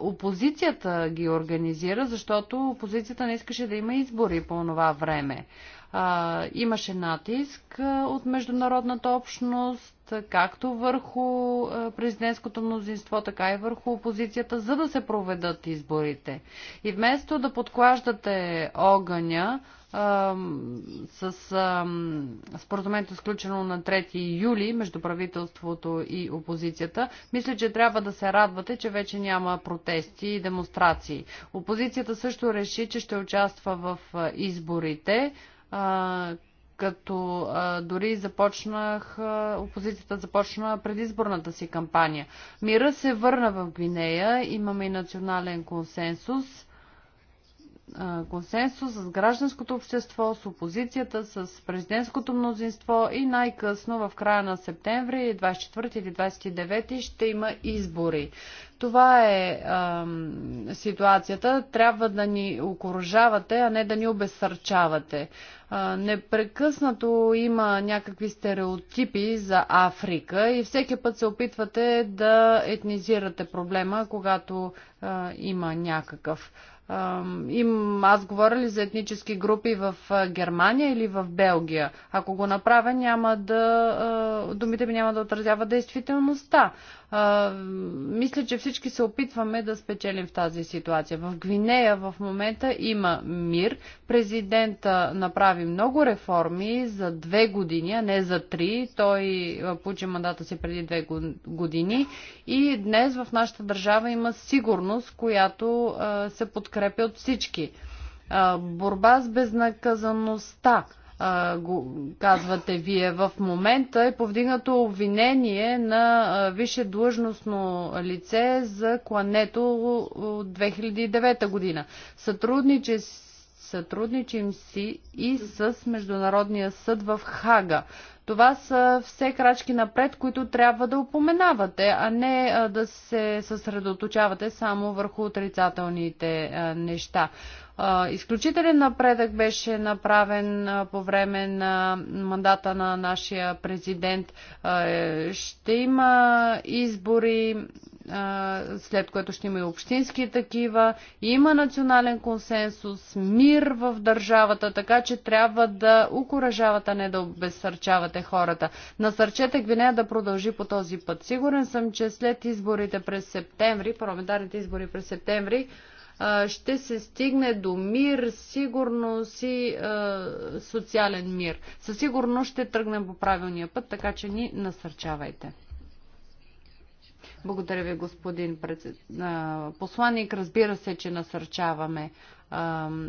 опозицията ги организира, защото опозицията не искаше да има избори по това време а, имаше натиск от международната общност, както върху президентското мнозинство, така и върху опозицията, за да се проведат изборите. И вместо да подклаждате огъня а, с споразумението сключено на 3 юли между правителството и опозицията, мисля, че трябва да се радвате, че вече няма протести и демонстрации. Опозицията също реши, че ще участва в изборите а, като а, дори започнах, а, опозицията започна предизборната си кампания. Мира се върна в Гвинея, имаме и национален консенсус консенсус с гражданското общество, с опозицията, с президентското мнозинство и най-късно в края на септември, 24 или 29, ще има избори. Това е ам, ситуацията. Трябва да ни окоръжавате, а не да ни обесърчавате. А, непрекъснато има някакви стереотипи за Африка и всеки път се опитвате да етнизирате проблема, когато а, има някакъв им, аз говоря ли за етнически групи в Германия или в Белгия? Ако го направя, няма да, думите ми няма да отразява действителността. Мисля, че всички се опитваме да спечелим в тази ситуация. В Гвинея в момента има мир. Президента направи много реформи за две години, а не за три. Той получи мандата си преди две години и днес в нашата държава има сигурност, която се подкрепя подкрепя от всички. Борба с безнаказаността го казвате вие. В момента е повдигнато обвинение на висше длъжностно лице за клането от 2009 година. Сътрудниче Сътрудничим си и с Международния съд в Хага. Това са все крачки напред, които трябва да упоменавате, а не да се съсредоточавате само върху отрицателните неща. Изключителен напредък беше направен по време на мандата на нашия президент. Е, ще има избори след което ще има и общински такива. Има национален консенсус, мир в държавата, така че трябва да укоръжавате, а не да обезсърчавате хората. Насърчете Гвинея да продължи по този път. Сигурен съм, че след изборите през септември, парламентарните избори през септември, ще се стигне до мир, сигурност и е, социален мир. Със сигурност ще тръгнем по правилния път, така че ни насърчавайте. Благодаря ви, господин посланник. Разбира се, че насърчаваме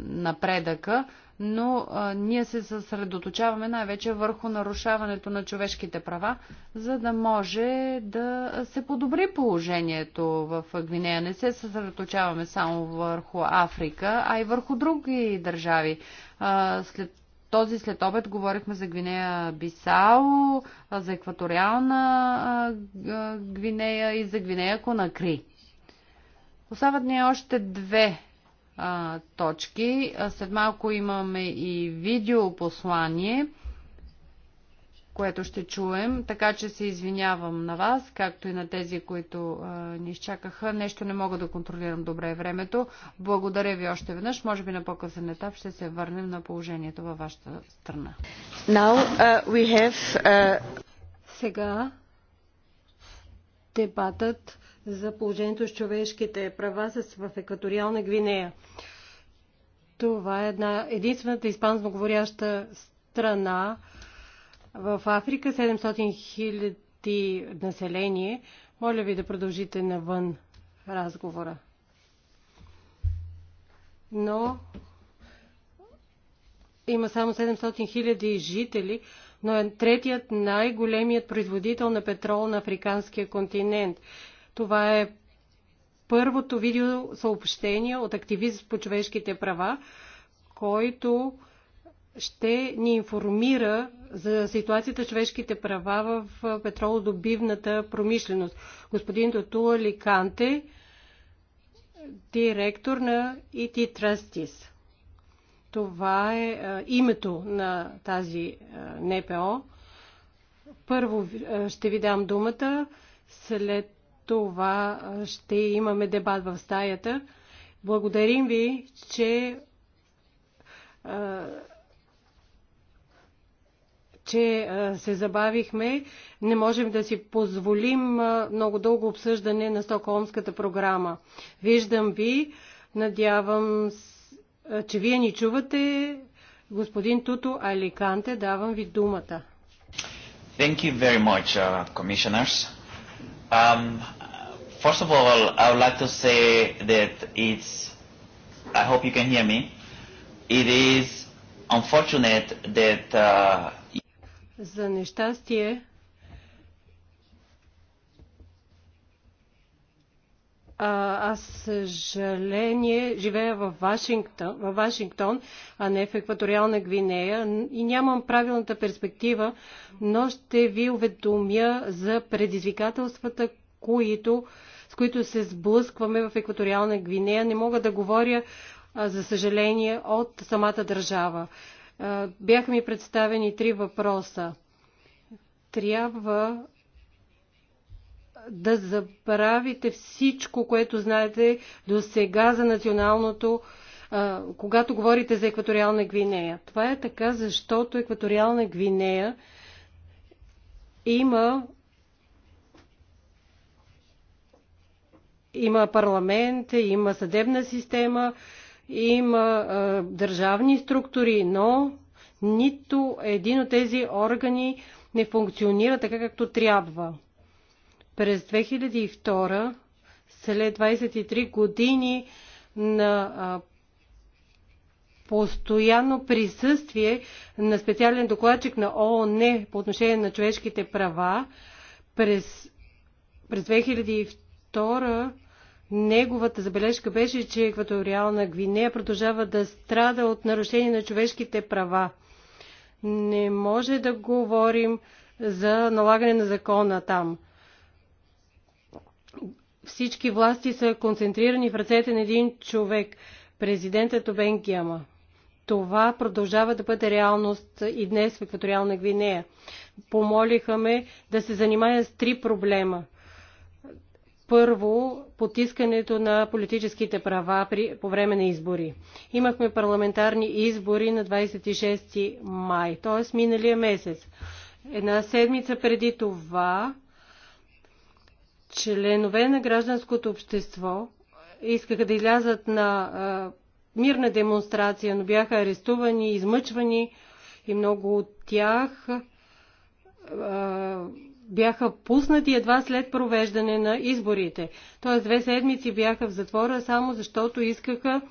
напредъка, но ние се съсредоточаваме най-вече върху нарушаването на човешките права, за да може да се подобри положението в Гвинея. Не се съсредоточаваме само върху Африка, а и върху други държави. След този след обед говорихме за Гвинея Бисао, за екваториална Гвинея и за Гвинея Конакри. Остават ни още две а, точки. След малко имаме и видеопослание което ще чуем. Така че се извинявам на вас, както и на тези, които а, ни изчакаха. Нещо не мога да контролирам добре времето. Благодаря ви още веднъж. Може би на по-късен етап ще се върнем на положението във вашата страна. Now, uh, we have, uh... Сега дебатът за положението с човешките права в Екваториална Гвинея. Това е една единствената говоряща страна, в Африка 700 хиляди население. Моля ви да продължите навън разговора. Но има само 700 хиляди жители, но е третият най-големият производител на петрол на африканския континент. Това е първото видео съобщение от активист по човешките права, който ще ни информира за ситуацията с човешките права в петролодобивната промишленост. Господин Дотула Ликанте, директор на IT Trustees. Това е името на тази НПО. Първо ще ви дам думата, след това ще имаме дебат в стаята. Благодарим ви, че че се забавихме. Не можем да си позволим много дълго обсъждане на Стокхолмската програма. Виждам ви, надявам, че вие ни чувате. Господин Туто Аликанте, давам ви думата. Thank you very much, uh, commissioners. Um, first of all, I would like to say that it's, I hope you can hear me. It is unfortunate that uh, за нещастие, аз съжаление живея в Вашингтон, в Вашингтон, а не в екваториална Гвинея и нямам правилната перспектива, но ще ви уведомя за предизвикателствата, които, с които се сблъскваме в екваториална Гвинея. Не мога да говоря, за съжаление, от самата държава бяха ми представени три въпроса. Трябва да забравите всичко, което знаете до сега за националното, когато говорите за екваториална Гвинея. Това е така, защото екваториална Гвинея има има парламент, има съдебна система, има а, държавни структури, но нито един от тези органи не функционира така, както трябва. През 2002, след 23 години на а, постоянно присъствие на специален докладчик на ООН по отношение на човешките права, през, през 2002 Неговата забележка беше, че екваториална Гвинея продължава да страда от нарушение на човешките права. Не може да говорим за налагане на закона там. Всички власти са концентрирани в ръцете на един човек, президентът Обен Гиама. Това продължава да бъде реалност и днес в екваториална Гвинея. Помолиха ме да се занимая с три проблема – първо, потискането на политическите права при, по време на избори. Имахме парламентарни избори на 26 май, т.е. миналия месец. Една седмица преди това членове на гражданското общество искаха да излязат на а, мирна демонстрация, но бяха арестувани, измъчвани и много от тях а, бяха пуснати едва след провеждане на изборите. Т.е. две седмици бяха в затвора само защото искаха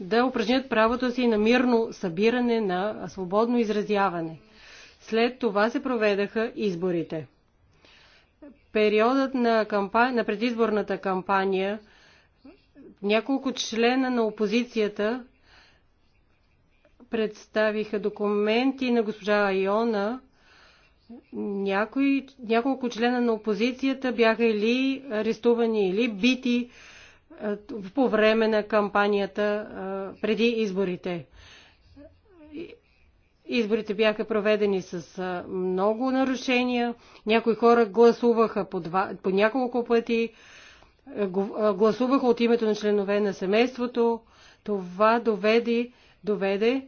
да упражнят правото си на мирно събиране, на свободно изразяване. След това се проведаха изборите. Периодът на, кампания, на предизборната кампания няколко члена на опозицията представиха документи на госпожа Айона, някои, няколко члена на опозицията бяха или арестувани, или бити е, по време на кампанията е, преди изборите. Изборите бяха проведени с е, много нарушения. Някои хора гласуваха по, два, по няколко пъти, гласуваха от името на членове на семейството. Това доведе, доведе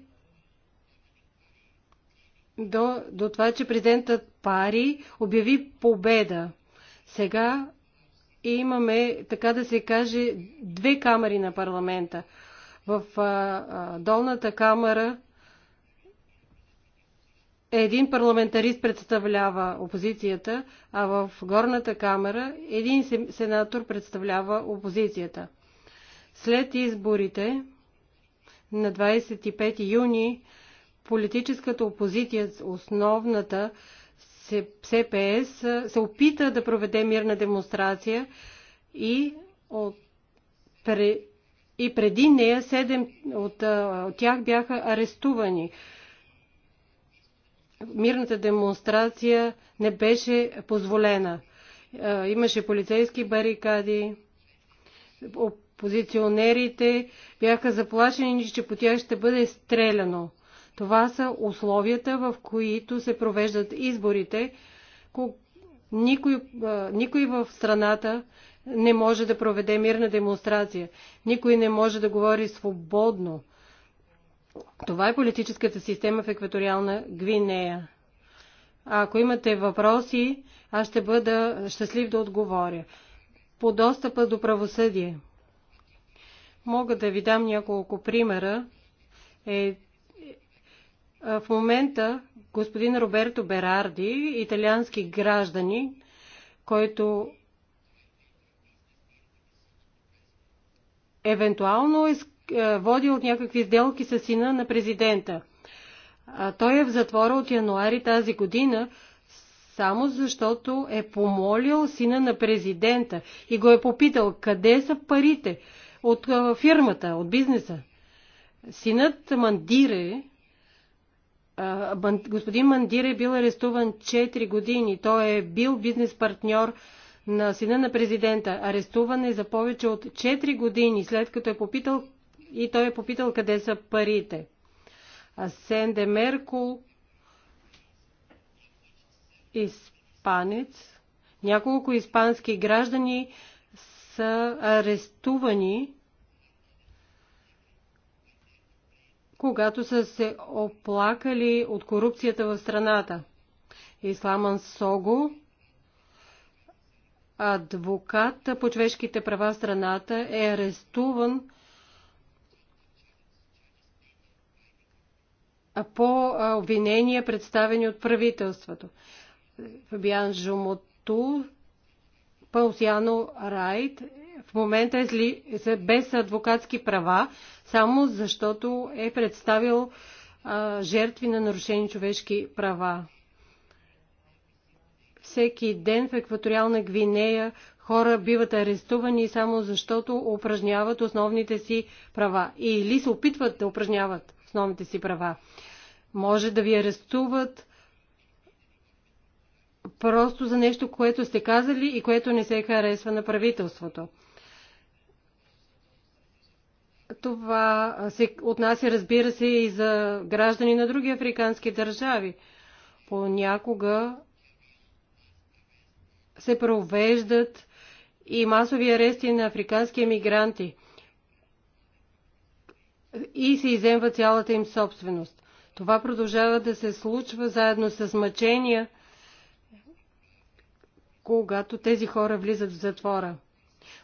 до, до това, че президентът Пари обяви победа. Сега имаме, така да се каже, две камери на парламента. В а, а, долната камера един парламентарист представлява опозицията, а в горната камера един сенатор представлява опозицията. След изборите на 25 юни политическата опозиция, основната СПС, се опита да проведе мирна демонстрация и от и преди нея седем от, от тях бяха арестувани. Мирната демонстрация не беше позволена. Имаше полицейски барикади, опозиционерите бяха заплашени, че по тях ще бъде стреляно. Това са условията, в които се провеждат изборите. Никой, никой в страната не може да проведе мирна демонстрация. Никой не може да говори свободно. Това е политическата система в екваториална Гвинея. А ако имате въпроси, аз ще бъда щастлив да отговоря. По достъпа до правосъдие. Мога да ви дам няколко примера. Е, в момента господин Роберто Берарди, италиански граждани, който евентуално е, е водил някакви сделки с сина на президента. Той е в затвора от януари тази година, само защото е помолил сина на президента и го е попитал къде са парите от е, фирмата, от бизнеса. Синът Мандире, господин Мандир е бил арестуван 4 години. Той е бил бизнес партньор на сина на президента. Арестуван е за повече от 4 години, след като е попитал и той е попитал къде са парите. Асен де Меркул, испанец, няколко испански граждани са арестувани когато са се оплакали от корупцията в страната. Исламан Сого, адвокат по човешките права в страната, е арестуван по обвинения, представени от правителството. Фабиан Жумоту, Паусиано Райт в момента е зли, без адвокатски права, само защото е представил а, жертви на нарушени човешки права. Всеки ден в екваториална Гвинея хора биват арестувани само защото упражняват основните си права или се опитват да упражняват основните си права. Може да ви арестуват просто за нещо, което сте казали и което не се харесва на правителството. Това се отнася, разбира се, и за граждани на други африкански държави. Понякога се провеждат и масови арести на африкански емигранти и се иземва цялата им собственост. Това продължава да се случва заедно с мъчения, когато тези хора влизат в затвора.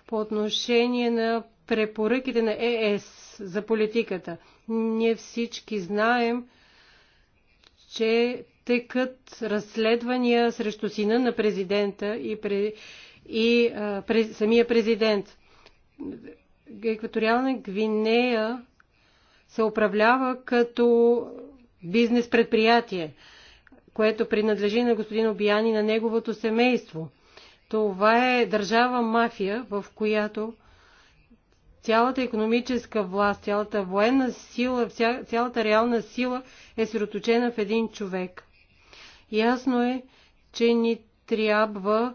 По отношение на препоръките на ЕС за политиката. Ние всички знаем, че текат разследвания срещу сина на президента и, пре, и а, през, самия президент. Екваториална Гвинея се управлява като бизнес предприятие, което принадлежи на господин Обиян и на неговото семейство. Това е държава мафия, в която цялата економическа власт, цялата военна сила, цялата реална сила е сироточена в един човек. Ясно е, че ни трябва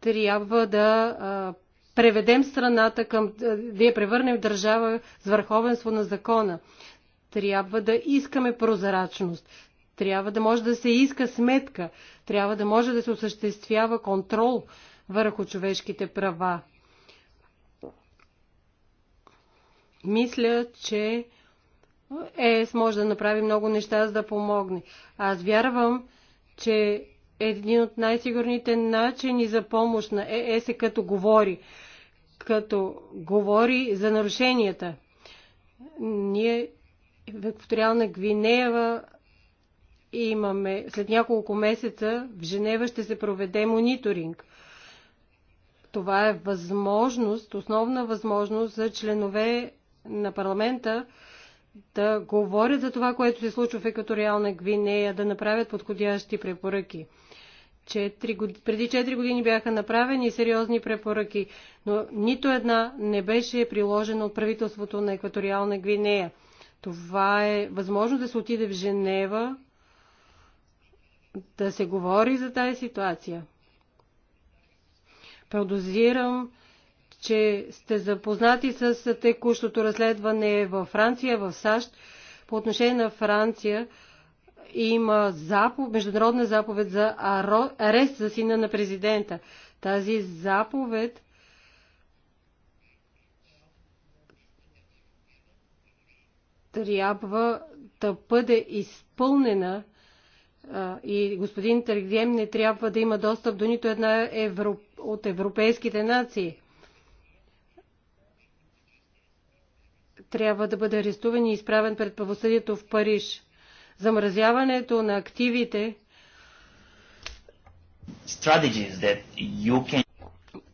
трябва да а, преведем страната към, да я превърнем държава с върховенство на закона. Трябва да искаме прозрачност. Трябва да може да се иска сметка. Трябва да може да се осъществява контрол върху човешките права. мисля, че ЕС може да направи много неща, за да помогне. Аз вярвам, че един от най-сигурните начини за помощ на ЕС е като говори. Като говори за нарушенията. Ние в Екваториална Гвинеева имаме, след няколко месеца в Женева ще се проведе мониторинг. Това е възможност, основна възможност за членове на парламента да говорят за това, което се случва в Екваториална Гвинея, да направят подходящи препоръки. Четири, преди 4 години бяха направени сериозни препоръки, но нито една не беше приложена от правителството на Екваториална Гвинея. Това е възможно да се отиде в Женева, да се говори за тази ситуация. Продозирам че сте запознати с текущото разследване във Франция, в САЩ. По отношение на Франция има запов... международна заповед за арест за сина на президента. Тази заповед трябва да бъде изпълнена и господин Тергем не трябва да има достъп до нито една евро... от европейските нации. трябва да бъде арестуван и изправен пред правосъдието в Париж. Замразяването на активите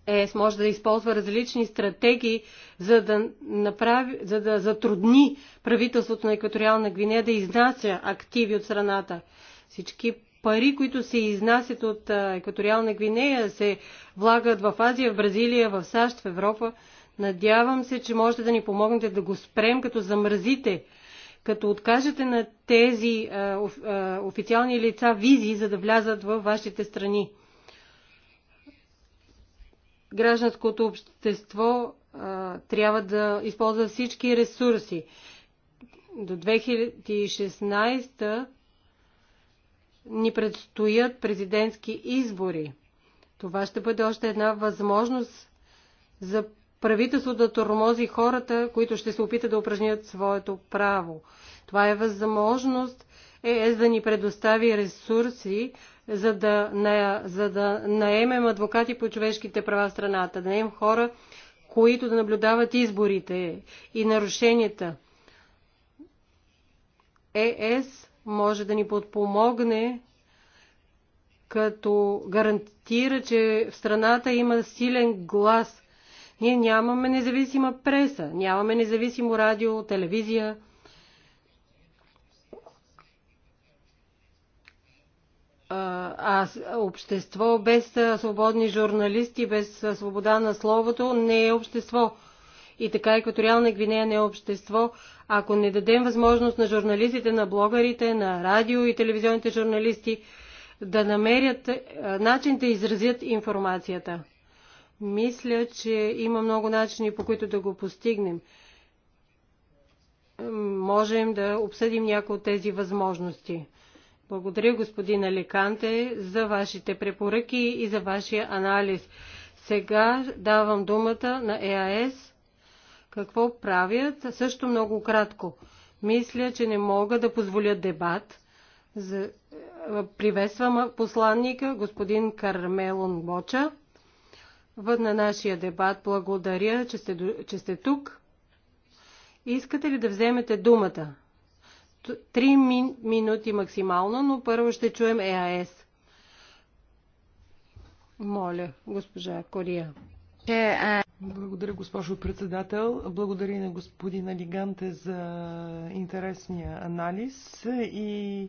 ЕС може да използва различни стратегии, за да, направи, за да затрудни правителството на Екваториална Гвинея да изнася активи от страната. Всички пари, които се изнасят от Екваториална Гвинея, се влагат в Азия, в Бразилия, в САЩ, в Европа. Надявам се, че можете да ни помогнете да го спрем, като замразите, като откажете на тези а, а, официални лица визи, за да влязат във вашите страни. Гражданското общество а, трябва да използва всички ресурси. До 2016 ни предстоят президентски избори. Това ще бъде още една възможност за правителството да тормози хората, които ще се опитат да упражнят своето право. Това е възможност ЕС е да ни предостави ресурси, за да, на, за да наемем адвокати по човешките права в страната, да наемем хора, които да наблюдават изборите и нарушенията. Е ЕС може да ни подпомогне като гарантира, че в страната има силен глас – ние нямаме независима преса, нямаме независимо радио, телевизия. а общество без свободни журналисти, без свобода на словото не е общество. И така екваториална Гвинея не е общество. Ако не дадем възможност на журналистите, на блогърите, на радио и телевизионните журналисти да намерят начин да изразят информацията. Мисля, че има много начини по които да го постигнем. Можем да обсъдим някои от тези възможности. Благодаря, господин Аликанте, за вашите препоръки и за вашия анализ. Сега давам думата на ЕАС. Какво правят? Също много кратко. Мисля, че не мога да позволя дебат. Приветствам посланника, господин Кармелон Боча въд на нашия дебат. Благодаря, че сте, че сте тук. Искате ли да вземете думата? Три ми, минути максимално, но първо ще чуем ЕАС. Моля, госпожа Кория. Благодаря, госпожо председател. Благодаря и на господин Алиганте за интересния анализ и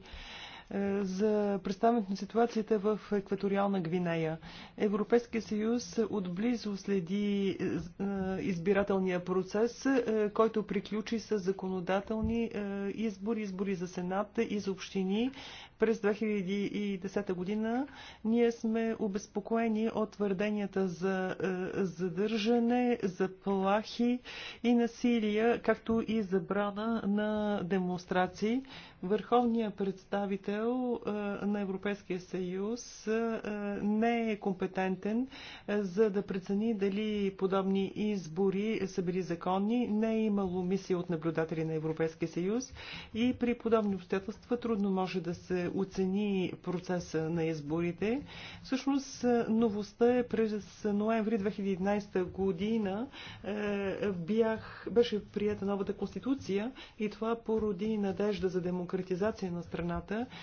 е, за представенето на ситуацията в екваториална Гвинея. Европейския съюз отблизо следи е, е, избирателния процес, който приключи с законодателни избори, избори за Сенат и за общини през 2010 година. Ние сме обезпокоени от твърденията за задържане, заплахи и насилие, както и забрана на демонстрации. Върховният представител представител на Европейския съюз не е компетентен за да прецени дали подобни избори са били законни. Не е имало мисия от наблюдатели на Европейския съюз и при подобни обстоятелства трудно може да се оцени процеса на изборите. Всъщност новостта е през ноември 2011 година бях, беше прията новата конституция и това породи надежда за демократизация на страната,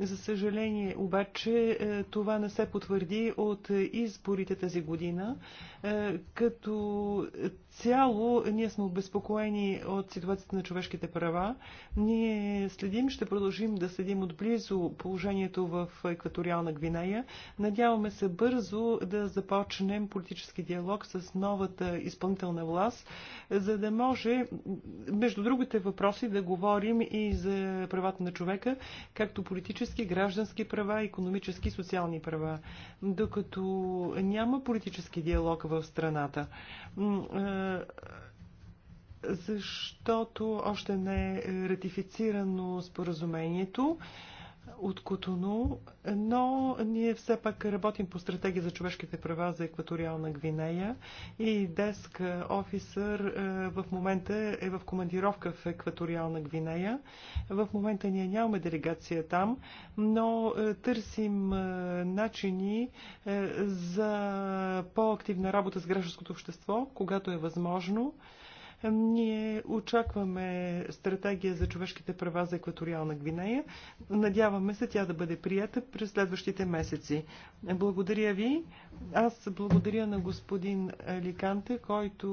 За съжаление, обаче, е, това не се потвърди от изборите тази година. Е, като цяло, ние сме обезпокоени от ситуацията на човешките права. Ние следим, ще продължим да следим отблизо положението в екваториална Гвинея. Надяваме се бързо да започнем политически диалог с новата изпълнителна власт, за да може, между другите въпроси, да говорим и за правата на човека, както политически политически, граждански права, економически, социални права, докато няма политически диалог в страната защото още не е ратифицирано споразумението от Котону, но ние все пак работим по стратегия за човешките права за екваториална Гвинея и деск офисър е, в момента е в командировка в екваториална Гвинея. В момента ние нямаме делегация там, но е, търсим е, начини за по-активна работа с гражданското общество, когато е възможно. Ние очакваме стратегия за човешките права за екваториална Гвинея. Надяваме се тя да бъде прията през следващите месеци. Благодаря ви. Аз благодаря на господин Ликанте, който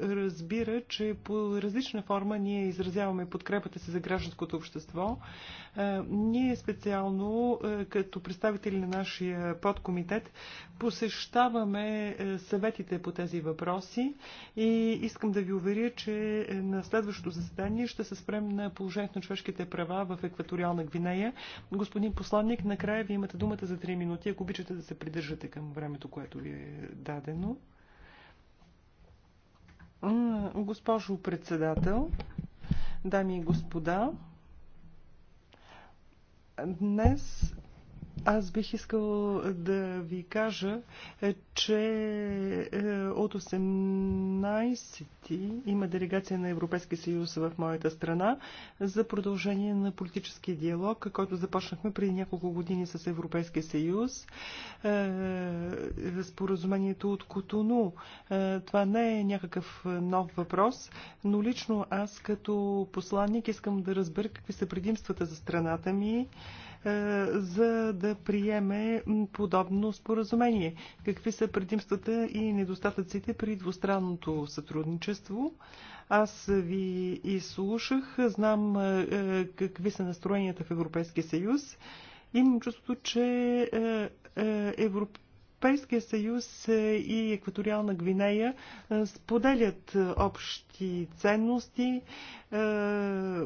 е, е, разбира, че по различна форма ние изразяваме подкрепата си за гражданското общество. Е, ние специално, като представители на нашия подкомитет, посещаваме съветите по тези въпроси и искам да ви уверя, че на следващото заседание ще се спрем на положението на човешките права в екваториална Гвинея. Господин посланник, накрая ви имате думата за 3 минути, ако обичате да се придържате към времето, което ви е дадено. Госпожо председател, дами и господа, днес аз бих искал да ви кажа, е, че е, от 18 има делегация на Европейския съюз в моята страна за продължение на политическия диалог, който започнахме преди няколко години с Европейския съюз. Е, споразумението от Котону. Това не е някакъв нов въпрос, но лично аз като посланник искам да разбера какви са предимствата за страната ми. Е, за да приеме подобно споразумение? Какви са предимствата и недостатъците при двустранното сътрудничество? Аз ви изслушах, знам е, какви са настроенията в Европейския съюз. Имам чувството, че е, Европ... Европейския съюз е, и Екваториална Гвинея е, споделят е, общи ценности,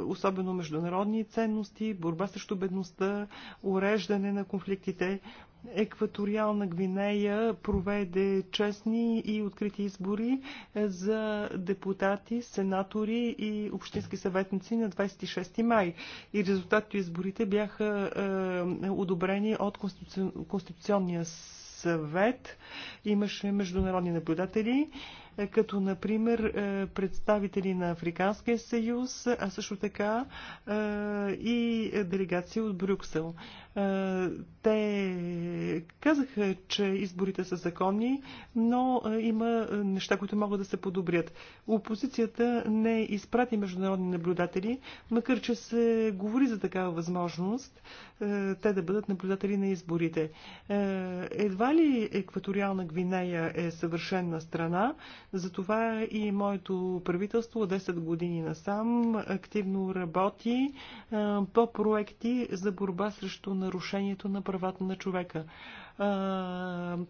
особено международни ценности, борба срещу бедността, уреждане на конфликтите. Екваториална Гвинея проведе честни и открити избори за депутати, сенатори и общински съветници на 26 май. И резултатите изборите бяха одобрени от Конституционния съд съвет имаше международни наблюдатели. Е, като например е, представители на Африканския съюз, а също така е, и делегация от Брюксел. Те казаха, че изборите са законни, но има неща, които могат да се подобрят. Опозицията не изпрати международни наблюдатели, макар че се говори за такава възможност те да бъдат наблюдатели на изборите. Едва ли екваториална Гвинея е съвършена страна, затова и моето правителство 10 години насам активно работи е, по проекти за борба срещу нарушението на правата на човека е,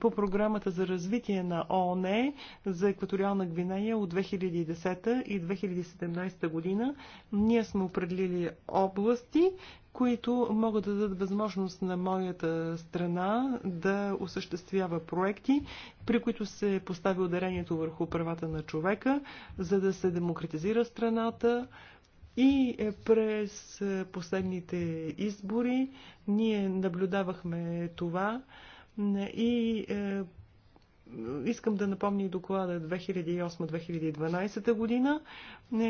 по програмата за развитие на ООН за екваториална Гвинея от 2010 и 2017 година. Ние сме определили области, които могат да дадат възможност на моята страна да осъществява проекти, при които се постави ударението върху правата на човека, за да се демократизира страната, и е, през е, последните избори ние наблюдавахме това и е, искам да напомня и доклада 2008-2012 година.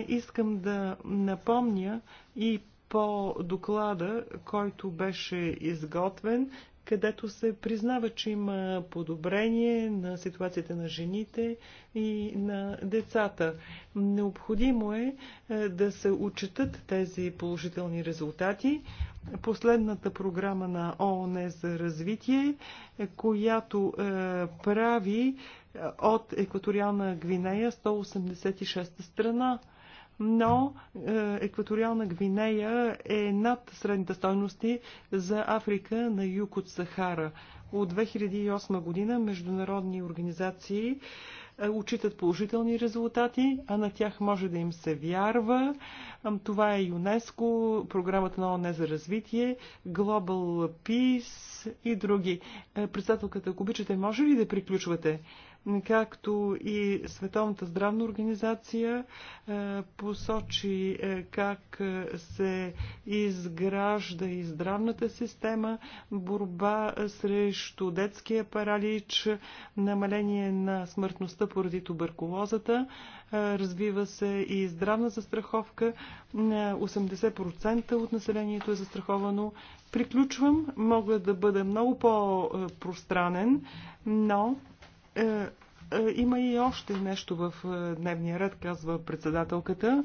Искам да напомня и по доклада, който беше изготвен, където се признава, че има подобрение на ситуацията на жените и на децата. Необходимо е, е да се отчитат тези положителни резултати. Последната програма на ООН за развитие, е, която е, прави от екваториална Гвинея 186 страна но е, екваториална Гвинея е над средните стойности за Африка на юг от Сахара. От 2008 година международни организации учитат е, положителни резултати, а на тях може да им се вярва. Това е ЮНЕСКО, програмата на ОНЕ за развитие, Global Peace и други. Е, председателката, ако обичате, може ли да приключвате? както и Световната здравна организация е, посочи е, как е, се изгражда и здравната система, борба срещу детския паралич, намаление на смъртността поради туберкулозата, развива се и здравна застраховка. 80% от населението е застраховано. Приключвам, мога да бъда много по-пространен, но е, е, има и още нещо в е, дневния ред, казва председателката.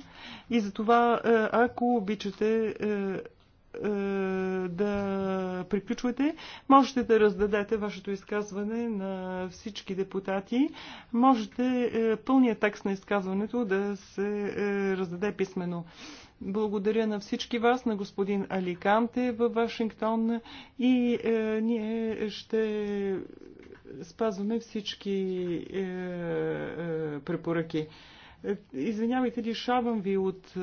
И затова, ако обичате да приключвате, можете да раздадете вашето изказване на всички депутати. Можете пълният текст на изказването да се раздаде писменно. Благодаря на всички вас, на господин Аликанте във Вашингтон и е, ние ще спазваме всички е, е, препоръки. Извинявайте, лишавам ви от е,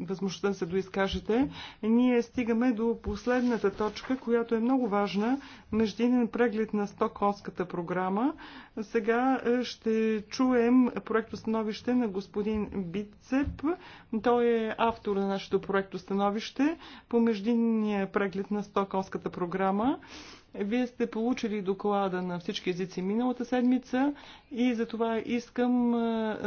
възможността да се доизкажете. Ние стигаме до последната точка, която е много важна. Междинен преглед на Стокхолмската програма. Сега е, ще чуем проектостановище на господин Бицеп. Той е автор на нашето проектостановище по междинния преглед на Стокхолмската програма. Е, вие сте получили доклада на всички езици миналата седмица и за това искам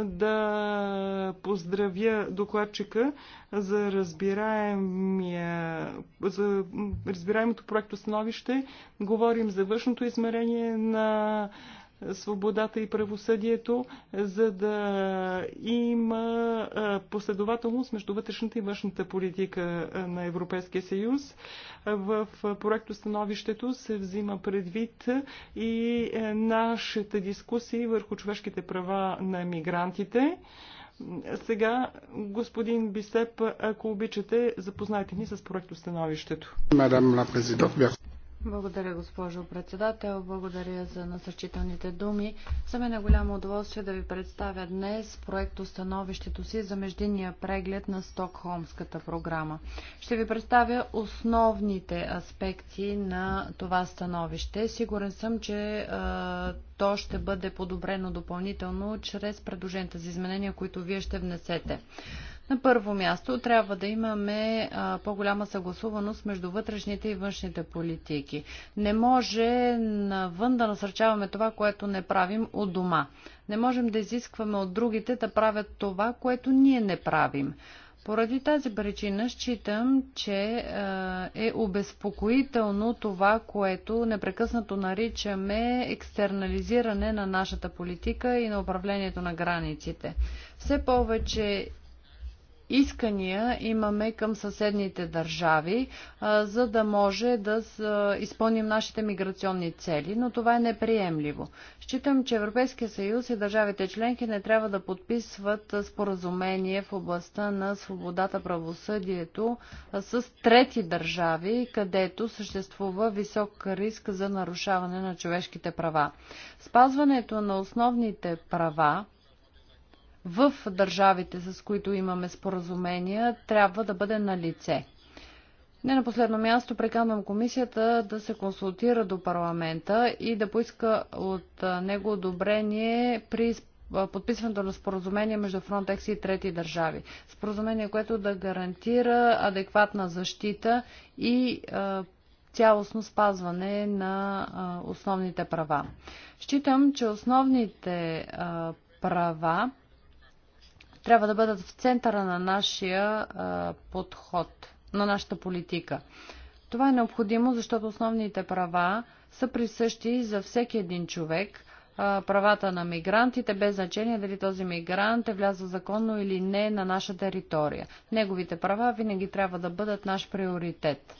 да поздравя докладчика за, разбираемия, за разбираемото проекто становище. Говорим за външното измерение на свободата и правосъдието, за да има последователност между вътрешната и външната политика на Европейския съюз. В проекто становището се взима предвид и нашите дискусии върху човешките права на мигрантите. Сега, господин Бисеп, ако обичате, запознайте ни с проектостановището. Мадам ла президент, благодаря, госпожо председател. Благодаря за насърчителните думи. За мен е голямо удоволствие да ви представя днес проект становището си за междинния преглед на Стокхолмската програма. Ще ви представя основните аспекти на това становище. Сигурен съм, че то ще бъде подобрено допълнително чрез предложенията за изменения, които вие ще внесете. На първо място трябва да имаме по-голяма съгласуваност между вътрешните и външните политики. Не може навън да насърчаваме това, което не правим от дома. Не можем да изискваме от другите да правят това, което ние не правим. Поради тази причина считам, че е обезпокоително това, което непрекъснато наричаме екстернализиране на нашата политика и на управлението на границите. Все повече искания имаме към съседните държави, за да може да изпълним нашите миграционни цели, но това е неприемливо. Считам, че Европейския съюз и държавите членки не трябва да подписват споразумение в областта на свободата правосъдието с трети държави, където съществува висок риск за нарушаване на човешките права. Спазването на основните права в държавите, с които имаме споразумения, трябва да бъде на лице. Не на последно място приканвам комисията да се консултира до парламента и да поиска от него одобрение при подписването на споразумение между Frontex и трети държави. Споразумение, което да гарантира адекватна защита и цялостно спазване на основните права. Считам, че основните права трябва да бъдат в центъра на нашия подход, на нашата политика. Това е необходимо, защото основните права са присъщи за всеки един човек. Правата на мигрантите, без значение дали този мигрант е влязъл законно или не на наша територия. Неговите права винаги трябва да бъдат наш приоритет.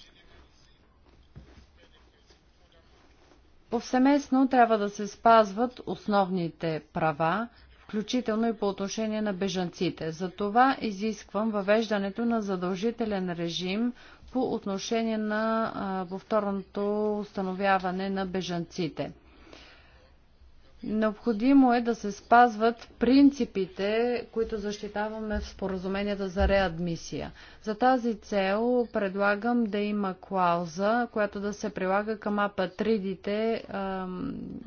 Повсеместно трябва да се спазват основните права, включително и по отношение на бежанците. Затова изисквам въвеждането на задължителен режим по отношение на повторното установяване на бежанците. Необходимо е да се спазват принципите, които защитаваме в споразуменията за реадмисия. За тази цел предлагам да има клауза, която да се прилага към апатридите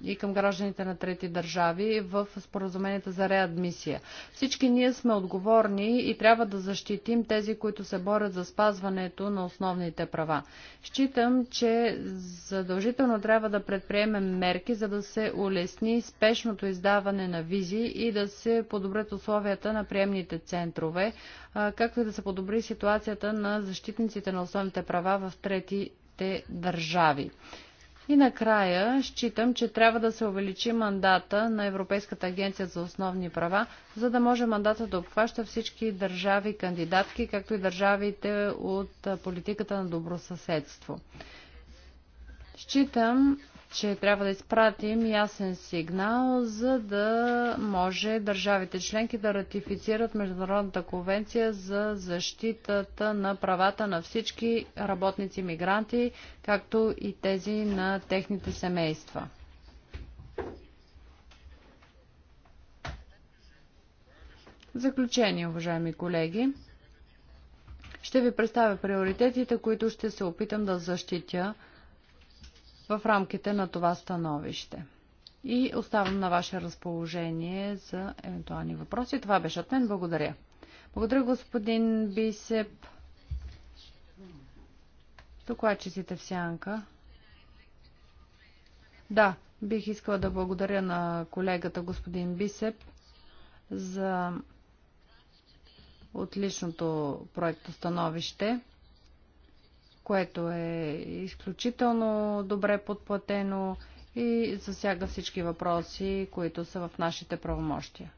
и към гражданите на трети държави в споразуменията за реадмисия. Всички ние сме отговорни и трябва да защитим тези, които се борят за спазването на основните права. Считам, че задължително трябва да предприемем мерки, за да се улесни спешното издаване на визи и да се подобрят условията на приемните центрове, както и да се подобри ситуацията на защитниците на основните права в третите държави. И накрая считам, че трябва да се увеличи мандата на Европейската агенция за основни права, за да може мандата да обхваща всички държави кандидатки, както и държавите от политиката на добросъседство. Считам, че трябва да изпратим ясен сигнал, за да може държавите членки да ратифицират Международната конвенция за защитата на правата на всички работници-мигранти, както и тези на техните семейства. заключение, уважаеми колеги, ще ви представя приоритетите, които ще се опитам да защитя в рамките на това становище. И оставам на ваше разположение за евентуални въпроси. Това беше от мен. Благодаря. Благодаря, господин Бисеп. Докладчиците в сянка. Да, бих искала да благодаря на колегата господин Бисеп за отличното проекто становище което е изключително добре подплатено и засяга всички въпроси, които са в нашите правомощия.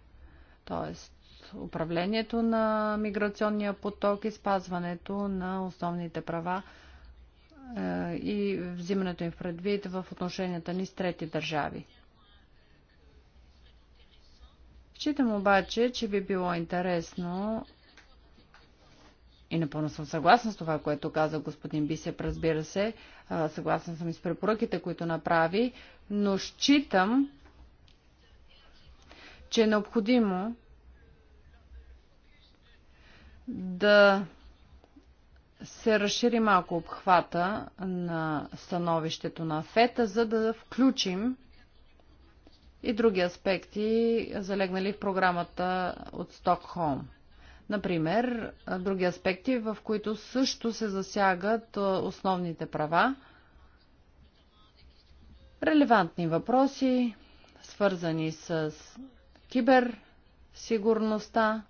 Тоест, управлението на миграционния поток и спазването на основните права е, и взимането им в предвид в отношенията ни с трети държави. Считам обаче, че би било интересно и напълно съм съгласна с това, което каза господин Бисеп, разбира се. Съгласна съм и с препоръките, които направи, но считам, че е необходимо да се разшири малко обхвата на становището на ФЕТА, за да включим и други аспекти, залегнали в програмата от Стокхолм. Например, други аспекти, в които също се засягат основните права, релевантни въпроси, свързани с киберсигурността,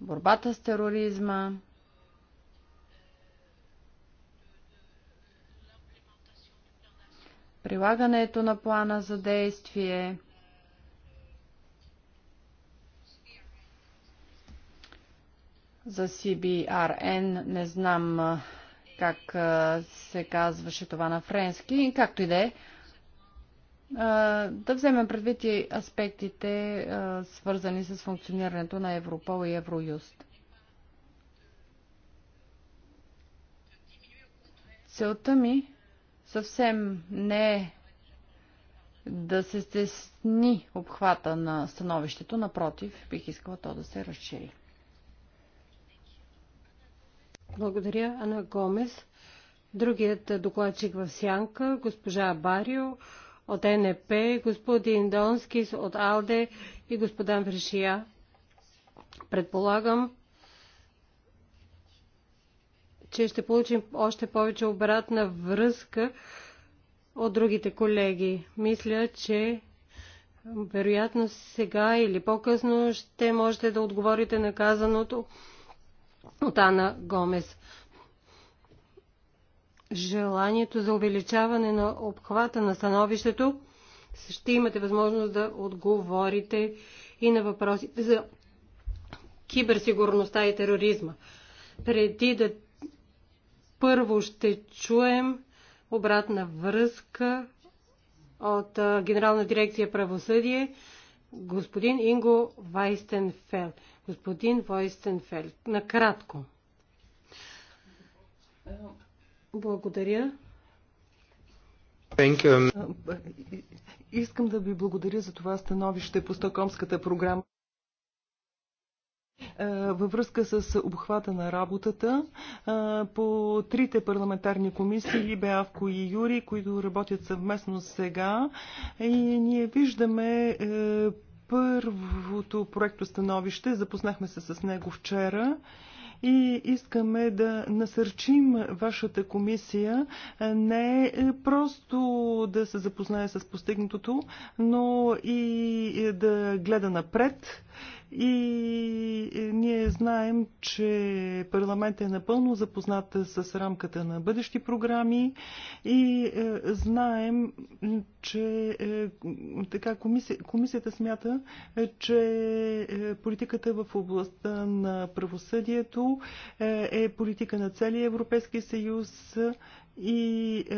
борбата с тероризма, прилагането на плана за действие – за CBRN. Не знам как се казваше това на френски. Както и да е. Да вземем предвид и аспектите, свързани с функционирането на Европол и Евроюст. Целта ми съвсем не е да се стесни обхвата на становището, напротив, бих искала то да се разшири. Благодаря, Ана Гомес. Другият докладчик в Сянка, госпожа Барио от НП, господин Донскис от АЛДЕ и господан Вершия. Предполагам, че ще получим още повече обратна връзка от другите колеги. Мисля, че вероятно сега или по-късно ще можете да отговорите на казаното от Ана Гомес. Желанието за увеличаване на обхвата на становището ще имате възможност да отговорите и на въпросите за киберсигурността и тероризма. Преди да първо ще чуем обратна връзка от Генерална дирекция правосъдие. Господин Инго Вайстенфел. Господин Вайстенфел. Накратко. Благодаря. Искам да ви благодаря за това становище по Стокомската програма. Е, във връзка с обхвата на работата е, по трите парламентарни комисии, БеАвко и Юри, които работят съвместно сега, и е, ние виждаме първото проекто становище. Запознахме се с него вчера и искаме да насърчим вашата комисия не просто да се запознае с постигнатото, но и да гледа напред и е, ние знаем, че парламент е напълно запознат с рамката на бъдещи програми и е, знаем, че е, така, комисия, комисията смята, че политиката в областта на правосъдието е политика на целия Европейски съюз и е,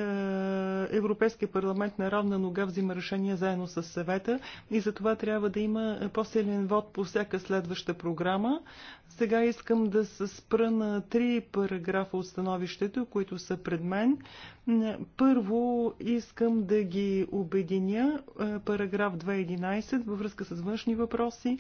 Европейския парламент на равна нога взима решения заедно с съвета и за това трябва да има по-силен вод по всяка следваща програма. Сега искам да се спра на три параграфа от становището, които са пред мен. Първо искам да ги обединя. Параграф 2.11 във връзка с външни въпроси.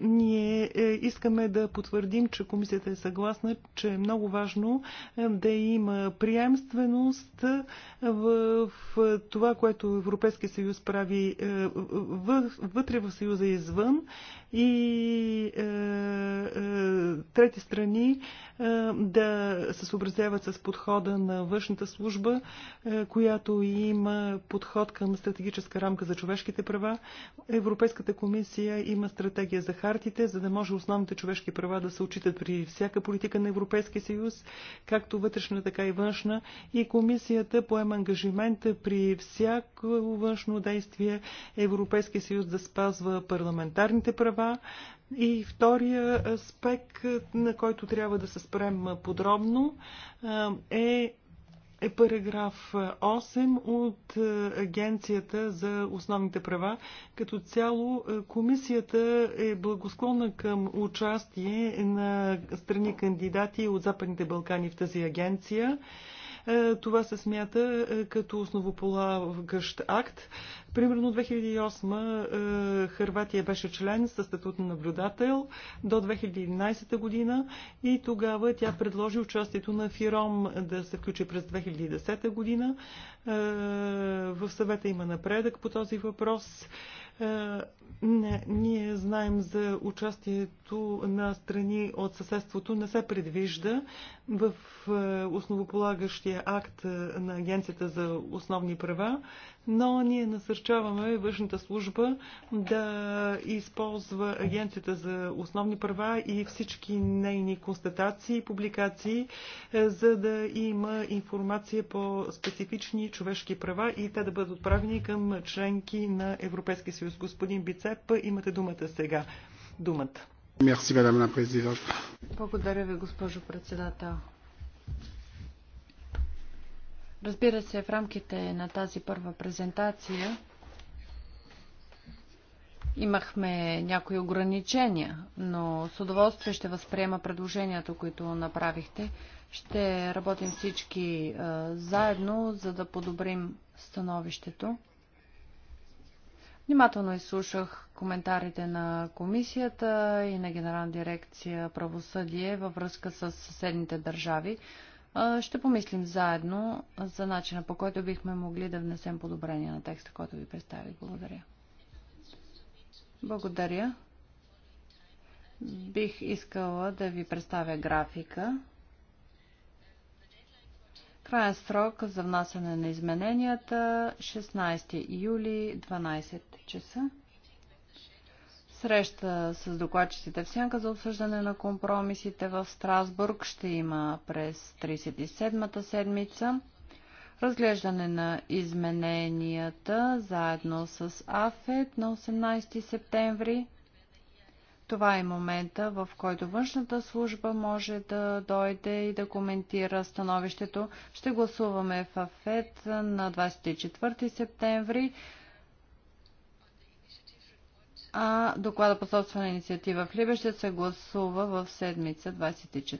Ние е, искаме да потвърдим, че комисията е съгласна, че е много важно е, да има приемственост е, в това, което Европейския съюз прави вътре в съюза и извън и е, е, трети страни е, да се съобразяват с подхода на външната служба, е, която има подход към стратегическа рамка за човешките права. Европейската комисия има стратегия за хартите, за да може основните човешки права да се отчитат при всяка политика на Европейския съюз, както вътрешна, така и външна. И комисията поема ангажимент при всяко външно действие Европейския съюз да спазва парламентарните права права. И втория аспект, на който трябва да се спрем подробно, е е параграф 8 от Агенцията за основните права. Като цяло комисията е благосклонна към участие на страни кандидати от Западните Балкани в тази агенция. Е, това се смята е, като основополагащ акт. Примерно 2008 е, Хърватия беше член със статут на наблюдател до 2011 година и тогава тя предложи участието на ФИРОМ да се включи през 2010 година. В съвета има напредък по този въпрос. Е, не, ние знаем за участието на страни от съседството. Не се предвижда в е, основополагащия акт на Агенцията за основни права но ние насърчаваме външната служба да използва Агенцията за основни права и всички нейни констатации и публикации, е, за да има информация по специфични човешки права и те да бъдат отправени към членки на Европейския съюз. Господин Бицеп, имате думата сега. Думата. Благодаря ви, госпожо председател. Разбира се, в рамките на тази първа презентация имахме някои ограничения, но с удоволствие ще възприема предложението, които направихте. Ще работим всички а, заедно, за да подобрим становището. Внимателно изслушах коментарите на комисията и на Генерална дирекция правосъдие във връзка с съседните държави. Ще помислим заедно за начина по който бихме могли да внесем подобрение на текста, който ви представих. Благодаря. Благодаря. Бих искала да ви представя графика. Крайен срок за внасяне на измененията 16 юли 12 часа. Среща с докладчиците в сянка за обсъждане на компромисите в Страсбург ще има през 37-та седмица. Разглеждане на измененията заедно с АФЕД на 18 септември. Това е момента, в който външната служба може да дойде и да коментира становището. Ще гласуваме в АФЕД на 24 септември. А доклада по собствена инициатива в Либе ще се гласува в седмица 24.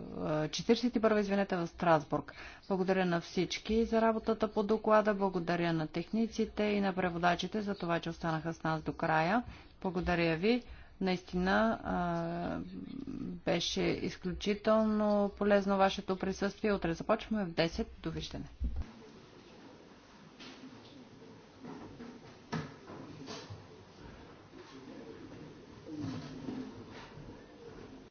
41 извинете в Страсбург. Благодаря на всички за работата по доклада, благодаря на техниците и на преводачите за това, че останаха с нас до края. Благодаря ви. Наистина а, беше изключително полезно вашето присъствие. Утре започваме в 10. Довиждане.